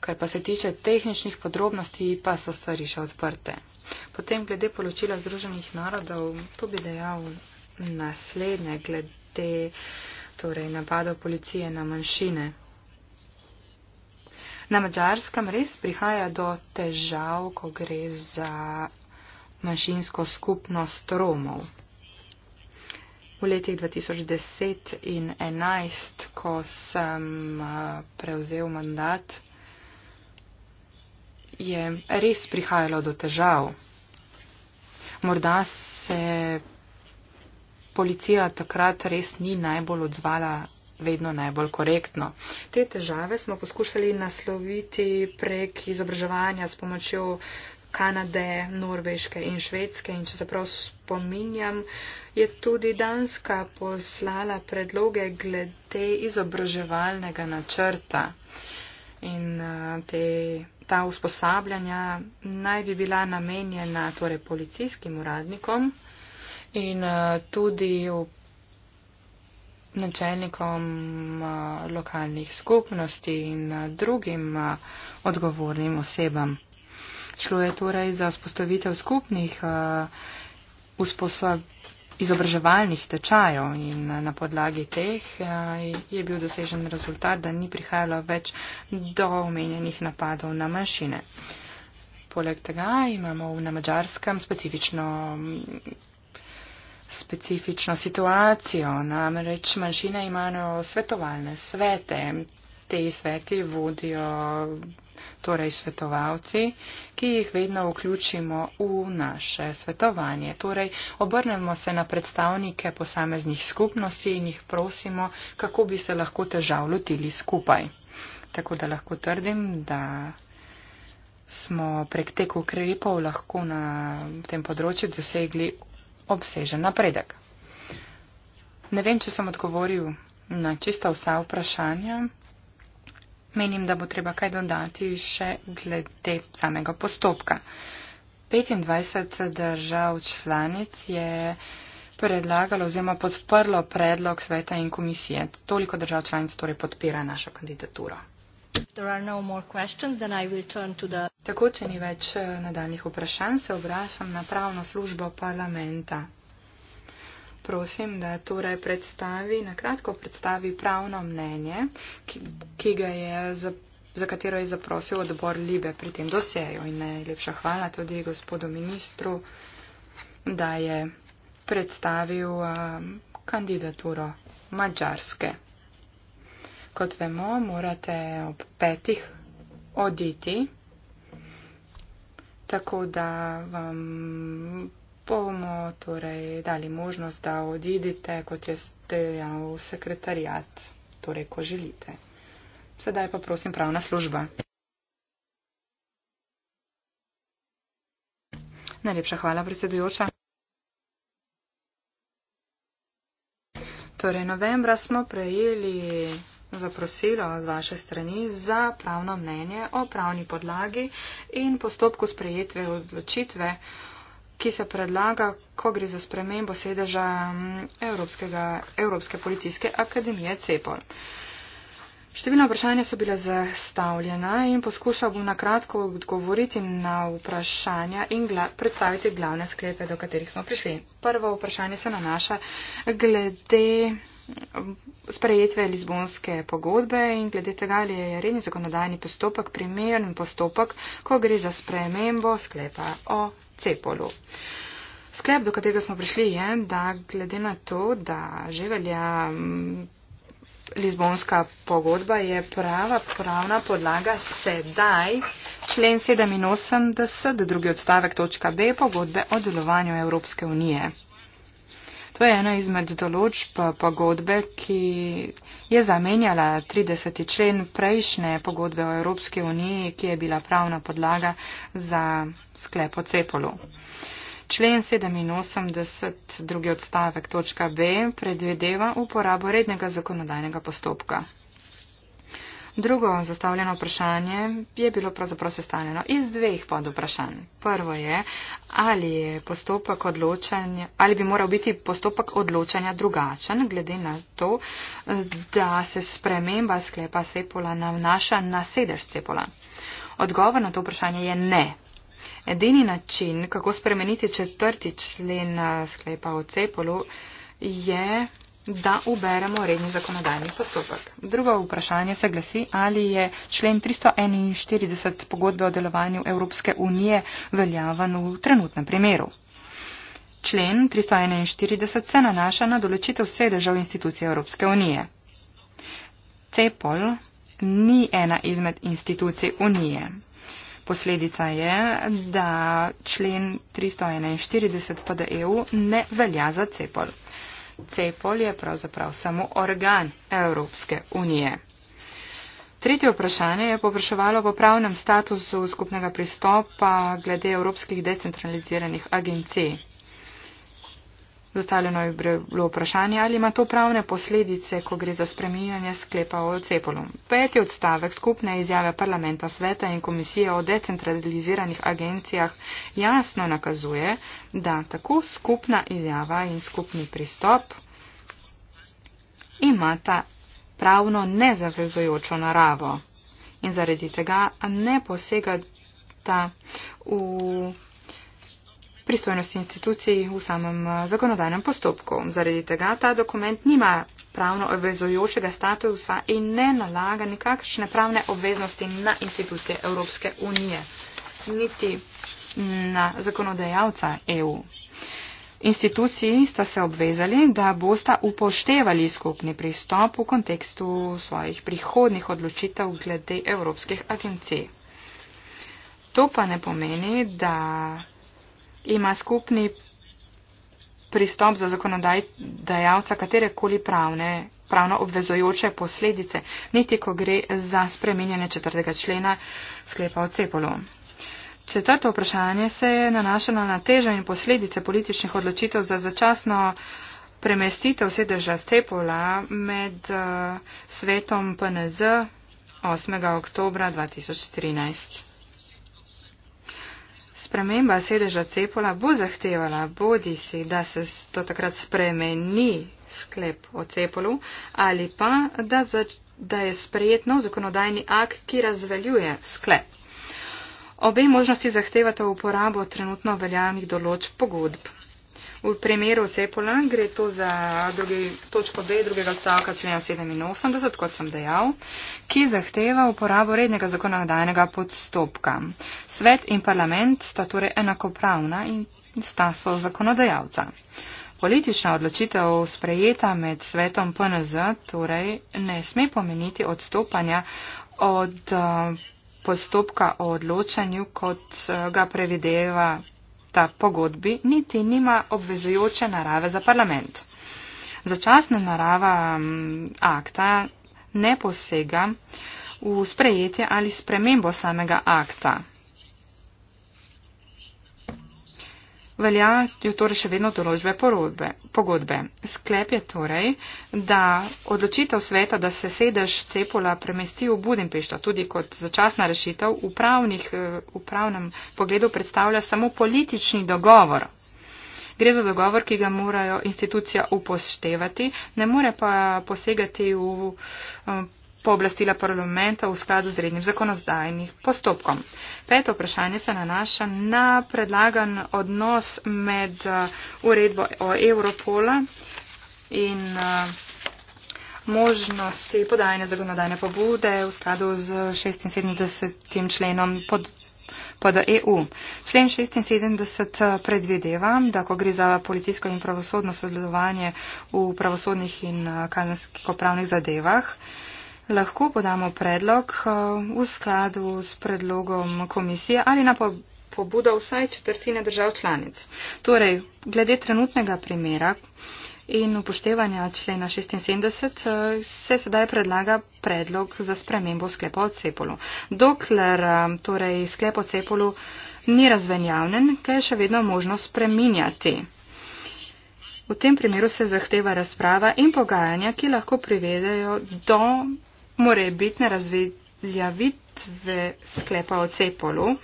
Kar pa se tiče tehničnih podrobnosti, pa so stvari še odprte. Potem glede poročila Združenih narodov, to bi dejal naslednje, glede torej, napadov policije na manjšine. Na mačarskem res prihaja do težav, ko gre za manjšinsko skupnost Romov. V letih 2010 in 2011, ko sem eh, prevzel mandat, je res prihajalo do težav. Morda se policija takrat res ni najbolj odzvala vedno najbolj korektno. Te težave smo poskušali nasloviti prek izobraževanja s pomočjo Kanade, Norveške in Švedske. In če se prav spominjam, je tudi Danska poslala predloge glede izobraževalnega načrta. In uh, te ta usposabljanja naj bi bila namenjena torej, policijskim uradnikom in eh, tudi načelnikom eh, lokalnih skupnosti in eh, drugim odgovornim osebam. Šlo je torej za vzpostavitev skupnih usposabljanj izobraževalnih tečajev in na podlagi teh eh, je bil dosežen rezultat, da ni prihajalo več do omenjenih napadov na manjšine. Poleg tega imamo na mačarskem specifično, specifično situacijo, namreč manjšine imajo svetovalne svete. Te sveti vodijo torej svetovalci, ki jih vedno vključimo v naše svetovanje. Torej, obrnemo se na predstavnike posameznih skupnosti in jih prosimo, kako bi se lahko težav lotili skupaj. Tako da lahko trdim, da smo prek teku ukrepov lahko na tem področju dosegli obsežen napredek. Ne vem, če sem odgovoril na čista vsa vprašanja. Menim, da bo treba kaj dodati še glede samega postopka. 25 držav članic je predlagalo oziroma podprlo predlog sveta in komisije. Toliko držav članic torej podpira našo kandidaturo. No Tako, če ni več eh, nadaljnih vprašanj, se obrašam na pravno službo parlamenta prosim, da torej predstavi, na kratko predstavi pravno mnenje, ki, ki ga je za, za katero je zaprosil odbor Libe pri tem dosejo. In najlepša hvala tudi gospodu ministru, da je predstavil um, kandidaturo Mačarske. Kot vemo, morate ob petih oditi, tako da vam. Um, bomo torej dali možnost, da odidite, kot je stejal sekretarijat, torej ko želite. Sedaj pa prosim pravna služba. Najlepša hvala, predsedujoča. Torej, novembra smo prejeli zaprosilo z vaše strani za pravno mnenje o pravni podlagi in postopku sprejetve odločitve ki se predlaga, ko gre za spremembo sedeža mm, Evropske policijske akademije CEPOL. Številna vprašanja so bila zastavljena in poskušal bom na kratko odgovoriti na vprašanja in gla predstaviti glavne sklepe, do katerih smo prišli. Prvo vprašanje se nanaša glede mm, sprejetve Lizbonske pogodbe in glede tega, ali je redni zakonodajni postopek primeren postopek, ko gre za spremembo sklepa o cepolu. Sklep, do katerega smo prišli, je, da glede na to, da že velja mm, Lizbonska pogodba je prava pravna podlaga sedaj. Člen 87, drugi odstavek točka B pogodbe o delovanju Evropske unije. To je ena izmed določb pogodbe, ki je zamenjala 30. člen prejšnje pogodbe o Evropske uniji, ki je bila pravna podlaga za sklep o cepolu. Člen 87, drugi odstavek, točka B, predvideva uporabo rednega zakonodajnega postopka. Drugo zastavljeno vprašanje je bilo pravzaprav sestavljeno iz dveh pod vprašanj. Prvo je, ali, je postopek ali bi moral biti postopek odločanja drugačen, glede na to, da se sprememba sklepa Sepola navnaša na sedež Sepola. Odgovor na to vprašanje je ne. Edini način, kako spremeniti četrti člen eh, sklepa o cepolu, je, da uberemo redni zakonodajni postopek. Drugo vprašanje se glasi, ali je člen 341 pogodbe o delovanju Evropske unije veljavan v trenutnem primeru. Člen 341 se nanaša na določitev sedežev institucij Evropske unije. CEPOL ni ena izmed institucij unije. Posledica je, da člen 341 PDEU ne velja za CEPOL. CEPOL je pravzaprav samo organ Evropske unije. Tretje vprašanje je popraševalo po pravnem statusu skupnega pristopa glede evropskih decentraliziranih agencij. Zastavljeno je bilo vprašanje, ali ima to pravne posledice, ko gre za spreminjanje sklepa o Cepolu. Peti odstavek skupne izjave parlamenta sveta in komisije o decentraliziranih agencijah jasno nakazuje, da tako skupna izjava in skupni pristop imata pravno nezavezojočo naravo in zaradi tega ne posegata v pristojnosti institucij v samem eh, zakonodajnem postopku. Zaradi tega ta dokument nima pravno obvezojočega statusa in ne nalaga nikakšne pravne obveznosti na institucije Evropske unije, niti na zakonodajalca EU. Instituciji sta se obvezali, da bosta upoštevali skupni pristop v kontekstu svojih prihodnih odločitev glede evropskih agencij. To pa ne pomeni, da ima skupni pristop za zakonodajalca katerekoli pravne, pravno obvezojoče posledice, niti ko gre za spreminjanje četrtega člena sklepa o cepolu. Četrto vprašanje se je nanašalo na težo in posledice političnih odločitev za začasno premestitev sedeža cepola med uh, svetom PNZ 8. oktobra 2013. Sprememba sedeža Cepola bo zahtevala bodi si, da se to takrat spremeni sklep o Cepolu ali pa, da, za, da je sprejet nov zakonodajni akt, ki razveljuje sklep. Obe možnosti zahtevata uporabo trenutno veljavnih določb pogodb. V primeru Cepola gre to za drugi, točko B drugega stavka člena 87, kot sem dejal, ki zahteva uporabo rednega zakonodajnega podstopka. Svet in parlament sta torej enakopravna in sta so zakonodajalca. Politična odločitev sprejeta med svetom PNZ torej ne sme pomeniti odstopanja od uh, postopka o odločanju, kot uh, ga prevedeva ta pogodbi niti nima obvezujoče narave za parlament. Začasna narava akta ne posega v sprejetje ali spremembo samega akta. veljajo torej še vedno določbe porodbe, pogodbe. Sklep je torej, da odločitev sveta, da se sedež cepola premesti v Budimpešto, tudi kot začasna rešitev, v, pravnih, eh, v pravnem pogledu predstavlja samo politični dogovor. Gre za dogovor, ki ga morajo institucija upoštevati, ne more pa posegati v eh, pooblastila parlamenta v skladu z rednim zakonodajnim postopkom. Peto vprašanje se nanaša na predlagan odnos med uh, uredbo o Europola in uh, možnosti podajanja zakonodajne pobude v skladu z 76. členom pod. Pod EU. Člen 76 uh, predvideva, da ko gre za policijsko in pravosodno sodelovanje v pravosodnih in kazenskih opravnih zadevah, uh, lahko podamo predlog eh, v skladu s predlogom komisije ali na pobudo vsaj četrtine držav članic. Torej, glede trenutnega primera in upoštevanja člena 76 eh, se sedaj predlaga predlog za spremembo sklepa o cepolu. Dokler eh, torej, sklep o cepolu ni razvenjavnen, kaj je še vedno možno spreminjati. V tem primeru se zahteva razprava in pogajanja, ki lahko privedejo do morebitne razveljavitve sklepa o CEPOLu,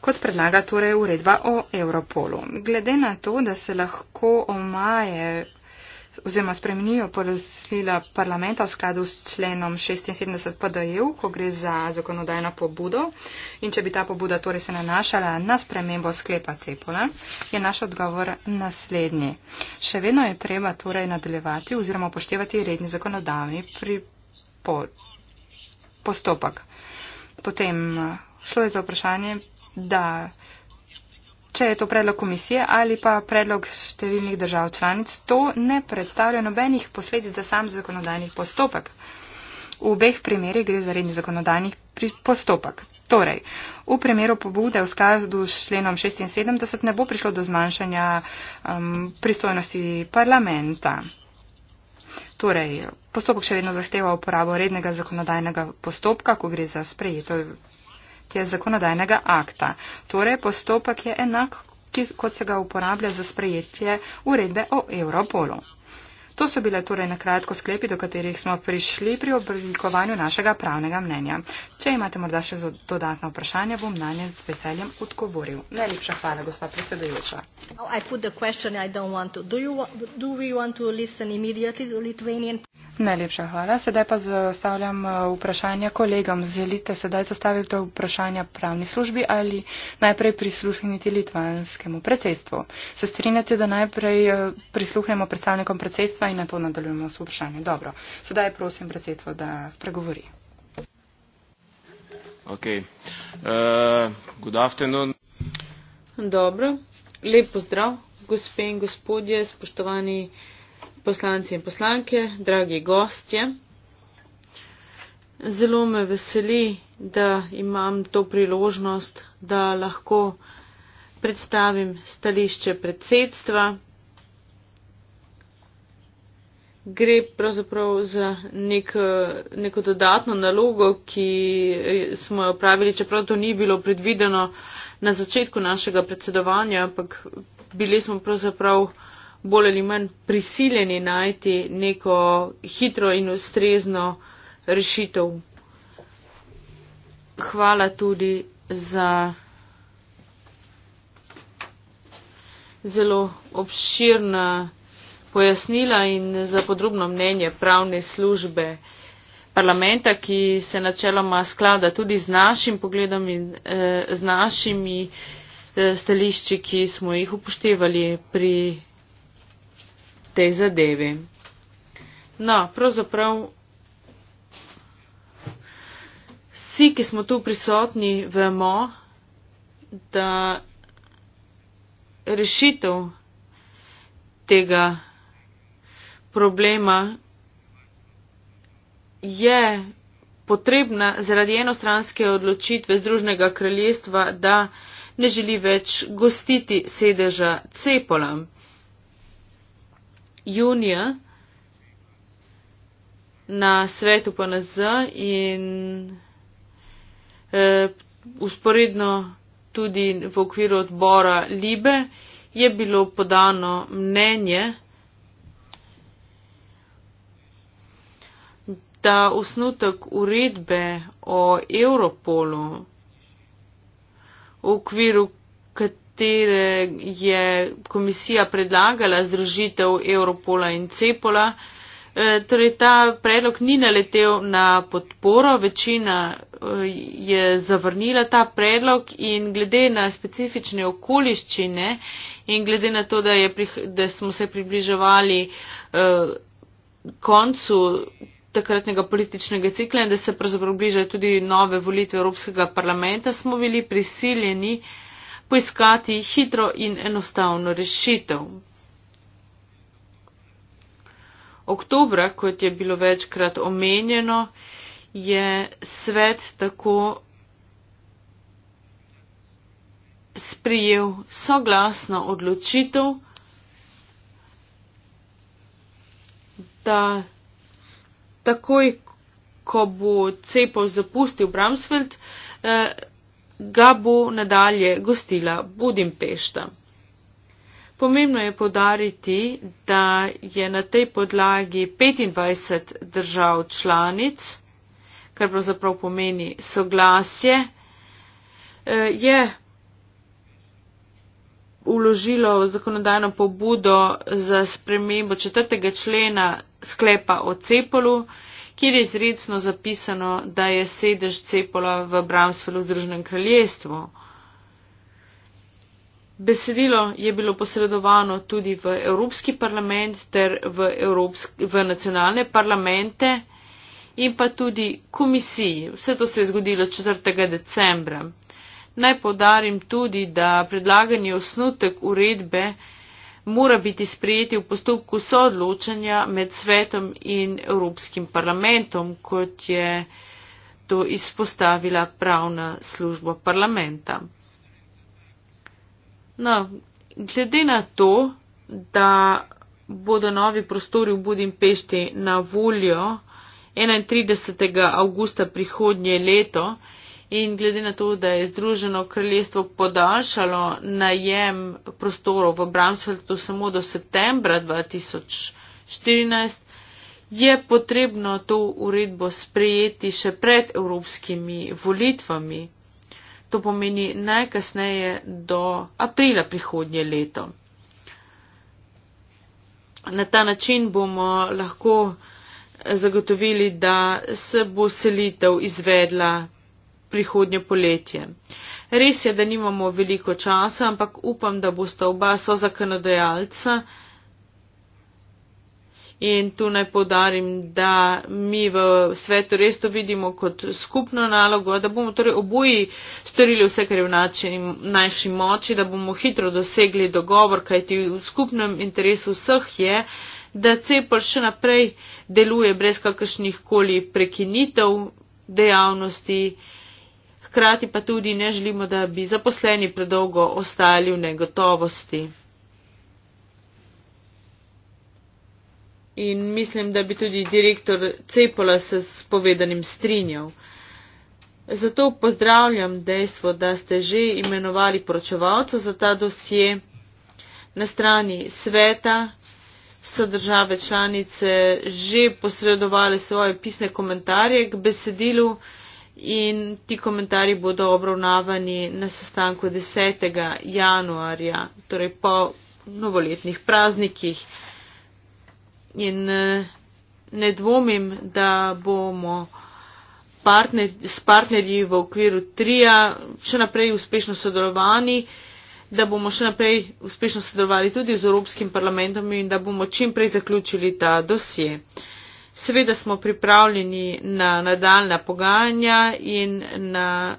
kot predlaga torej uredba o Europolu. Glede na to, da se lahko omaje oziroma spremenijo poroslila parlamenta v skladu s členom 76 PDJ-u, ko gre za zakonodajno pobudo in če bi ta pobuda torej se nanašala na spremembo sklepa cepola, je naš odgovor naslednji. Še vedno je treba torej nadaljevati oziroma upoštevati redni zakonodajni pripot postopek. Potem eh, šlo je za vprašanje, da če je to predlog komisije ali pa predlog številnih držav članic, to ne predstavlja nobenih posledic za sam zakonodajni postopek. V obeh primerjih gre za redni zakonodajni postopek. Torej, v primeru pobude v skladu s členom 76 ne bo prišlo do zmanjšanja um, pristojnosti parlamenta. Torej, postopek še vedno zahteva uporabo rednega zakonodajnega postopka, ko gre za sprejetje zakonodajnega akta. Torej, postopek je enak, kot se ga uporablja za sprejetje uredbe o Europolu. To so bile torej na kratko sklepi, do katerih smo prišli pri oblikovanju našega pravnega mnenja. Če imate morda še dodatno vprašanje, bom na nje z veseljem odgovoril. Najlepša hvala, gospa predsedujoča. Najlepša hvala. Sedaj pa zastavljam eh, vprašanje kolegom. Želite sedaj zastaviti to vprašanje pravni službi ali najprej prisluhniti litvanskemu predsedstvu? Se strinjate, da najprej eh, prisluhnemo predstavnikom predsedstva? predsedstva in na to nadaljujemo s vprašanjem. Dobro, sedaj prosim predsedstvo, da spregovori. Okay. Uh, Dobro, lep pozdrav, gospe in gospodje, spoštovani poslanci in poslanke, dragi gostje. Zelo me veseli, da imam to priložnost, da lahko predstavim stališče predsedstva gre pravzaprav za nek, eh, neko dodatno nalogo, ki eh, smo jo pravili, čeprav to ni bilo predvideno na začetku našega predsedovanja, ampak bili smo pravzaprav bolj ali manj prisiljeni najti neko hitro in ustrezno rešitev. Hvala tudi za zelo obširna pojasnila in za podrobno mnenje pravne službe parlamenta, ki se načeloma sklada tudi z našim pogledom in eh, z našimi eh, stališči, ki smo jih upoštevali pri tej zadevi. No, pravzaprav. Vsi, ki smo tu prisotni, vemo, da rešitev tega problema je potrebna zaradi enostranske odločitve Združnega kraljestva, da ne želi več gostiti sedeža Cepola. Junija na svetu PNZ in e, eh, usporedno tudi v okviru odbora Libe je bilo podano mnenje, ta osnutek uredbe o Europolu, v okviru katere je komisija predlagala združitev Europola in Cepola, eh, Torej, ta predlog ni naletel na podporo, večina eh, je zavrnila ta predlog in glede na specifične okoliščine in glede na to, da, je, da smo se približevali eh, koncu takratnega političnega cikla in da se pravzaprav bližajo tudi nove volitve Evropskega parlamenta, smo bili prisiljeni poiskati hitro in enostavno rešitev. Oktobra, kot je bilo večkrat omenjeno, je svet tako sprijel soglasno odločitev, da takoj, ko bo cepov zapustil Bramsfeld, eh, ga bo nadalje gostila Budimpešta. Pomembno je podariti, da je na tej podlagi 25 držav članic, kar pravzaprav pomeni soglasje, eh, je uložilo zakonodajno pobudo za spremembo četrtega člena sklepa o Cepolu, kjer je izredno zapisano, da je sedež Cepola v Bramsvelu v Združenem kraljestvu. Besedilo je bilo posredovano tudi v Evropski parlament ter v, Evropski, v nacionalne parlamente in pa tudi komisiji. Vse to se je zgodilo 4. decembra. Naj podarim tudi, da predlagani osnutek uredbe mora biti sprejeti v postopku soodločanja med svetom in Evropskim parlamentom, kot je to izpostavila pravna služba parlamenta. No, glede na to, da bodo novi prostori v Budimpešti na voljo 31. avgusta prihodnje leto, in glede na to, da je Združeno kraljestvo podaljšalo najem prostorov v Bramsfeldu samo do septembra 2014, je potrebno to uredbo sprejeti še pred evropskimi volitvami. To pomeni najkasneje do aprila prihodnje leto. Na ta način bomo lahko zagotovili, da se bo selitev izvedla prihodnje poletje. Res je, da nimamo veliko časa, ampak upam, da bosta oba so zakonodajalca. In tu naj povdarim, da mi v svetu res to vidimo kot skupno nalogo, da bomo torej oboji storili vse, kar je v naši moči, da bomo hitro dosegli dogovor, kajti v skupnem interesu vseh je, da cepor še naprej deluje brez kakršnih koli prekinitev dejavnosti hkrati pa tudi ne želimo, da bi zaposleni predolgo ostali v negotovosti. In mislim, da bi tudi direktor Cepola se s povedanim strinjal. Zato pozdravljam dejstvo, da ste že imenovali poročevalca za ta dosje. Na strani sveta so države članice že posredovali svoje pisne komentarje k besedilu in ti komentarji bodo obravnavani na sestanku 10. januarja, torej po novoletnih praznikih. In eh, ne dvomim, da bomo partner, s partnerji v okviru trija še naprej uspešno sodelovani, da bomo še naprej uspešno sodelovali tudi z Evropskim parlamentom in da bomo čim prej zaključili ta dosje. Seveda smo pripravljeni na nadaljna pogajanja in na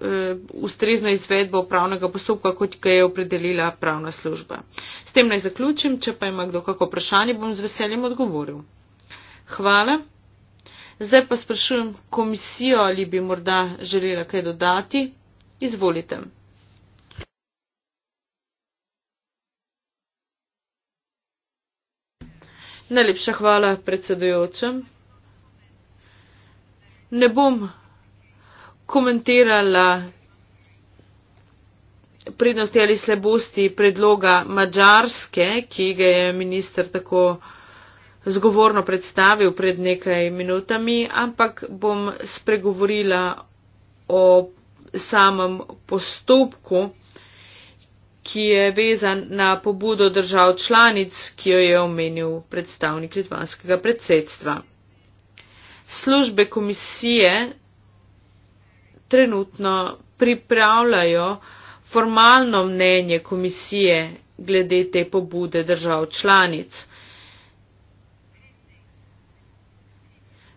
uh, ustrezno izvedbo pravnega postopka, kot ga je opredelila pravna služba. S tem naj zaključim, če pa ima kdo kako vprašanje, bom z veseljem odgovoril. Hvala. Zdaj pa sprašujem komisijo, ali bi morda želela kaj dodati. Izvolite. Najlepša hvala predsedujočem. Ne bom komentirala prednosti ali slabosti predloga Mačarske, ki ga je minister tako zgovorno predstavil pred nekaj minutami, ampak bom spregovorila o samem postopku ki je vezan na pobudo držav članic, ki jo je omenil predstavnik litvanskega predsedstva. Službe komisije trenutno pripravljajo formalno mnenje komisije glede te pobude držav članic.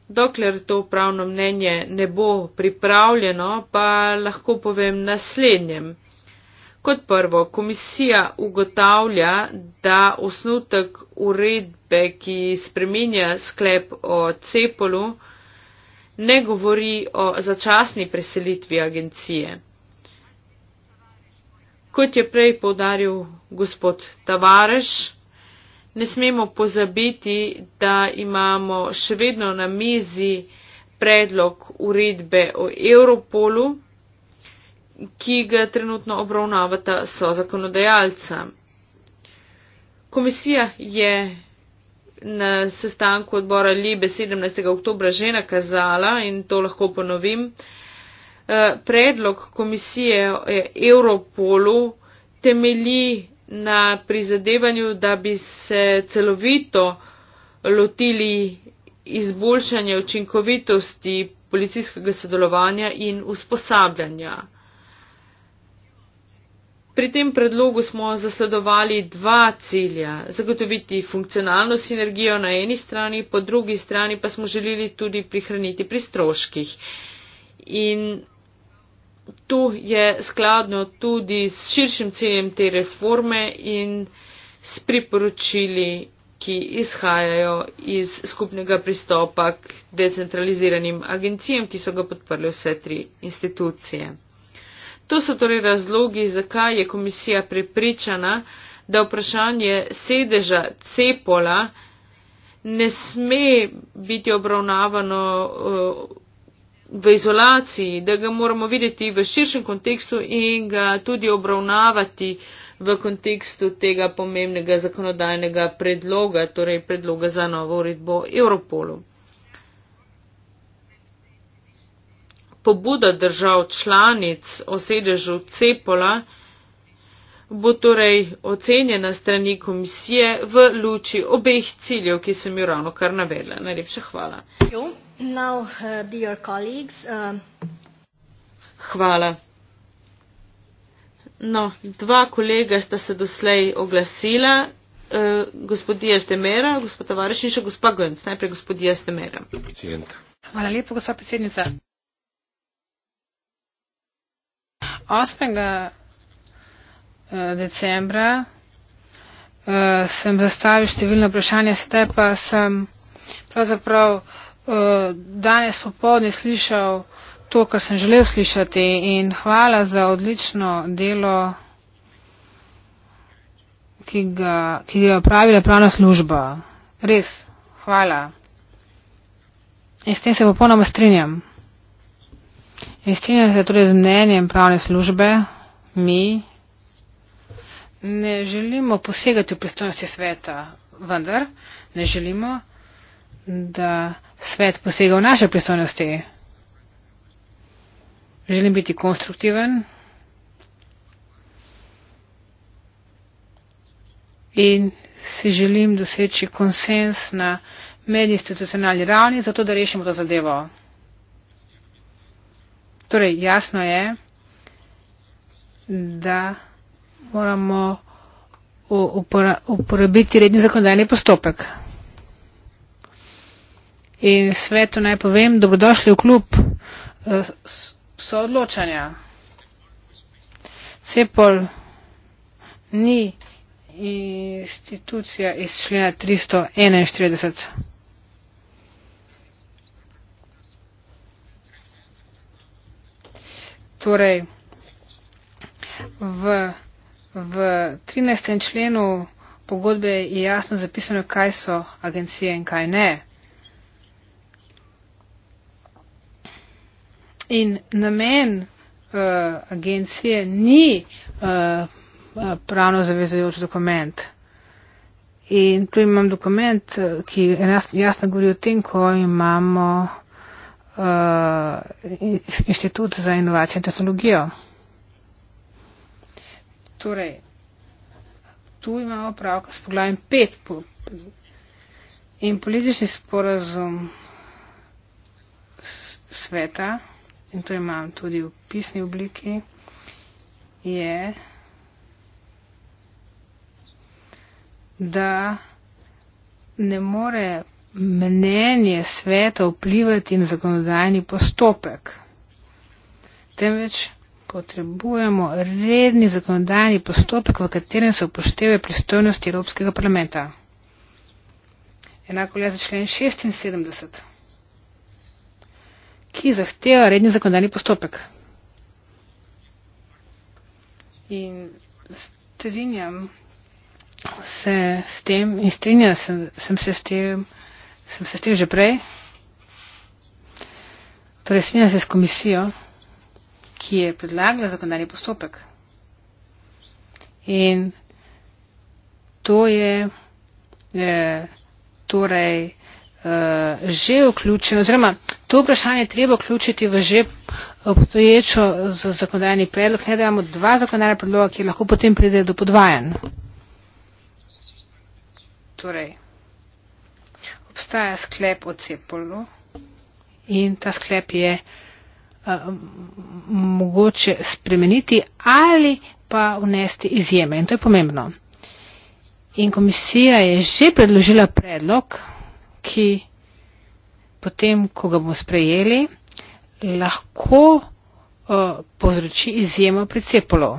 Dokler to pravno mnenje ne bo pripravljeno, pa lahko povem naslednjem. Kot prvo, komisija ugotavlja, da osnutek uredbe, ki spremenja sklep o cepolu, ne govori o začasni preselitvi agencije. Kot je prej povdaril gospod Tavares, ne smemo pozabiti, da imamo še vedno na mizi predlog uredbe o Europolu ki ga trenutno obravnavata so zakonodajalca. Komisija je na sestanku odbora Libe 17. oktober že nakazala in to lahko ponovim. Eh, predlog komisije Europolu temelji na prizadevanju, da bi se celovito lotili izboljšanje učinkovitosti policijskega sodelovanja in usposabljanja. Pri tem predlogu smo zasledovali dva cilja. Zagotoviti funkcionalno sinergijo na eni strani, po drugi strani pa smo želeli tudi prihraniti pri stroških. In tu je skladno tudi s širšim ciljem te reforme in s priporočili, ki izhajajo iz skupnega pristopa k decentraliziranim agencijam, ki so ga podprli vse tri institucije. To so torej razlogi, zakaj je komisija prepričana, da vprašanje sedeža Cepola ne sme biti obravnavano eh, v izolaciji, da ga moramo videti v širšem kontekstu in ga tudi obravnavati v kontekstu tega pomembnega zakonodajnega predloga, torej predloga za novo uredbo Europolu. pobuda držav članic o sedežu Cepola bo torej ocenjena strani komisije v luči obeh ciljev, ki sem jo ravno kar navedla. Najlepša hvala. Now, uh, dear colleagues, uh... Hvala. No, dva kolega sta se doslej oglasila, uh, gospod Jastemera, gospod Tavares in še gospod Gönc. Najprej gospod Jastemera. Hvala lepa, gospod predsednica. 8. Eh, decembra eh, sem zastavil številno vprašanje, sedaj pa sem pravzaprav eh, danes popovdne slišal to, kar sem želel slišati in hvala za odlično delo, ki ga je opravila pravna služba. Res, hvala. In s tem se popolnoma strinjam. Vi strinjate torej z mnenjem pravne službe, mi ne želimo posegati v pristojnosti sveta, vendar ne želimo, da svet posega v naše pristojnosti. Želim biti konstruktiven in si želim doseči konsens na medinstitucionalni ravni, zato da rešimo to zadevo. Torej, jasno je, da moramo uporabiti redni zakonodajni postopek. In svetu naj povem, dobrodošli v klub eh, soodločanja. Cepol ni institucija iz člena 341. torej v, v 13. členu pogodbe je jasno zapisano, kaj so agencije in kaj ne. In namen uh, agencije ni uh, pravno zavezajoč dokument. In tu imam dokument, eh, ki jasno govori o tem, ko imamo uh, inštitut za inovacijo in tehnologijo. Torej, tu imamo pravka s poglavjem 5 po, in politični sporazum sveta, in to imam tudi v pisni obliki, je, da ne more mnenje sveta vplivati na zakonodajni postopek. Temveč potrebujemo redni zakonodajni postopek, v katerem se upoštevajo pristojnosti Evropskega parlamenta. Enako je za člen 76, ki zahteva redni zakonodajni postopek. In strinjam se s tem, in strinjam sem, sem se s tem, sem se stil že prej. Torej, sinja se s komisijo, ki je predlagala zakonodajni postopek. In to je eh, torej eh, že vključeno, oziroma to vprašanje treba vključiti v že obstoječo zakonodajni predlog, ne da imamo dva zakonodajna predloga, ki lahko potem pride do podvajanja. Torej obstaja sklep o cepolu in ta sklep je uh, mogoče spremeniti ali pa unesti izjeme. In to je pomembno. In komisija je že predložila predlog, ki potem, ko ga bomo sprejeli, lahko uh, povzroči izjemo pri cepolu.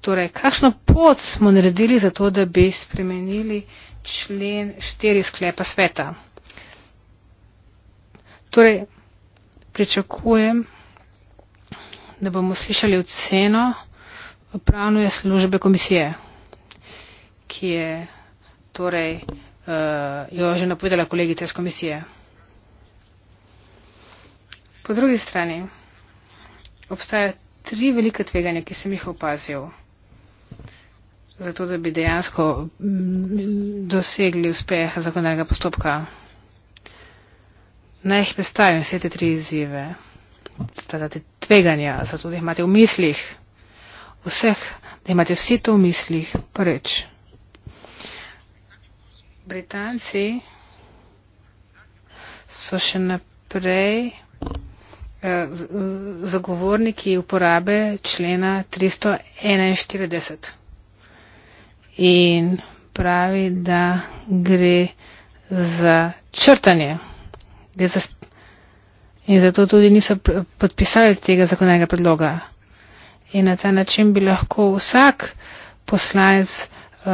Torej, kakšno pot smo naredili za to, da bi spremenili uh, člen 4 sklepa sveta. Torej, pričakujem, da bomo slišali oceno pravne službe komisije, ki je torej, uh, jo že napovedala kolegica iz komisije. Po drugi strani obstajajo tri velike tveganja, ki sem jih opazil zato da bi dejansko mm, dosegli uspeh zakonodajnega postopka. Naj jih predstavim vse te tri izzive, teda te tveganja, zato da jih imate v mislih, vseh, da imate vsi to v mislih, prvič. Britanci so še naprej eh, zagovorniki uporabe člena 341 in pravi, da gre za črtanje. Gre za in zato tudi niso podpisali tega zakonnega predloga. In na ta način bi lahko vsak poslanec uh,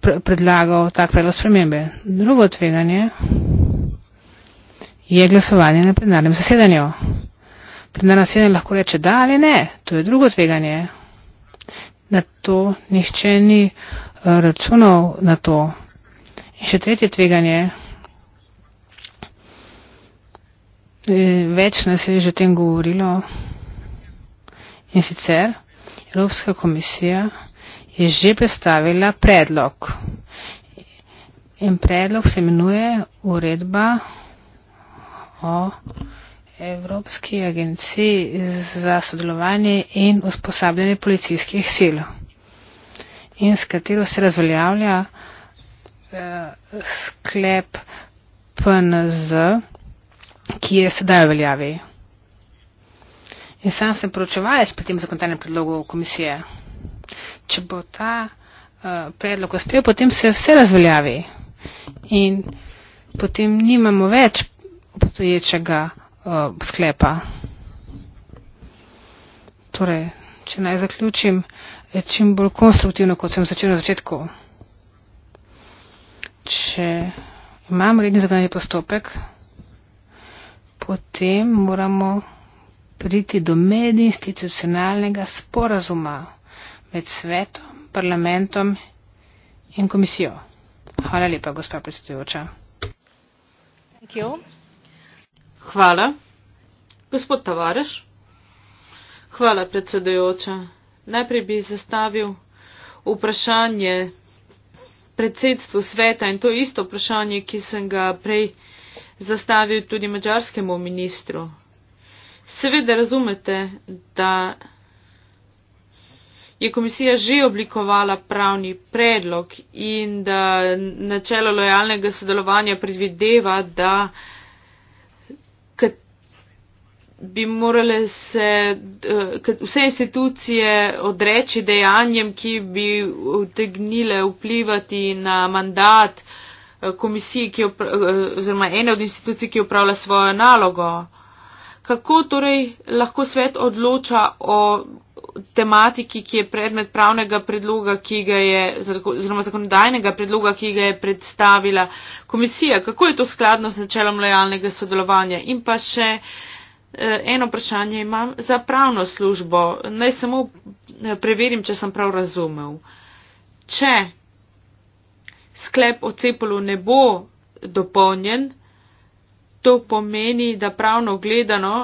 pr predlagal tak predlog spremembe. Drugo tveganje je glasovanje na plenarnem zasedanju. Plenarno zasedanje lahko reče da ali ne. To je drugo tveganje. Na to nihče ni. Uh, računal na to. In še tretje tveganje. E, več nas je že o tem govorilo. In sicer Evropska komisija je že predstavila predlog. In predlog se imenuje uredba o Evropski agenciji za sodelovanje in usposabljanje policijskih sil in s katero se razveljavlja eh, sklep PNZ, ki je sedaj veljavi. In sam sem poročevalec pri tem zakonodajnem predlogu komisije. Če bo ta eh, predlog uspel, potem se vse razveljavi in potem nimamo več postoječega eh, sklepa. Torej, če naj zaključim je čim bolj konstruktivno, kot sem začel na začetku. Če imam redni zagonalni postopek, potem moramo priti do medinstitucionalnega sporazuma med svetom, parlamentom in komisijo. Hvala lepa, gospa predsedujoča. Hvala. Gospod Tavares. Hvala, predsedujoča. Najprej bi zastavil vprašanje predsedstvu sveta in to isto vprašanje, ki sem ga prej zastavil tudi mađarskemu ministru. Seveda razumete, da je komisija že oblikovala pravni predlog in da načelo lojalnega sodelovanja predvideva, da uh, bi morale se eh, vse institucije odreči dejanjem, ki bi utegnile vplivati na mandat eh, komisiji, ki eh, oziroma ene od institucij, ki upravlja svojo nalogo. Kako torej lahko svet odloča o tematiki, ki je predmet pravnega predloga, ki ga je, oziroma zakonodajnega predloga, ki ga je predstavila komisija? Kako je to skladno z načelom lojalnega sodelovanja? In pa še uh, Eh, eno vprašanje imam za pravno službo. Naj samo eh, preverim, če sem prav razumel. Če sklep o cepolu ne bo dopolnjen, to pomeni, da pravno gledano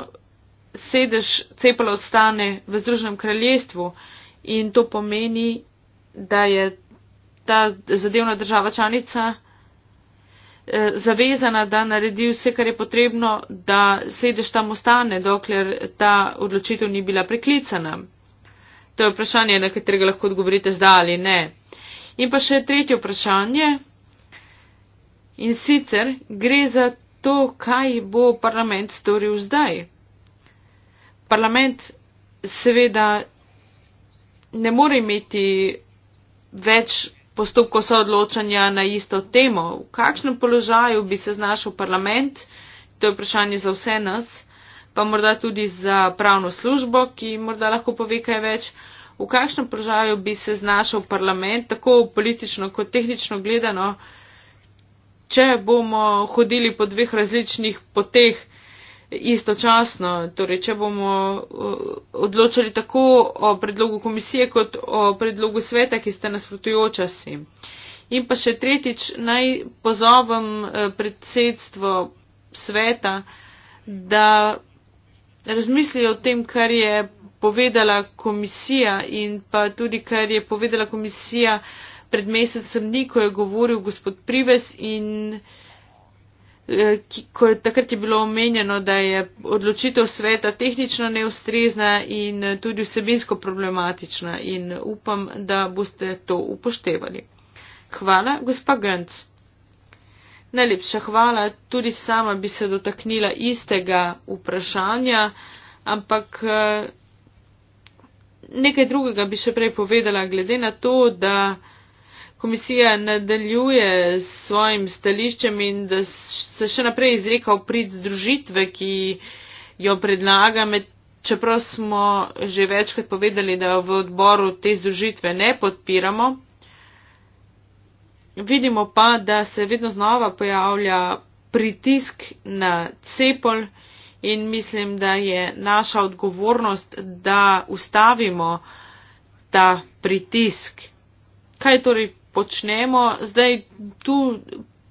sedež cepola ostane v Združenem kraljestvu in to pomeni, da je ta zadevna država članica Eh, zavezana, da naredi vse, kar je potrebno, da sedež tam ostane, dokler ta odločitev ni bila preklicana. To je vprašanje, na katerega lahko odgovorite zdaj ali ne. In pa še tretje vprašanje. In sicer gre za to, kaj bo parlament storil zdaj. Parlament seveda ne more imeti več postopku soodločanja na isto temo. V kakšnem položaju bi se znašel parlament? To je vprašanje za vse nas, pa morda tudi za pravno službo, ki morda lahko pove kaj več. V kakšnem položaju bi se znašel parlament, tako politično kot tehnično gledano, če bomo hodili po dveh različnih poteh? istočasno. Torej, če bomo uh, odločali tako o predlogu komisije kot o predlogu sveta, ki ste nasprotujoča si. In pa še tretjič, naj pozovem uh, predsedstvo sveta, da razmislijo o tem, kar je povedala komisija in pa tudi, kar je povedala komisija pred mesecem dni, ko je govoril gospod Prives in uh, Eh, ki, ko, takrat je bilo omenjeno, da je odločitev sveta tehnično neustrezna in tudi vsebinsko problematična in upam, da boste to upoštevali. Hvala, gospa Gönc. Najlepša hvala, tudi sama bi se dotaknila istega vprašanja, ampak eh, nekaj drugega bi še prej povedala, glede na to, da komisija nadaljuje s svojim stališčem in da se še naprej izreka v prid združitve, ki jo predlaga, med, čeprav smo že večkrat povedali, da v odboru te združitve ne podpiramo. Vidimo pa, da se vedno znova pojavlja pritisk na cepol in mislim, da je naša odgovornost, da ustavimo ta pritisk. Kaj torej počnemo. Zdaj tu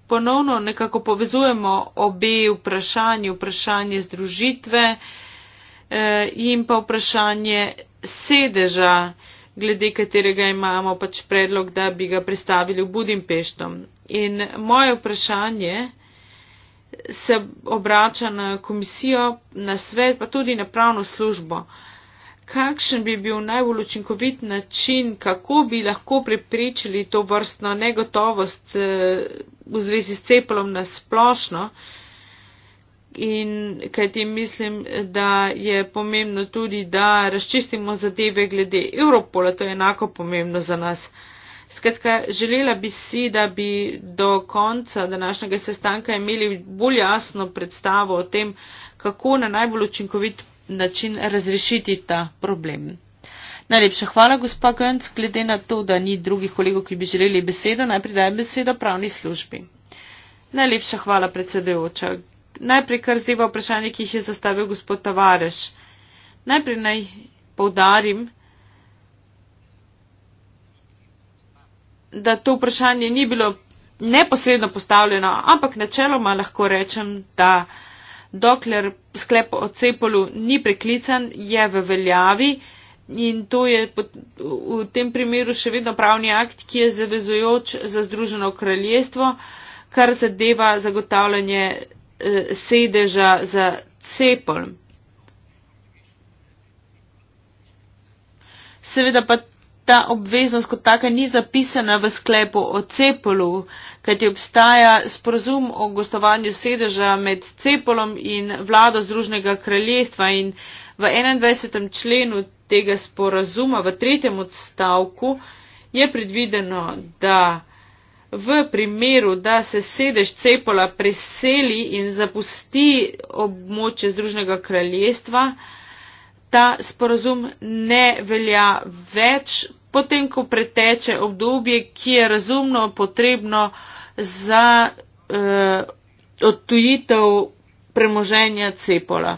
ponovno nekako povezujemo obe vprašanje, vprašanje združitve eh, in pa vprašanje sedeža, glede katerega imamo pač predlog, da bi ga predstavili v Budimpešto. In moje vprašanje se obrača na komisijo, na svet, pa tudi na pravno službo kakšen bi bil najbolj učinkovit način, kako bi lahko preprečili to vrstno negotovost eh, v zvezi s cepelom na splošno. In kaj ti mislim, da je pomembno tudi, da razčistimo zadeve glede Evropola, to je enako pomembno za nas. Skratka, želela bi si, da bi do konca današnjega sestanka imeli bolj jasno predstavo o tem, kako na najbolj učinkovit način razrešiti ta problem. Najlepša hvala, gospa Gönc, glede na to, da ni drugih kolegov, ki bi želeli besedo, najprej dajem besedo pravni službi. Najlepša hvala, predsedujoča. Najprej kar zdeva vprašanje, ki jih je zastavil gospod Tavares. Najprej naj povdarim, da to vprašanje ni bilo neposredno postavljeno, ampak načeloma lahko rečem, da dokler sklep o cepolu ni preklican, je v veljavi in to je v tem primeru še vedno pravni akt, ki je zavezojoč za Združeno kraljestvo, kar zadeva zagotavljanje eh, sedeža za cepol. Seveda pa ta obveznost kot taka ni zapisana v sklepu o Cepolu, kajti obstaja sporozum o gostovanju sedeža med Cepolom in vlado Združnega kraljestva in v 21. členu tega sporozuma v tretjem odstavku je predvideno, da v primeru, da se sedež Cepola preseli in zapusti območje Združnega kraljestva, ta sporazum ne velja več, potem ko preteče obdobje, ki je razumno potrebno za eh, odtujitev premoženja cepola.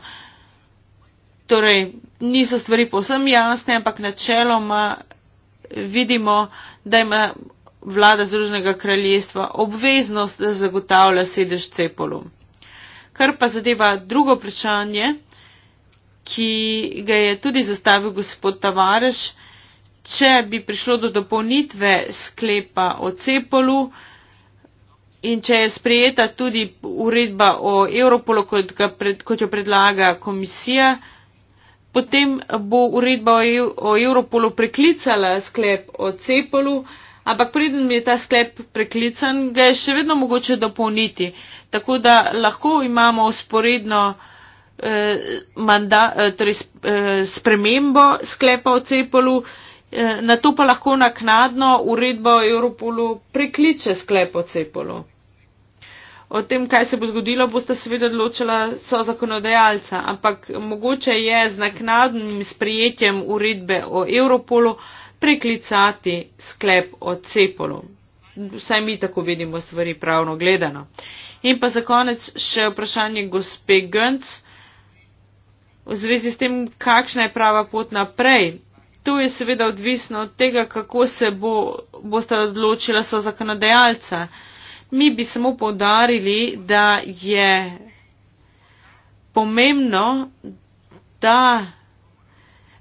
Torej, niso stvari povsem jasne, ampak načeloma vidimo, da ima vlada Združenega kraljestva obveznost, da zagotavlja sedež cepolu. Kar pa zadeva drugo vprašanje, ki ga je tudi zastavil gospod Tavares, če bi prišlo do dopolnitve sklepa o Cepolu in če je sprejeta tudi uredba o Europolu, kot, pred, kot jo predlaga komisija, potem bo uredba o, o Europolu preklicala sklep o Cepolu, ampak preden je ta sklep preklican, ga je še vedno mogoče dopolniti. Tako da lahko imamo usporedno Eh, manda, eh, torej eh, spremembo sklepa o cepolu, na to pa lahko naknadno uredba o Europolu prekliče sklep o cepolu. O tem, kaj se bo zgodilo, boste seveda odločila so zakonodajalca, ampak mogoče je z naknadnim sprijetjem uredbe o Europolu preklicati sklep o cepolu. Vsaj mi tako vidimo stvari pravno gledano. In pa za konec še vprašanje gospe Gönc v zvezi s tem, kakšna je prava pot naprej. To je seveda odvisno od tega, kako se bo, boste odločila so zakonodajalca. Mi bi samo povdarili, da je pomembno, da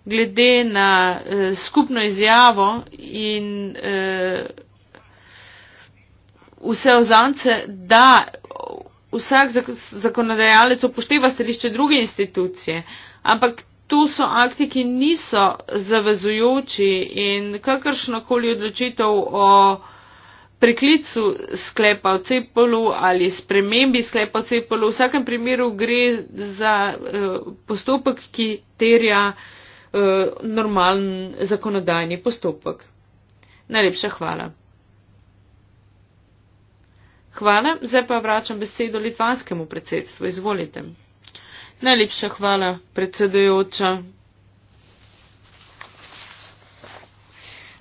glede na eh, skupno izjavo in eh, vse ozance, da vsak zakonodajalec upošteva stališče druge institucije, ampak to so akti, ki niso zavezujoči in kakršnokoli odločitev o preklicu sklepa o cepolu ali spremembi sklepa o cepolu, v vsakem primeru gre za eh, postopek, ki terja eh, normalen zakonodajni postopek. Najlepša hvala. Hvala, zdaj pa vračam besedo litvanskemu predsedstvu. Izvolite. Najlepša hvala, predsedujoča.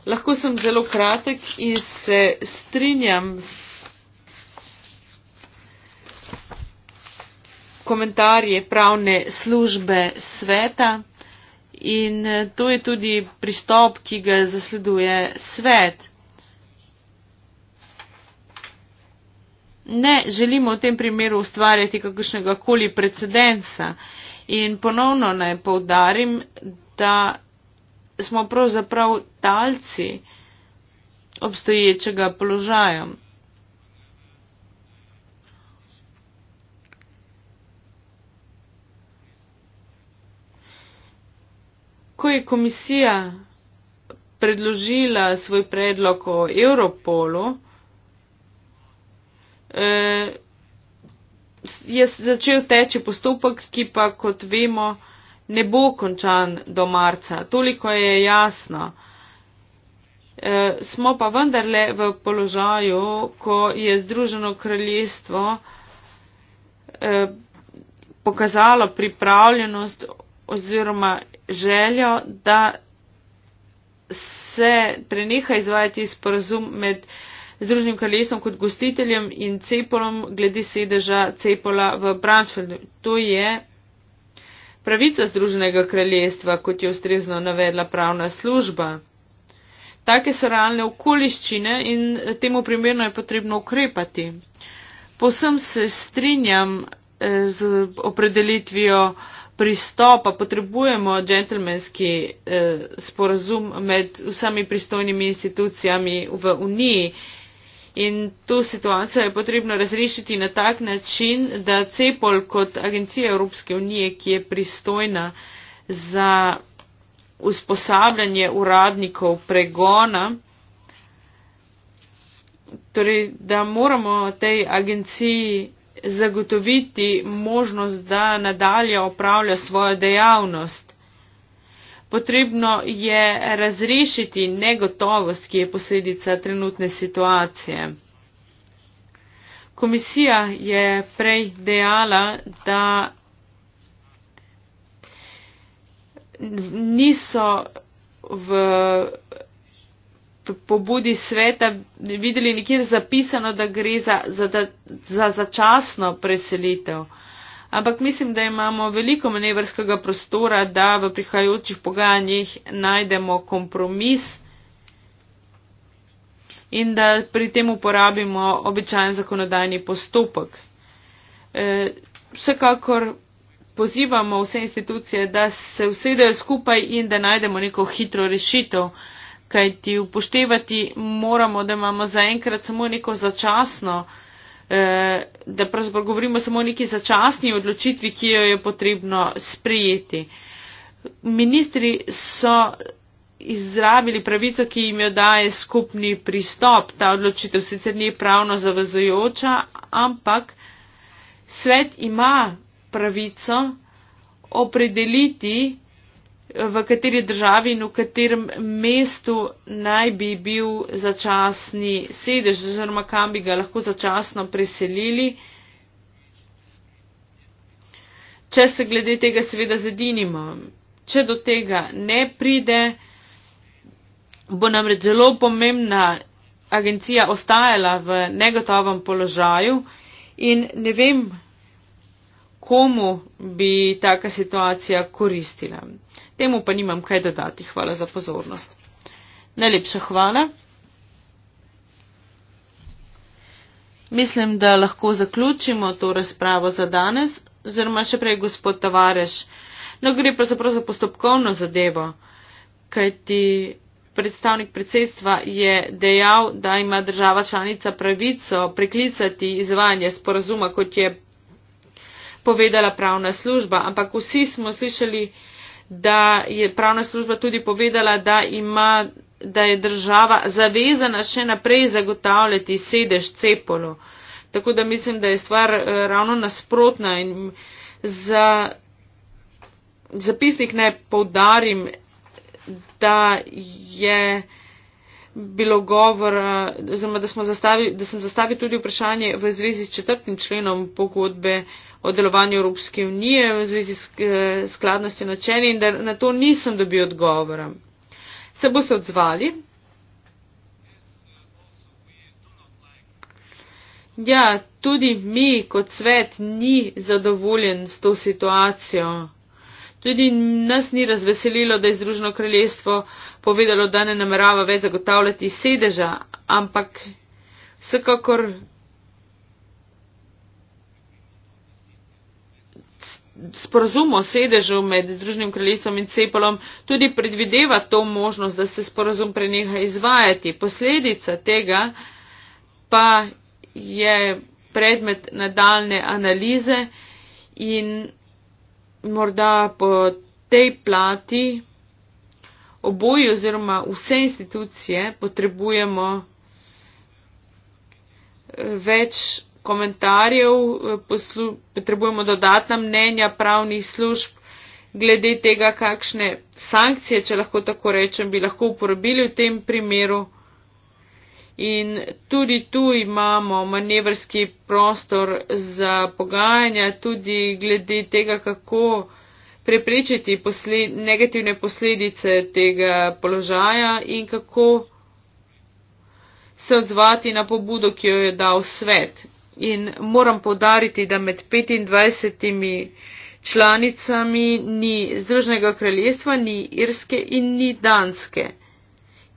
Lahko sem zelo kratek in se strinjam s komentarje pravne službe sveta in to je tudi pristop, ki ga zasleduje svet. ne želimo v tem primeru ustvarjati kakršnega koli precedensa. In ponovno naj povdarim, da smo pravzaprav talci obstoječega položaja. Ko je komisija predložila svoj predlog o Europolu, eh, je začel teči postopek, ki pa, kot vemo, ne bo končan do marca. Toliko je jasno. Eh, smo pa vendarle v položaju, ko je Združeno kraljestvo eh, pokazalo pripravljenost oziroma željo, da se preneha izvajati sporazum med eh, Združenim kraljestvom kot gostiteljem in Cepolom glede sedeža Cepola v Bransfeldu. To je pravica Združenega kraljestva, kot je ustrezno navedla pravna služba. Take so realne okoliščine in temu primerno je potrebno ukrepati. Posem se strinjam eh, z opredelitvijo pristopa, potrebujemo džentlmenski eh, sporazum med vsemi pristojnimi institucijami v Uniji. In to situacijo je potrebno razrešiti na tak način, da CEPOL kot agencija Evropske unije, ki je pristojna za usposabljanje uradnikov pregona, torej da moramo tej agenciji zagotoviti možnost, da nadalje opravlja svojo dejavnost. Potrebno je razrešiti negotovost, ki je posledica trenutne situacije. Komisija je prej dejala, da niso v pobudi sveta videli nikjer zapisano, da gre za, za, za začasno preselitev ampak mislim, da imamo veliko manevrskega prostora, da v prihajajočih pogajanjih najdemo kompromis in da pri tem uporabimo običajen zakonodajni postopek. E, vsekakor pozivamo vse institucije, da se usedejo skupaj in da najdemo neko hitro rešitev, kajti upoštevati moramo, da imamo zaenkrat samo neko začasno rešitev eh, da pravzaprav govorimo samo o neki začasni odločitvi, ki jo je potrebno sprejeti. Ministri so izrabili pravico, ki jim jo daje skupni pristop. Ta odločitev sicer ni pravno zavezujoča, ampak svet ima pravico opredeliti v kateri državi in v katerem mestu naj bi bil začasni sedež oziroma kam bi ga lahko začasno preselili. Če se glede tega seveda zedinimo, če do tega ne pride, bo namreč zelo pomembna agencija ostajala v negotovem položaju in ne vem, komu bi taka situacija koristila temu pa nimam kaj dodati. Hvala za pozornost. Najlepša hvala. Mislim, da lahko zaključimo to razpravo za danes, oziroma še prej gospod Tavareš. No, gre pravzaprav za postopkovno zadevo, kajti predstavnik predsedstva je dejal, da ima država članica pravico preklicati izvajanje sporazuma, kot je povedala pravna služba, ampak vsi smo slišali, da je pravna služba tudi povedala, da, ima, da je država zavezana še naprej zagotavljati sedež cepolo. Tako da mislim, da je stvar eh, ravno nasprotna in za zapisnik ne povdarim, da je bilo govor, oziroma da, da sem zastavil tudi vprašanje v zvezi s četrtim členom pogodbe o delovanju Evropske unije v zvezi s eh, skladnostjo načeli in da na to nisem dobil odgovora. Se boste odzvali? Ja, tudi mi kot svet ni zadovoljen s to situacijo. Tudi nas ni razveselilo, da je Združeno kraljestvo povedalo, da ne namerava več zagotavljati sedeža, ampak vsekakor sporozum o sedežu med Združenim kraljestvom in Cepolom tudi predvideva to možnost, da se sporozum preneha izvajati. Posledica tega pa je predmet nadaljne analize in morda po tej plati oboji oziroma vse institucije potrebujemo eh, več komentarjev, eh, poslu, potrebujemo dodatna mnenja pravnih služb glede tega, kakšne sankcije, če lahko tako rečem, bi lahko uporabili v tem primeru. In tudi tu imamo manevrski prostor za pogajanja, tudi glede tega, kako preprečiti posled negativne posledice tega položaja in kako se odzvati na pobudo, ki jo je dal svet. In moram podariti, da med 25 članicami ni Združnega kraljestva, ni Irske in ni Danske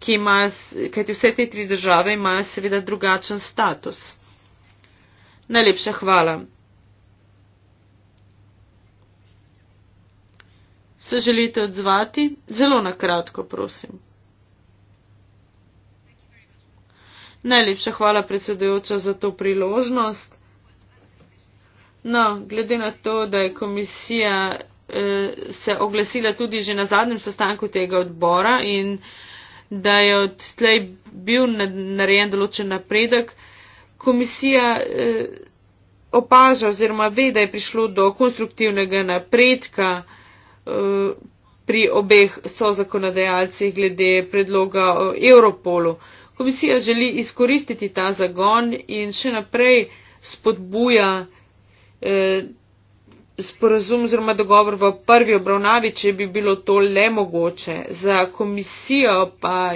ki ima, kajti vse te tri države imajo seveda drugačen status. Najlepša hvala. Se želite odzvati? Zelo na kratko, prosim. Najlepša hvala, predsedujoča, za to priložnost. No, glede na to, da je komisija eh, se oglasila tudi že na zadnjem sestanku tega odbora in eh, da je od tlej bil narejen določen napredek, komisija eh, opaža oziroma ve, da je prišlo do konstruktivnega napredka eh, pri obeh sozakonodajalcih glede predloga o Europolu. Komisija želi izkoristiti ta zagon in še naprej spodbuja eh, sporazum oziroma dogovor v prvi obravnavi, če bi bilo to le mogoče. Za komisijo pa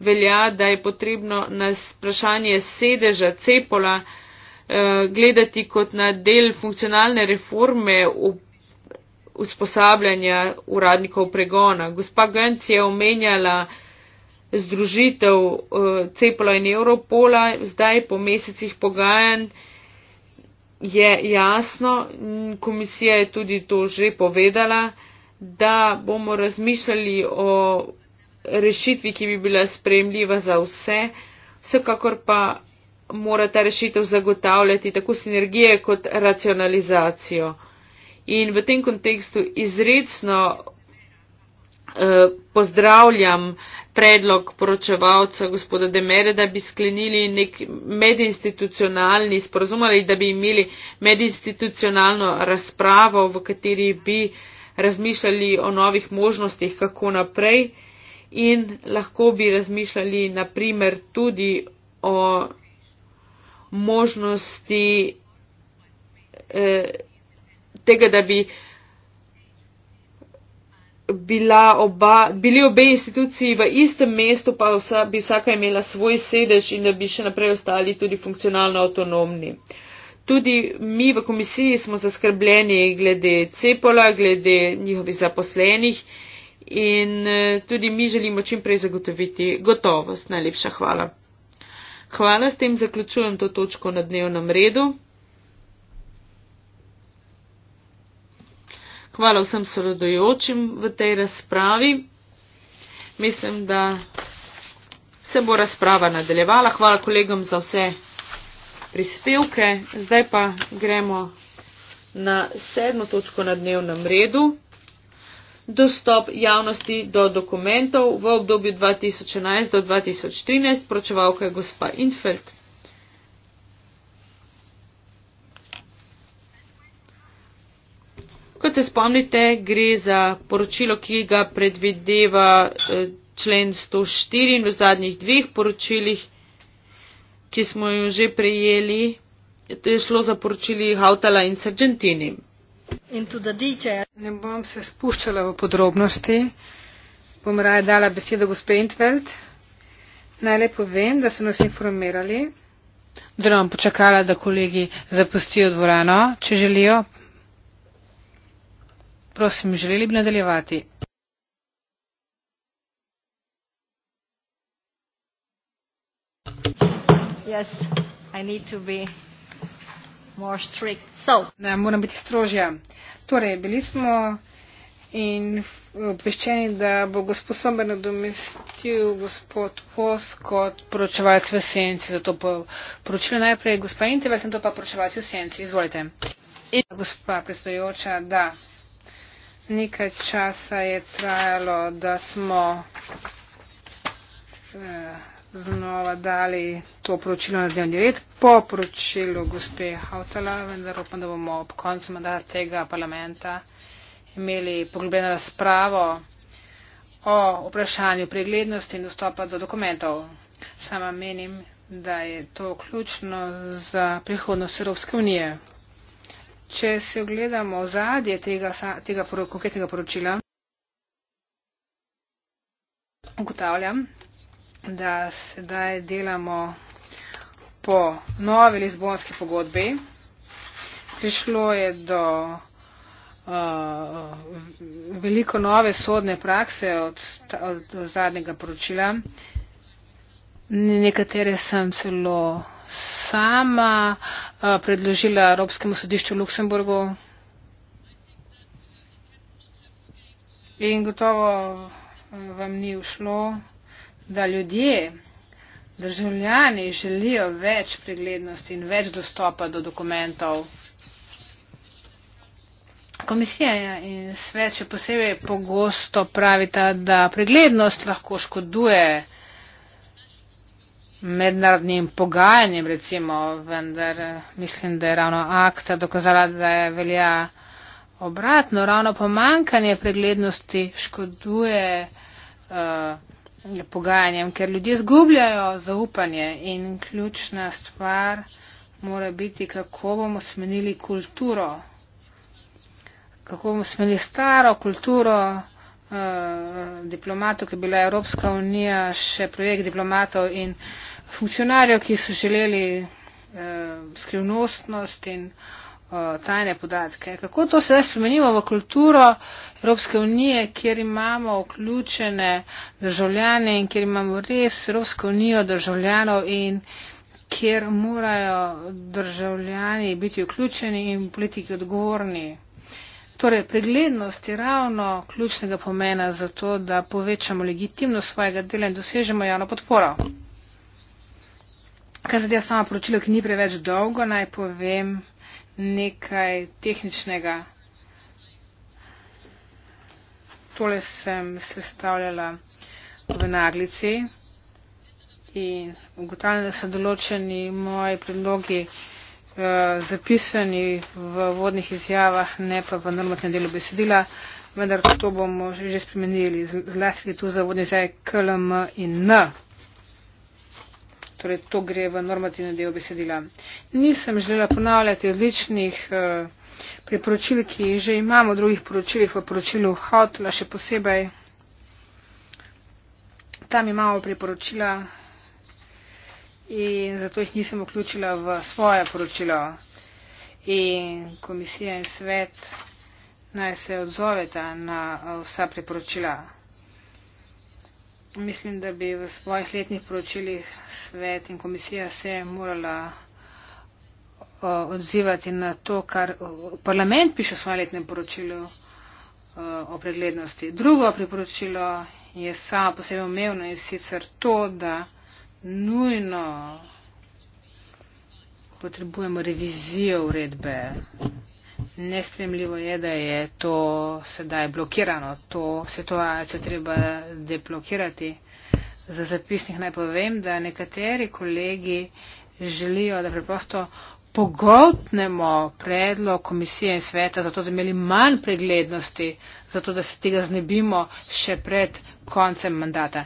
velja, da je potrebno na sprašanje sedeža Cepola eh, gledati kot na del funkcionalne reforme usposabljanja uradnikov pregona. Gospa Gönc je omenjala združitev eh, Cepola in Europola, zdaj po mesecih pogajanj je jasno, komisija je tudi to že povedala, da bomo razmišljali o rešitvi, ki bi bila spremljiva za vse, vsekakor pa mora ta rešitev zagotavljati tako sinergije kot racionalizacijo. In v tem kontekstu izredno eh, pozdravljam predlog poročevalca gospoda Demere, da bi sklenili nek medinstitucionalni sporozum ali da bi imeli medinstitucionalno razpravo, v kateri bi razmišljali o novih možnostih, kako naprej in lahko bi razmišljali naprimer tudi o možnosti eh, tega, da bi eh, bila oba, bili obe instituciji v istem mestu, pa vsa, bi vsaka imela svoj sedež in da bi še naprej ostali tudi funkcionalno avtonomni. Tudi mi v komisiji smo zaskrbljeni glede cepola, glede njihovih zaposlenih in eh, tudi mi želimo čim prej zagotoviti gotovost. Najlepša hvala. Hvala, s tem zaključujem to točko na dnevnem redu. Hvala vsem sodelujočim v tej razpravi. Mislim, da se bo razprava nadaljevala. Hvala kolegom za vse prispevke. Zdaj pa gremo na sedmo točko na dnevnem redu. Dostop javnosti do dokumentov v obdobju 2011-2013, pročevalka je gospa Infeld. Kot se spomnite, gre za poročilo, ki ga predvideva eh, člen 104 in v zadnjih dveh poročilih, ki smo jo že prejeli, je šlo za poročili Hautala in Sargentini. In tudi Dite. Ne bom se spuščala v podrobnosti, bom raje dala besedo gospe Intveld. Najlep povem, da so nas informirali. Zdaj bom počakala, da kolegi zapustijo dvorano, če želijo, Prosim, želeli bi nadaljevati. Yes, I need to be more strict. So. Ne, moram biti strožja. Torej, bili smo in obveščeni, da bo gospodoben domestil gospod Pos kot poročevalec v senci. Zato bo poročilo najprej gospa Intevelt in to pa poročevalec v senci. Izvolite. In gospa predstojoča, da. Nekaj časa je trajalo, da smo eh, znova dali to poročilo na dnevni red po poročilu gospe Hautala, vendar upam, da bomo ob koncu mandata tega parlamenta imeli poglobljeno razpravo o vprašanju preglednosti in dostopa do dokumentov. Sama menim, da je to ključno za prihodnost Evropske unije če se ogledamo zadje tega, tega konkretnega poročila, ugotavljam, da sedaj delamo po novi Lizbonski pogodbi. Prišlo je do uh, veliko nove sodne prakse od, od zadnjega poročila. Nekatere sem celo sama eh, predložila Evropskemu sodišču v Luksemburgu? In gotovo eh, vam ni ušlo, da ljudje, državljani želijo več preglednosti in več dostopa do dokumentov. Komisija in svet še posebej pogosto pravita, da preglednost lahko škoduje mednarodnim pogajanjem, recimo, vendar eh, mislim, da je ravno akta dokazala, da je velja obratno. Ravno pomankanje preglednosti škoduje uh, pogajanjem, ker ljudje zgubljajo zaupanje in ključna stvar mora biti, kako bomo spremenili kulturo, kako bomo spremenili staro kulturo. Uh, diplomatov, ki je bila Evropska unija še projekt diplomatov in uh, funkcionarjev, ki so želeli eh, skrivnostnost in eh, tajne podatke. Kako to sedaj spremenimo v kulturo Evropske unije, kjer imamo vključene državljane in kjer imamo res Evropsko unijo državljanov in kjer morajo državljani biti vključeni in politiki odgovorni. Torej, preglednost je ravno ključnega pomena za to, da povečamo legitimnost svojega dela in dosežemo javno podporo. Kar zadeva samo poročilo, ki ni preveč dolgo, naj povem nekaj tehničnega. Tole sem sestavljala v naglici in ugotavljam, da so določeni moji predlogi eh, zapisani v vodnih izjavah, ne pa v normatnem delu besedila, vendar to bomo že spremenili, zlasti tu za vodne izjave KLM in N torej to gre v normativni del besedila. Nisem želela ponavljati odličnih uh, priporočil, ki jih že imamo v drugih poročilih, v poročilu Hotla še posebej. Tam imamo priporočila in zato jih nisem vključila v svoje poročilo. In komisija in svet naj se odzoveta na eh, vsa priporočila mislim, da bi v svojih letnih poročilih svet in komisija se morala odzivati na to, kar parlament piše v svojem letnem poročilu o preglednosti. Drugo priporočilo je samo posebej omevno in sicer to, da nujno potrebujemo revizijo uredbe Nespremljivo je, da je to sedaj blokirano. To situacijo treba deblokirati. Za zapisnik naj povem, da nekateri kolegi želijo, da preprosto pogotnemo predlog komisije in sveta, zato da bi imeli manj preglednosti, zato da se tega znebimo še pred koncem mandata.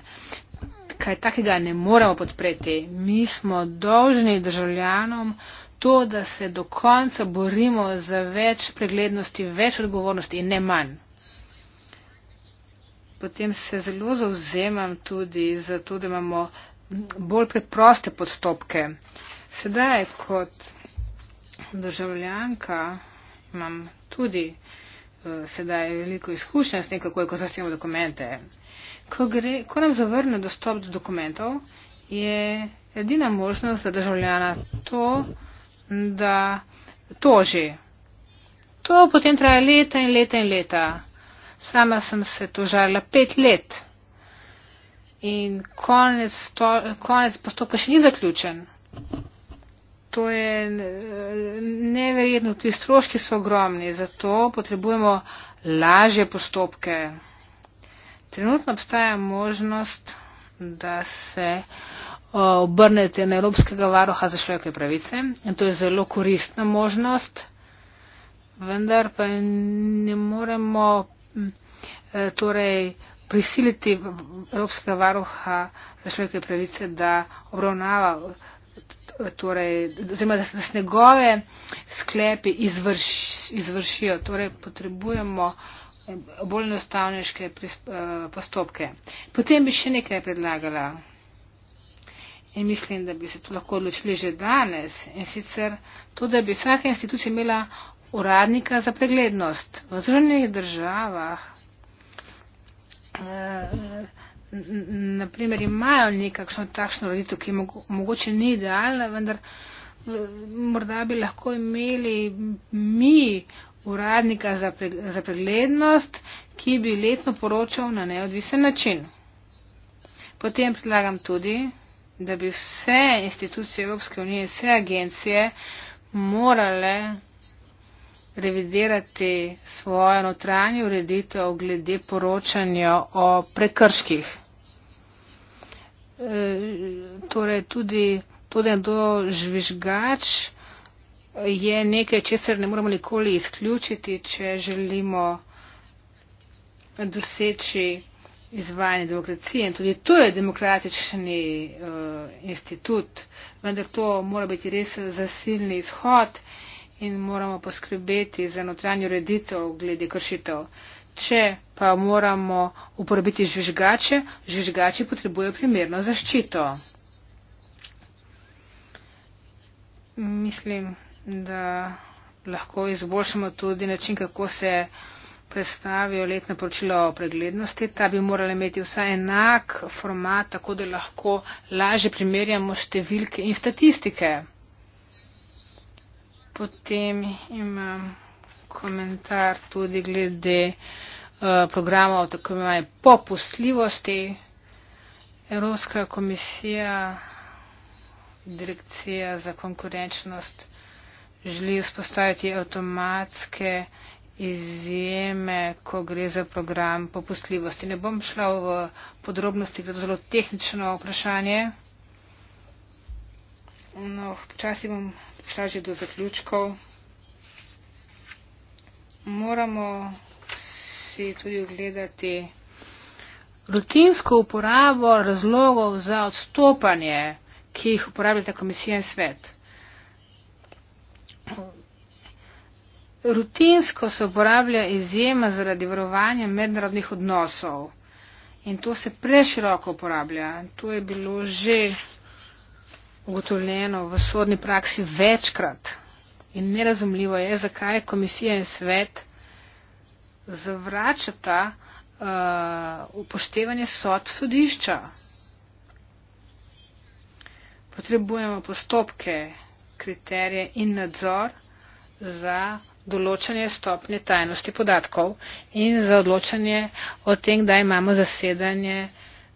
Kaj takega ne moremo podpreti. Mi smo dolžni državljanom, to, da se do konca borimo za več preglednosti, več odgovornosti in ne manj. Potem se zelo zauzemam tudi za to, da imamo bolj preproste postopke. Sedaj kot državljanka imam tudi eh, sedaj veliko izkušnja s tem, kako je, ko zasnemo dokumente. Ko, gre, ko nam zavrne dostop do dokumentov, je edina možnost za državljana to, da toži. To potem traja leta in leta in leta. Sama sem se tožala pet let. In konec, konec postopka še ni zaključen. To je eh, neverjetno, ti stroški so ogromni, zato potrebujemo lažje postopke. Trenutno obstaja možnost, da se obrnete na Evropskega varuha za človekove pravice in to je zelo koristna možnost, vendar pa ne moremo e, torej prisiliti Evropskega varuha za človekove pravice, da obravnava, torej, oziroma da se, da se njegove sklepi izvrš, izvršijo, torej potrebujemo e, bolj enostavniške e, postopke. Potem bi še nekaj predlagala in mislim, da bi se to lahko odločili že danes. In sicer to, da bi vsaka institucija imela uradnika za preglednost. V zrnih državah eh, naprimer imajo nekakšno takšno roditev, ki mogo, mogoče ni idealna, vendar eh, morda bi lahko imeli mi uradnika za, pre, za preglednost, ki bi letno poročal na neodvisen način. Potem predlagam tudi, da bi vse institucije Evropske unije, vse agencije morale revidirati svojo notranjo ureditev glede poročanja o prekrških. E, torej tudi to, da je do žvižgač, je nekaj, česar ne moremo nikoli izključiti, če želimo doseči izvajanje demokracije in tudi to je demokratični uh, institut, vendar to mora biti res zasilni izhod in moramo poskrbeti za notranjo ureditev glede kršitev. Če pa moramo uporabiti žvižgače, žvižgači potrebujejo primerno zaščito. Mislim, da lahko izboljšamo tudi način, kako se predstavijo letno poročilo o preglednosti. Ta bi morala imeti vsaj enak format, tako da lahko lažje primerjamo številke in statistike. Potem imam komentar tudi glede uh, eh, programa o tako imenovani popustljivosti. Evropska komisija, direkcija za konkurenčnost želi vzpostaviti avtomatske izjeme, ko gre za program popustljivosti. Ne bom šla v podrobnosti, gre to zelo tehnično vprašanje. No, počasi bom prišla že do zaključkov. Moramo si tudi ogledati rutinsko uporabo razlogov za odstopanje, ki jih uporabljata komisija in svet. rutinsko se uporablja izjema zaradi varovanja mednarodnih odnosov. In to se preširoko uporablja. To je bilo že ugotovljeno v sodni praksi večkrat. In nerazumljivo je, zakaj komisija in svet zavračata uh, upoštevanje sodb sodišča. Potrebujemo postopke, kriterije in nadzor za določanje stopnje tajnosti podatkov in za odločanje o tem, kdaj imamo zasedanje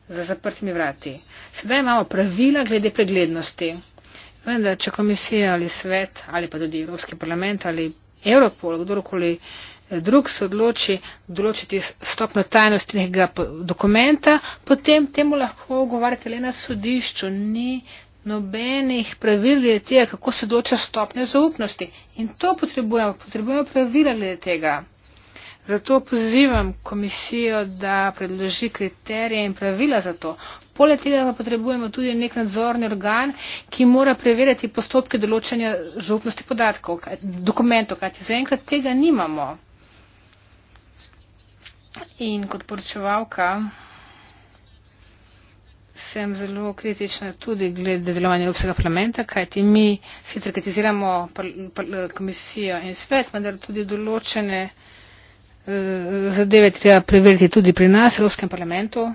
za zaprtimi vrati. Sedaj imamo pravila glede preglednosti. Vendar, če komisija ali svet ali pa tudi Evropski parlament ali Evropol, kdorkoli drug se odloči določiti stopno tajnosti nekega dokumenta, potem temu lahko govorite le na sodišču, ni nobenih pravil glede tega, kako se določa stopnja zaupnosti. In to potrebujemo, potrebujemo pravila glede tega. Zato pozivam komisijo, da predloži kriterije in pravila za to. Poleg tega pa potrebujemo tudi nek nadzorni organ, ki mora preverjati postopke določanja zaupnosti podatkov, dokumentov, kajti zaenkrat tega nimamo. In kot poročevalka sem zelo kritična tudi glede delovanja Evropskega parlamenta, kajti mi sicer kritiziramo komisijo in svet, vendar tudi določene eh, zadeve treba preveriti tudi pri nas, Evropskem parlamentu.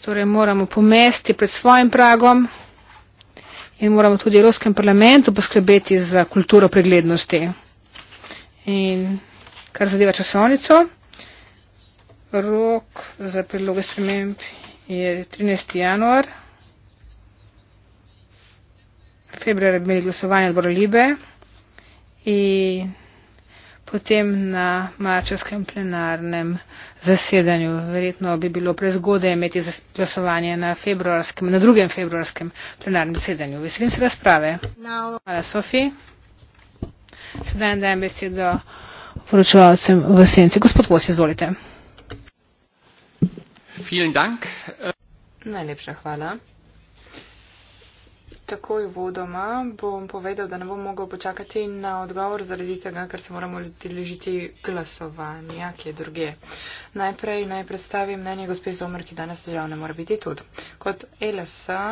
Torej moramo pomesti pred svojim pragom in moramo tudi Evropskem parlamentu poskrbeti za kulturo preglednosti. In kar zadeva časovnico. Rok za predloge sprememb je 13. januar. Februar je bilo glasovanje odbora Libe in potem na marčarskem plenarnem zasedanju. Verjetno bi bilo prezgodaj imeti glasovanje na, februarskem, na drugem februarskem plenarnem zasedanju. Veselim se razprave. No. Hvala, Sofi. Sedaj dajem besedo poročevalcem v senci. Gospod Vos, izvolite vielen Dank. Najlepša hvala. Takoj vodoma bom povedal, da ne bom mogel počakati na odgovor zaradi tega, ker se moramo deležiti glasovanja, ki je druge. Najprej naj predstavim mnenje gospe Zomr, ki danes žal ne mora biti tudi. Kot e LSA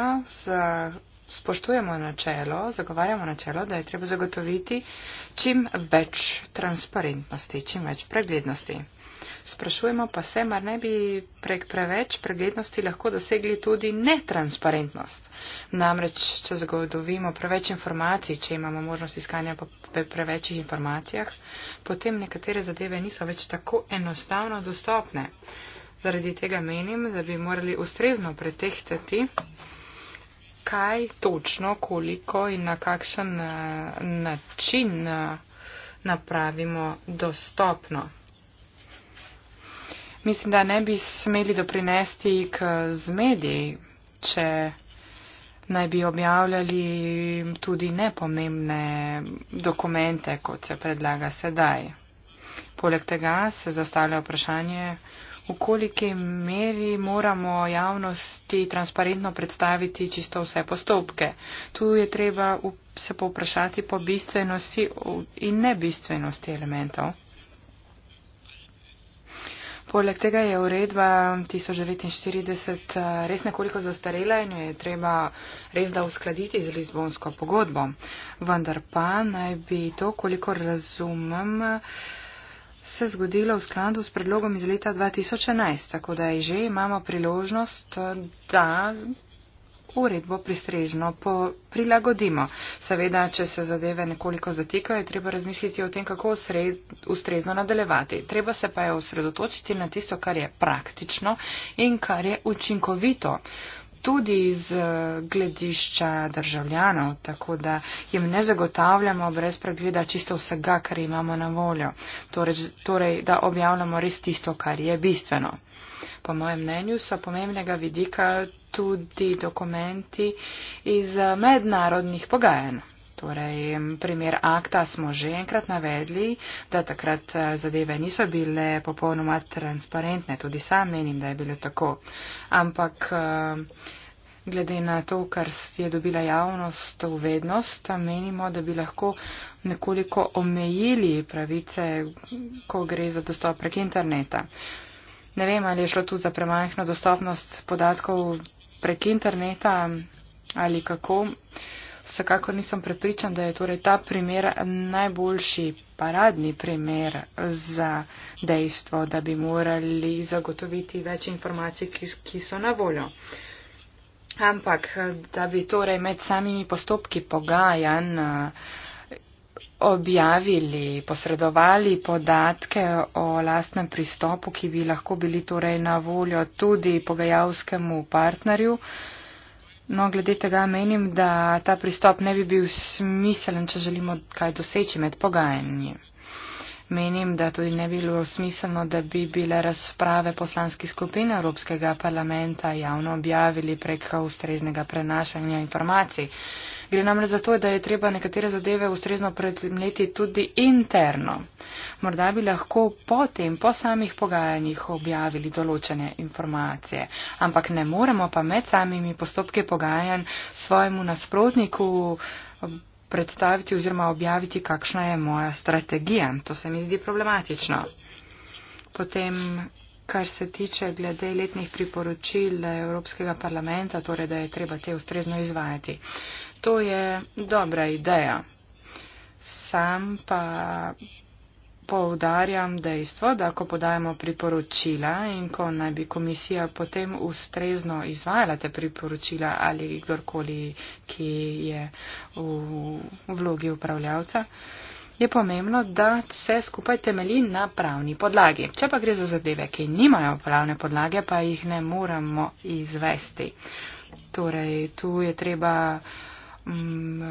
spoštujemo načelo, zagovarjamo načelo, da je treba zagotoviti čim več transparentnosti, čim več preglednosti. Sprašujemo pa se, mar ne bi prek preveč preglednosti lahko dosegli tudi netransparentnost. Namreč, če zagodovimo preveč informacij, če imamo možnost iskanja po prevečih informacijah, potem nekatere zadeve niso več tako enostavno dostopne. Zaradi tega menim, da bi morali ustrezno pretehtati, kaj točno, koliko in na kakšen eh, način eh, napravimo dostopno mislim, da ne bi smeli doprinesti k zmedi, če naj bi objavljali tudi nepomembne dokumente, kot se predlaga sedaj. Poleg tega se zastavlja vprašanje, v koliki meri moramo javnosti transparentno predstaviti čisto vse postopke. Tu je treba se poprašati po bistvenosti in nebistvenosti elementov. Poleg tega je uredba 1049 eh, res nekoliko zastarela in jo je treba res da uskladiti z Lizbonsko pogodbo. Vendar pa naj bi to, koliko razumem, se zgodilo v skladu s predlogom iz leta 2011, tako da že imamo priložnost, eh, da uredbo pristrežno prilagodimo. Seveda, če se zadeve nekoliko zatikajo, je treba razmisliti o tem, kako ustrezno nadaljevati. Treba se pa je osredotočiti na tisto, kar je praktično in kar je učinkovito. Tudi iz eh, gledišča državljanov, tako da jim ne zagotavljamo brez pregleda čisto vsega, kar imamo na voljo. Torej, torej da objavljamo res tisto, kar je bistveno po mojem mnenju so pomembnega vidika tudi dokumenti iz mednarodnih pogajanj. Torej, primer akta smo že enkrat navedli, da takrat eh, zadeve niso bile popolnoma transparentne, tudi sam menim, da je bilo tako. Ampak eh, glede na to, kar je dobila javnost v vednost, menimo, da bi lahko nekoliko omejili pravice, ko gre za dostop prek interneta. Ne vem, ali je šlo tu za premajhno dostopnost podatkov prek interneta ali kako. Vsekakor nisem prepričan, da je torej ta primer najboljši paradni primer za dejstvo, da bi morali zagotoviti več informacij, ki, ki so na voljo. Ampak, da bi torej med samimi postopki pogajanj objavili, posredovali podatke o lastnem pristopu, ki bi lahko bili torej na voljo tudi pogajalskemu partnerju. No, glede tega menim, da ta pristop ne bi bil smiselen, če želimo kaj doseči med pogajanji. Menim, da tudi ne bi bilo smiselno, da bi bile razprave poslanskih skupin Evropskega parlamenta javno objavili prek ustreznega prenašanja informacij. Gre namreč za to, da je treba nekatere zadeve ustrezno predmeti tudi interno. Morda bi lahko potem, po samih pogajanjih, objavili določene informacije, ampak ne moremo pa med samimi postopki pogajanj svojemu nasprotniku eh, predstaviti oziroma objaviti, kakšna je moja strategija. To se mi zdi problematično. Potem, kar se tiče glede letnih priporočil Evropskega parlamenta, torej, da je treba te ustrezno izvajati. To je dobra ideja. Sam pa poudarjam dejstvo, da ko podajamo priporočila in ko naj bi komisija potem ustrezno izvajala te priporočila ali kdorkoli, ki je v vlogi upravljavca, je pomembno, da vse skupaj temelji na pravni podlagi. Če pa gre za zadeve, ki nimajo pravne podlage, pa jih ne moramo izvesti. Torej, tu je treba. Mm,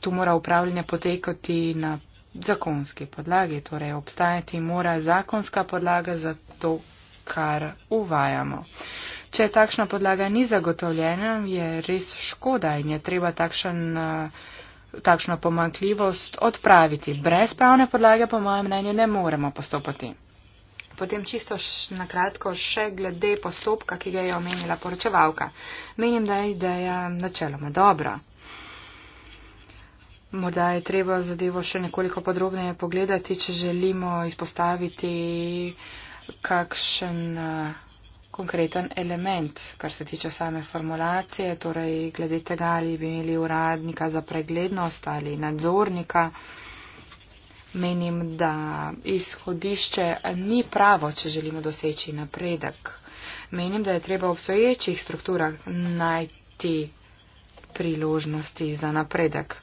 tumora upravljanja potekati na zakonski podlagi, torej obstajati mora zakonska podlaga za to, kar uvajamo. Če takšna podlaga ni zagotovljena, je res škoda in je treba takšen, eh, takšno pomankljivost odpraviti. Brez pravne podlage, po mojem mnenju, ne moremo postopati. Potem čisto na kratko še glede postopka, ki ga je omenila poročevalka. Menim, da je ideja načeloma dobra. Morda je treba zadevo še nekoliko podrobneje pogledati, če želimo izpostaviti kakšen konkreten element, kar se tiče same formulacije, torej glede tega, ali bi imeli uradnika za preglednost ali nadzornika. Menim, da izhodišče ni pravo, če želimo doseči napredek. Menim, da je treba v obstoječih strukturah najti priložnosti za napredek.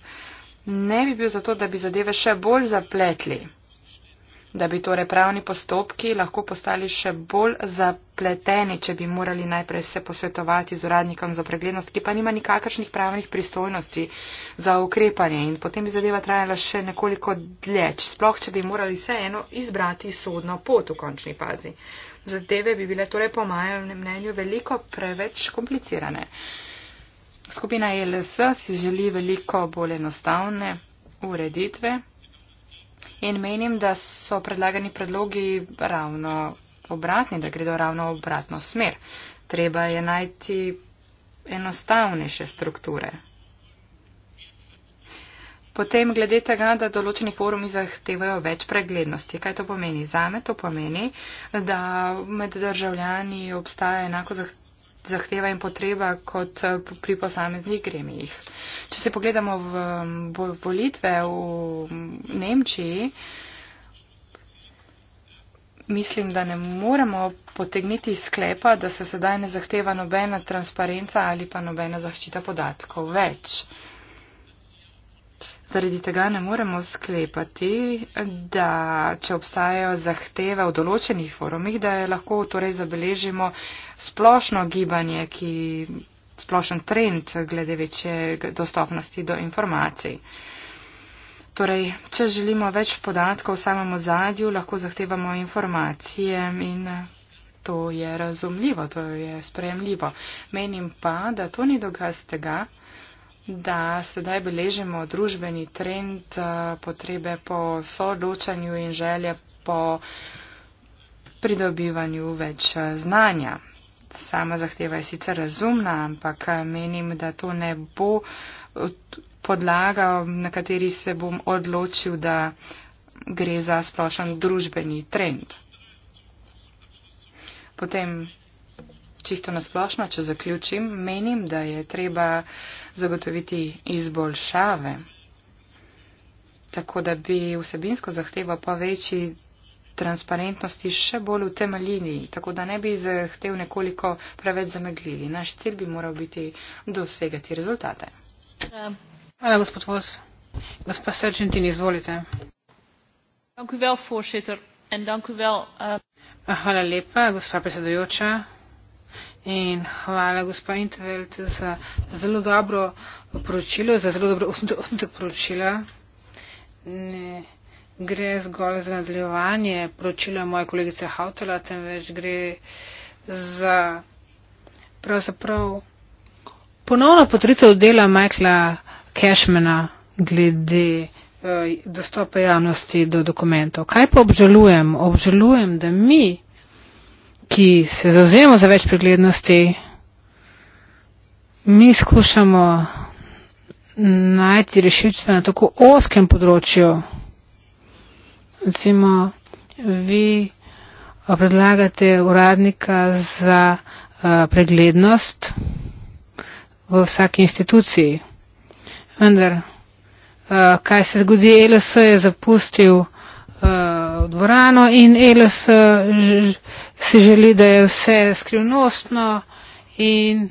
Ne bi bil zato, da bi zadeve še bolj zapletli da bi torej pravni postopki lahko postali še bolj zapleteni, če bi morali najprej se posvetovati z uradnikom za preglednost, ki pa nima nikakršnih pravnih pristojnosti za ukrepanje in potem bi zadeva trajala še nekoliko dlje, sploh če bi morali vseeno izbrati sodno pot v končni fazi. Zadeve bi bile torej po mojem mnenju veliko preveč komplicirane. Skupina e LS si želi veliko bolj enostavne ureditve in menim, da so predlagani predlogi ravno obratni, da gredo ravno v obratno smer. Treba je najti enostavnejše strukture. Potem glede tega, da določeni forumi zahtevajo več preglednosti. Kaj to pomeni? Zame to pomeni, da med državljani obstaja enako zahtevo zahteva in potreba kot eh, pri posameznih gremijih. Če se pogledamo v volitve v Nemčiji, mislim, da ne moremo potegniti sklepa, da se sedaj ne zahteva nobena transparenca ali pa nobena zaščita podatkov več. Zaradi tega ne moremo sklepati, da če obstajajo zahteve v določenih forumih, da je lahko torej zabeležimo splošno gibanje, ki splošen trend glede večje dostopnosti do informacij. Torej, če želimo več podatkov v samem ozadju, lahko zahtevamo informacije in to je razumljivo, to je sprejemljivo. Menim pa, da to ni dokaz tega, da sedaj beležimo družbeni trend eh, potrebe po soodločanju in želje po pridobivanju več eh, znanja. Sama zahteva je sicer razumna, ampak eh, menim, da to ne bo podlaga, na kateri se bom odločil, da gre za splošen družbeni trend. Potem čisto nasplošno, če zaključim, menim, da je treba zagotoviti izboljšave, tako da bi vsebinsko zahtevo po večji transparentnosti še bolj utemeljili, tako da ne bi zahtev nekoliko preveč zameglili. Naš cilj bi moral biti dosegati rezultate. Hvala, gospod Vos. Gospa Sergentin, izvolite. Eh, Hvala lepa, gospa predsedujoča. In hvala gospa Intervelt za zelo dobro poročilo, za zelo dobro osnutek poročila. Ne gre zgolj za nadaljevanje poročila moje kolegice Hautela, temveč gre za pravzaprav ponovno potritev dela Michaela Cashmana glede uh, dostopa javnosti do dokumentov. Kaj pa obžalujem? Obžalujem, da mi ki se zauzemamo za več preglednosti, mi skušamo najti rešitve na tako oskem področju. Recimo, vi predlagate uradnika za uh, preglednost v vsaki instituciji. Vendar, uh, kaj se zgodi, e LS je zapustil uh, dvorano in e LS. Ž, ž, si želi, da je vse skrivnostno in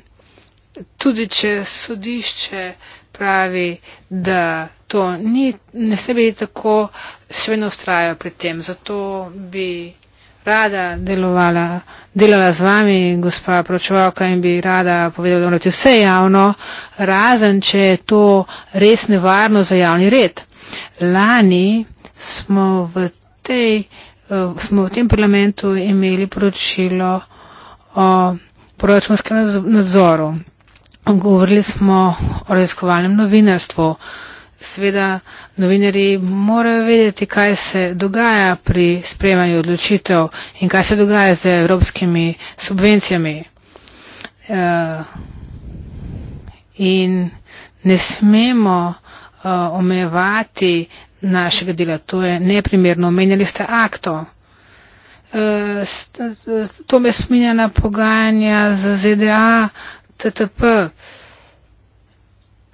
tudi če sodišče pravi, da to ni, ne se bi tako, še vedno ustrajajo pri tem. Zato bi rada delovala, delala z vami, gospa pročevalka, in bi rada povedala, da morate vse javno, razen če je to res nevarno za javni red. Lani smo v tej Eh, smo v tem parlamentu imeli poročilo o proračunskem nadzoru. Govorili smo o raziskovalnem novinarstvu. Sveda novinari morajo vedeti, kaj se dogaja pri sprejemanju odločitev in kaj se dogaja z evropskimi subvencijami. Uh, in ne smemo uh, omejevati našega dela. To je neprimerno. Omenjali ste akto. E, to me spominja na pogajanja z ZDA, TTP.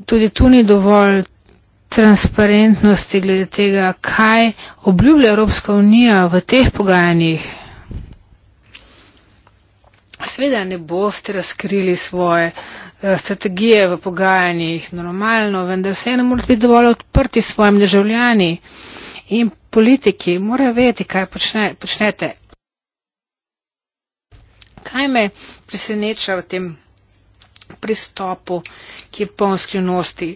Tudi tu ni dovolj transparentnosti glede tega, kaj obljublja Evropska unija v teh pogajanjih. Sveda ne boste razkrili svoje eh, strategije v pogajanjih normalno, vendar vseeno morate biti dovolj odprti s svojim državljani in politiki, morajo vedeti, kaj počne, počnete. Kaj me preseneča v tem pristopu, ki je poln skrivnosti?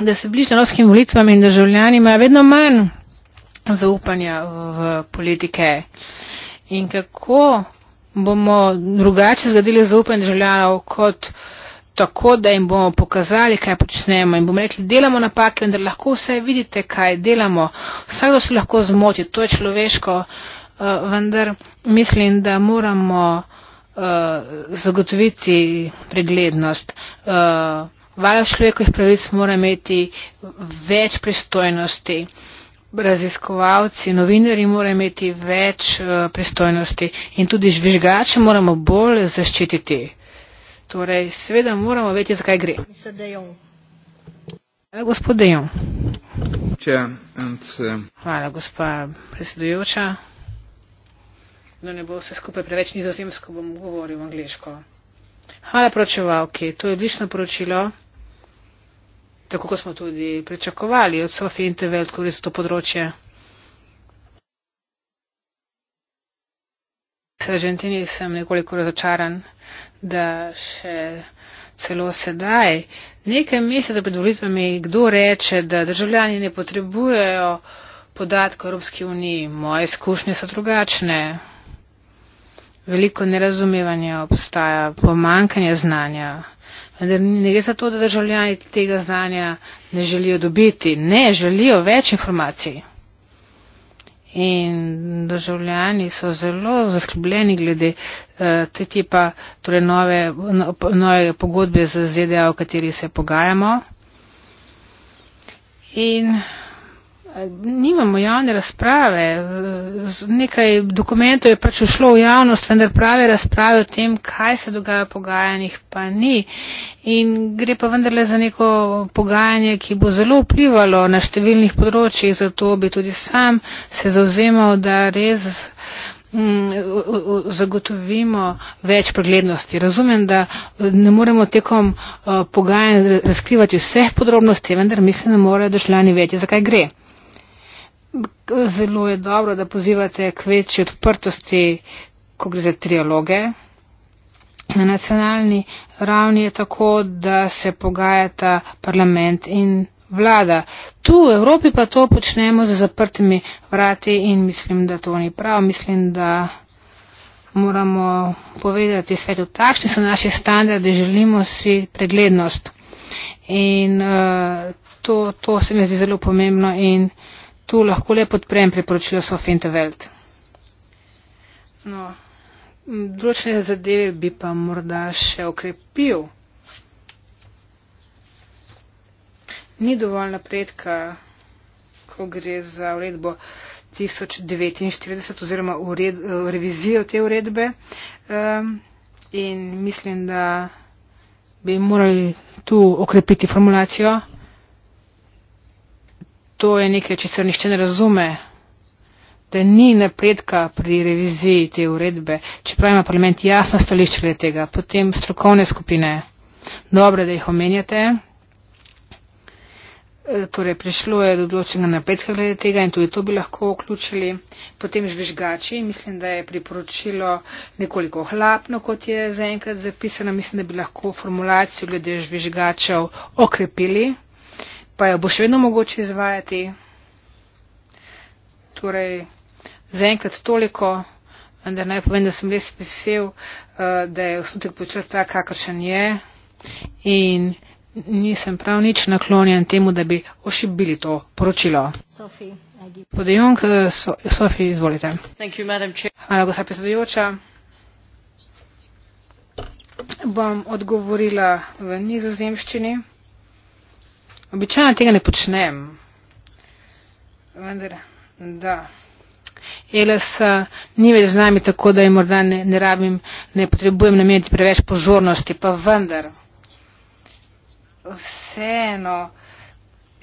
Da se bližnjavskim volitvam in državljanima vedno manj zaupanja v politike in kako bomo drugače zgradili zaupanje državljanov kot tako, da jim bomo pokazali, kaj počnemo in bomo rekli, delamo napake, vendar lahko vse vidite, kaj delamo. Vsakdo se lahko zmoti, to je človeško, eh, vendar mislim, da moramo eh, zagotoviti preglednost. Eh, varuh človekovih pravic mora imeti več pristojnosti raziskovalci, novinari morajo imeti več eh, pristojnosti in tudi žvižgače moramo bolj zaščititi. Torej, seveda moramo vedeti, zakaj gre. Hvala, ja, gospod Dejon. Eh, Hvala, gospa predsedujoča. No, ne bo vse skupaj preveč nizozemsko, bom govoril angliško. Hvala, poročevalki. To je odlično poročilo tako kot smo tudi pričakovali od Sofije Intervelt, ko gre za to področje. Se Argentini sem nekoliko razočaran, da še celo sedaj, nekaj mesecev pred volitvami, kdo reče, da državljani ne potrebujejo podatkov Evropski uniji. Moje izkušnje so drugačne. Veliko nerazumevanja obstaja, pomankanje znanja. Vendar ne gre za to, da državljani tega znanja ne želijo dobiti. Ne, želijo več informacij. In državljani so zelo zaskrbljeni glede uh, te tipa torej nove, no, nove pogodbe z ZDA, o kateri se pogajamo. In Nimamo javne razprave. Nekaj dokumentov je pač ušlo v javnost, vendar prave razprave o tem, kaj se dogaja v pogajanjih, pa ni. In gre pa vendarle za neko pogajanje, ki bo zelo vplivalo na številnih področjih, zato bi tudi sam se zauzemal, da res mm, zagotovimo več preglednosti. Razumem, da ne moremo tekom eh, pogajanj razkrivati vseh podrobnosti, vendar mislim, da morajo državljani vedeti, zakaj gre zelo je dobro, da pozivate k večji odprtosti, ko gre za trialoge. Na nacionalni ravni je tako, da se pogajata parlament in vlada. Tu v Evropi pa to počnemo za zaprtimi vrati in mislim, da to ni prav. Mislim, da moramo povedati svetu, takšni so naši standardi, želimo si preglednost. In uh, to, to se mi zdi zelo pomembno in uh, tu lahko le podprem priporočilo Sofente Welt. No, Dročne zadeve bi pa morda še okrepil. Ni dovolj napredka, ko gre za uredbo 1049 oziroma ured, revizijo te uredbe. Um, in mislim, da bi morali tu okrepiti formulacijo to je nekaj, če se nišče ne razume, da ni napredka pri reviziji te uredbe, čeprav ima parlament jasno stališče glede tega, potem strokovne skupine. Dobro, da jih omenjate. E, torej, prišlo je do odločenega napredka glede tega in tudi to bi lahko vključili. Potem žvižgači, mislim, da je priporočilo nekoliko hlapno, kot je zaenkrat zapisano. Mislim, da bi lahko formulacijo glede žvižgačev okrepili pa jo bo še vedno mogoče izvajati. Torej, zaenkrat toliko, vendar naj povem, da sem res vesel, eh, da je osnutek počel tak, kakršen je in nisem prav nič naklonjen temu, da bi ošibili to poročilo. Podajonk, Sofi, izvolite. Hvala, gospod predsedujoča. Bom odgovorila v nizozemščini. Običajno tega ne počnem. Vendar, da. Elas ni več z nami, tako da jim morda ne, ne rabim, ne potrebujem nameniti preveč pozornosti, pa vendar. Vseeno,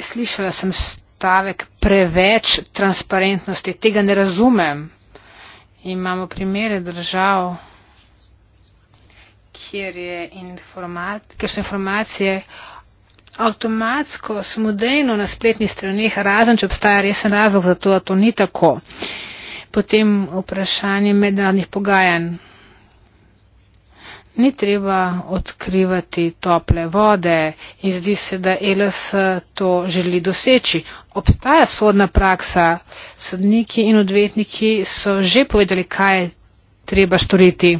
slišala sem stavek preveč transparentnosti, tega ne razumem. Imamo primere držav, kjer, informac kjer so informacije avtomatsko smodejno na spletnih straneh, razen če obstaja resen razlog za to, da to ni tako. Potem vprašanje mednarodnih pogajanj. Ni treba odkrivati tople vode in zdi se, da ELS to želi doseči. Obstaja sodna praksa, sodniki in odvetniki so že povedali, kaj je treba storiti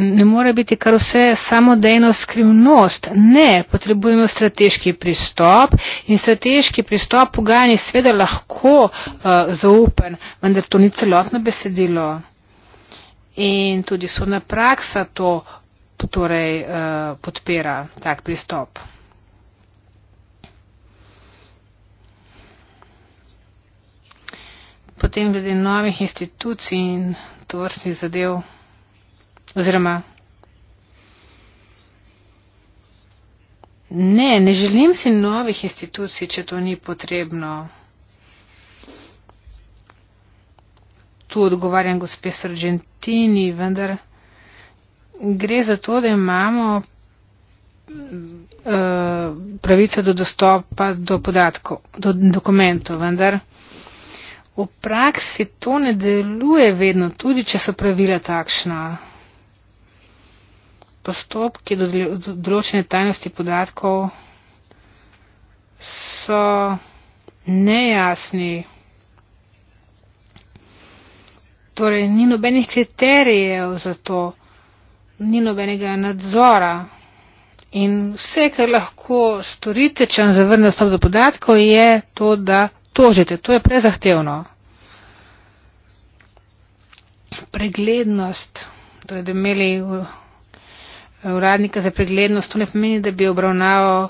ne more biti kar vse samodejno skrivnost. Ne, potrebujemo strateški pristop in strateški pristop pogajanje je sveda lahko uh, zaupen, vendar to ni celotno besedilo. In tudi sodna praksa to torej, uh, podpira, tak pristop. Potem glede novih institucij in tovrstnih zadev oziroma ne, ne želim si novih institucij, če to ni potrebno. Tu odgovarjam gospe Sargentini, vendar gre za to, da imamo uh, pravico do dostopa do podatkov, do dokumentov, vendar v praksi to ne deluje vedno, tudi če so pravila takšna postopki do določene tajnosti podatkov so nejasni. Torej, ni nobenih kriterijev za to, ni nobenega nadzora. In vse, kar lahko storite, če vam zavrne vstop do podatkov, je to, da tožite. To je prezahtevno. Preglednost, torej, da imeli uradnika za preglednost, to ne pomeni, da bi obravnaval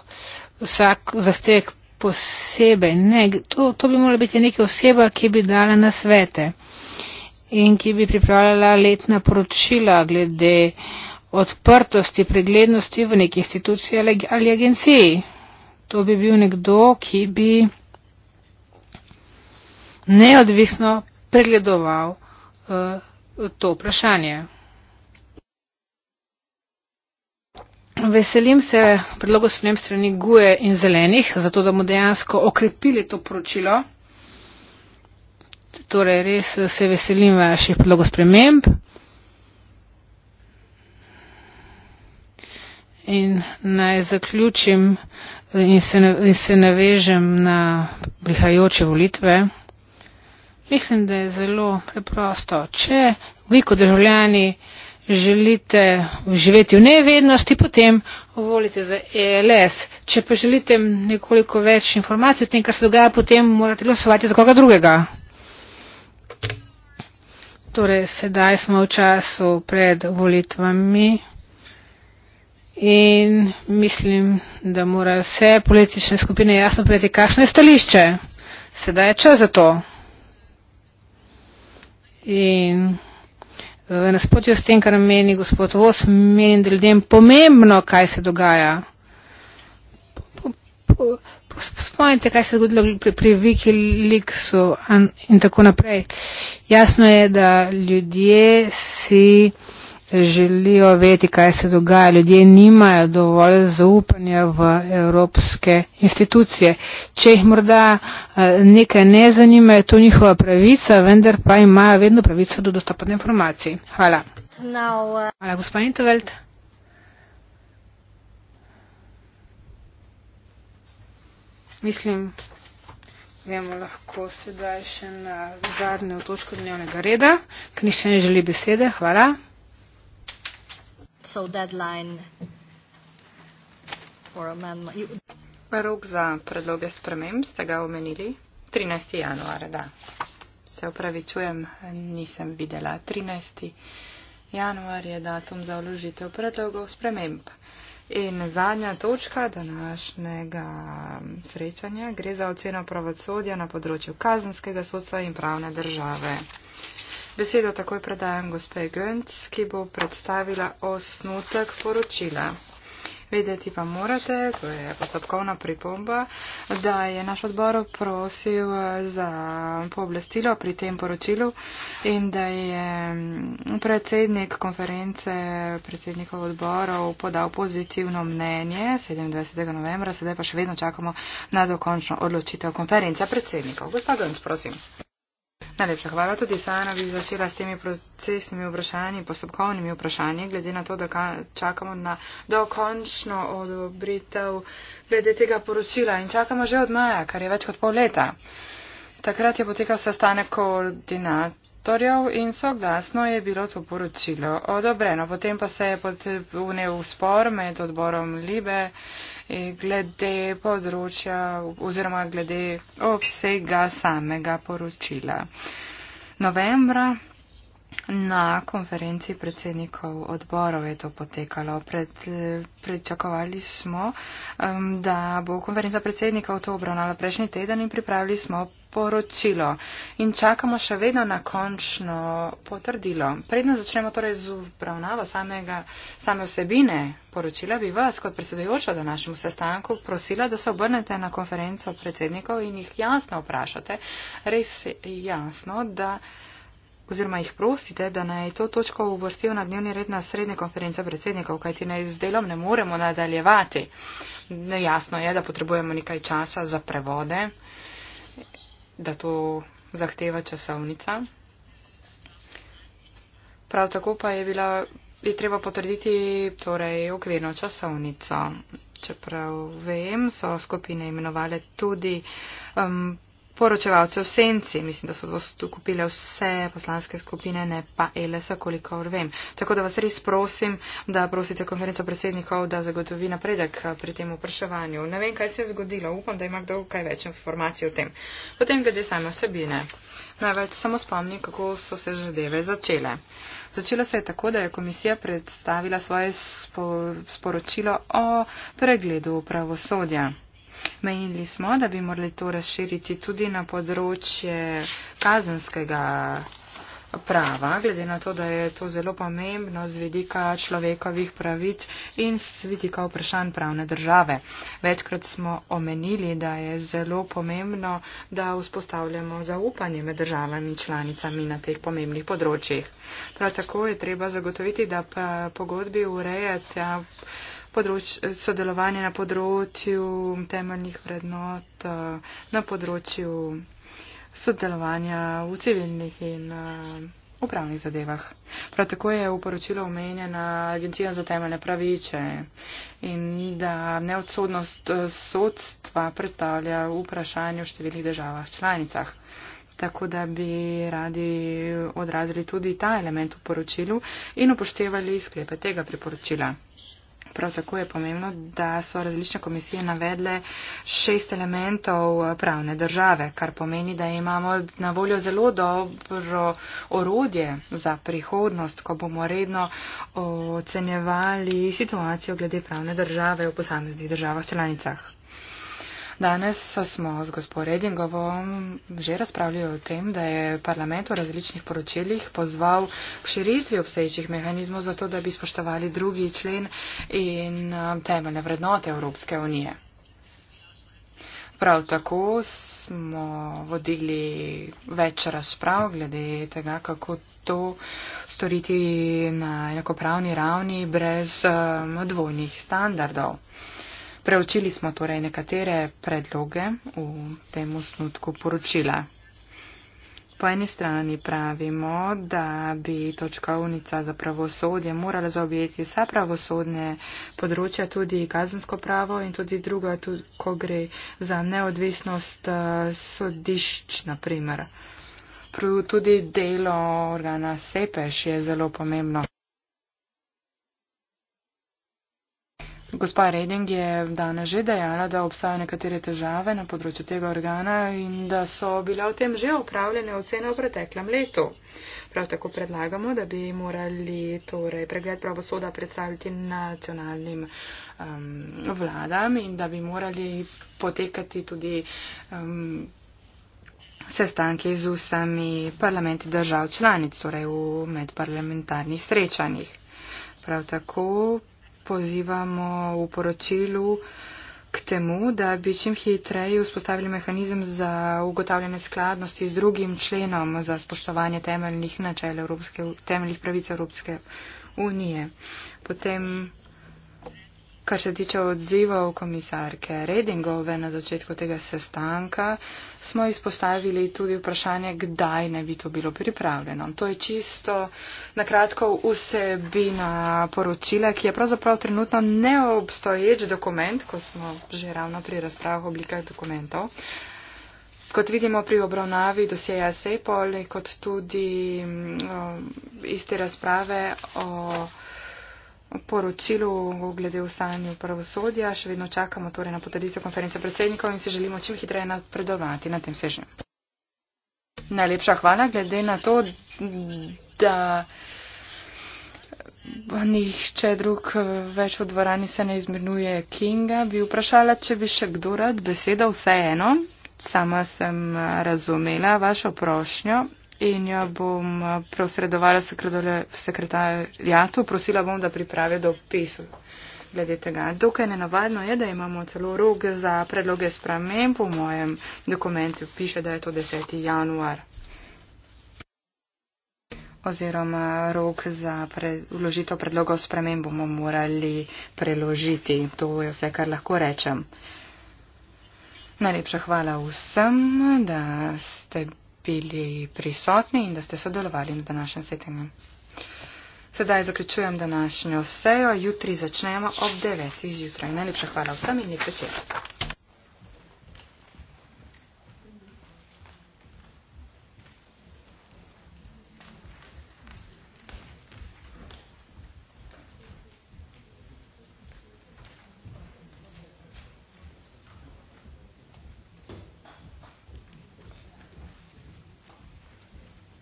vsak zahtevek posebej. Ne, to, to bi morala biti neka oseba, ki bi dala na svete in ki bi pripravljala letna poročila glede odprtosti, preglednosti v neki instituciji ali, ali agenciji. To bi bil nekdo, ki bi neodvisno pregledoval uh, to vprašanje. Veselim se predlogo sprem strani Guje in Zelenih, zato da bomo dejansko okrepili to poročilo. Torej, res se veselim vaših predlogov sprememb. In naj zaključim in se, in se navežem na prihajajoče volitve. Mislim, da je zelo preprosto. Če vi kot državljani želite živeti v nevednosti, potem volite za ELS. Če pa želite nekoliko več informacij o tem, kar se dogaja, potem morate glasovati za koga drugega. Torej, sedaj smo v času pred volitvami in mislim, da morajo vse politične skupine jasno povedati, kakšno je stališče. Sedaj je čas za to. In v nasprotju s tem, kar meni gospod Vos, meni, da ljudem pomembno, kaj se dogaja. Spomnite, kaj se je zgodilo pri, pri Wikileaksu in, in tako naprej. Jasno je, da ljudje si želijo vedeti, kaj se dogaja. Ljudje nimajo dovolj zaupanja v evropske institucije. Če jih morda eh, nekaj ne zanima, je to njihova pravica, vendar pa imajo vedno pravico do dostopa do informacij. Hvala. Uh, Hvala, gospod Intovelt. Mislim, gremo lahko sedaj še na zadnjo točko dnevnega reda, ker nišče ne želi besede. Hvala so deadline for amendment. You... Rok za predloge sprememb ste ga omenili 13. januar, da. Se upravičujem, nisem videla. 13. januar je datum za vložitev predlogov sprememb. In zadnja točka današnjega srečanja gre za oceno pravosodja na področju kazenskega sodstva in pravne države. Besedo takoj predajam gospe Gönc, ki bo predstavila osnutek poročila. Vedeti pa morate, to je postopkovna pripomba, da je naš odbor prosil za pooblastilo pri tem poročilu in da je predsednik konference predsednikov odborov podal pozitivno mnenje 27. novembra, sedaj pa še vedno čakamo na dokončno odločitev konference predsednikov. Gospod Gönc, prosim. Najlepša hvala. Tudi sama bi začela s temi procesnimi vprašanji, postopkovnimi vprašanji, glede na to, da čakamo na dokončno odobritev glede tega poročila in čakamo že od maja, kar je več kot pol leta. Takrat je potekal sestanek koordinatorjev in soglasno je bilo to poročilo odobreno. Potem pa se je vnev spor med odborom Libe glede področja oziroma glede obsega samega poročila. Novembra Na konferenci predsednikov odborov je to potekalo. Pred, predčakovali smo, um, da bo konferenca predsednikov to obravnala prejšnji teden in pripravili smo poročilo. In čakamo še vedno na končno potrdilo. Predno začnemo torej z obravnavo samega, same vsebine poročila, bi vas kot predsedujoča današnjemu sestanku prosila, da se obrnete na konferenco predsednikov in jih jasno vprašate. Res jasno, da oziroma jih prosite, da naj to točko uvrstijo na dnevni red na srednje konference predsednikov, kajti naj z delom ne moremo nadaljevati. Jasno je, da potrebujemo nekaj časa za prevode, da to zahteva časovnica. Prav tako pa je, bila, je treba potrditi torej, okvirno časovnico. Čeprav vem, so skupine imenovale tudi um, poročevalce v senci. Mislim, da so to kupile vse poslanske skupine, ne pa ELS-a, kolikor vem. Tako da vas res prosim, da prosite konferenco predsednikov, da zagotovi napredek eh, pri tem vprašanju. Ne vem, kaj se je zgodilo. Upam, da ima kdo kaj več informacij o tem. Potem glede same osebine. Največ samo spomnim, kako so se zadeve začele. Začelo se je tako, da je komisija predstavila svoje sporočilo o pregledu pravosodja. Menili smo, da bi morali to razširiti tudi na področje kazenskega prava, glede na to, da je to zelo pomembno z vidika človekovih pravic in z vidika vprašanj pravne države. Večkrat smo omenili, da je zelo pomembno, da vzpostavljamo zaupanje med državami in članicami na teh pomembnih področjih. Prav tako je treba zagotoviti, da pa pogodbi urejate področ, sodelovanje na področju temeljnih vrednot, eh, na področju sodelovanja v civilnih in eh, upravnih zadevah. Prav tako je v poročilu omenjena Agencija za temeljne pravice in da neodsodnost eh, sodstva predstavlja vprašanje v številnih državah članicah. Tako da bi radi odrazili tudi ta element v poročilu in upoštevali sklepe tega priporočila. Prav tako je pomembno, da so različne komisije navedle šest elementov eh, pravne države, kar pomeni, da imamo na voljo zelo dobro orodje za prihodnost, ko bomo redno ocenjevali situacijo glede pravne države v posameznih državah članicah. Danes smo z gospod Redingovom že razpravljali o tem, da je parlament v različnih poročilih pozval k širitvi obsejčih mehanizmov zato, da bi spoštovali drugi člen in eh, temeljne vrednote Evropske unije. Prav tako smo vodili več razprav glede tega, kako to storiti na enakopravni ravni brez eh, dvojnih standardov. Preučili smo torej nekatere predloge v tem osnutku poročila. Po eni strani pravimo, da bi točkovnica za pravosodje morala zaobjeti vsa pravosodne področja, tudi kazensko pravo in tudi druga, tudi, ko gre za neodvisnost eh, sodišč, na primer. Tudi delo organa SEPEŠ je zelo pomembno. Gospa Reding je danes že dejala, da obstajajo nekatere težave na področju tega organa in da so bile o tem že upravljene ocene v preteklem letu. Prav tako predlagamo, da bi morali torej pregled pravosoda predstaviti nacionalnim um, vladam in da bi morali potekati tudi. Um, sestanki z vsemi parlamenti držav članic, torej v medparlamentarnih srečanjih. Prav tako pozivamo v poročilu k temu, da bi čim hitreje vzpostavili mehanizem za ugotavljanje skladnosti z drugim členom za spoštovanje temeljnih načel Evropske, temeljnih pravic Evropske unije. Potem Kar se tiče odzivov komisarke Redingove na začetku tega sestanka, smo izpostavili tudi vprašanje, kdaj ne bi to bilo pripravljeno. To je čisto na kratko vsebina poročila, ki je pravzaprav trenutno neobstoječ dokument, ko smo že ravno pri razpravah o oblikah dokumentov. Kot vidimo pri obravnavi dosjeja Sejpol, kot tudi um, iste razprave o poročilu glede vsajanju pravosodja. Še vedno čakamo torej na potrditev konference predsednikov in se želimo čim hitreje napredovati na tem sežnju. Najlepša hvala, glede na to, da nihče drug eh, več v dvorani se ne izmirnuje Kinga, bi vprašala, če bi še kdo rad besedo vseeno. Sama sem eh, razumela vašo prošnjo in jo bom eh, prosredovala sekretarjatu. Prosila bom, da pripravi dopis glede tega. Dokaj nenavadno je, da imamo celo rok za predloge sprememb. V mojem dokumentu piše, da je to 10. januar oziroma rok za vložitev pre, predlogov sprememb bomo morali preložiti. To je vse, kar lahko rečem. Najlepša hvala vsem, da ste bili prisotni in da ste sodelovali na današnjem svetenju. Sedaj zaključujem današnjo sejo. Jutri začnemo ob 9. zjutraj. Najlepša hvala vsem in lep večer.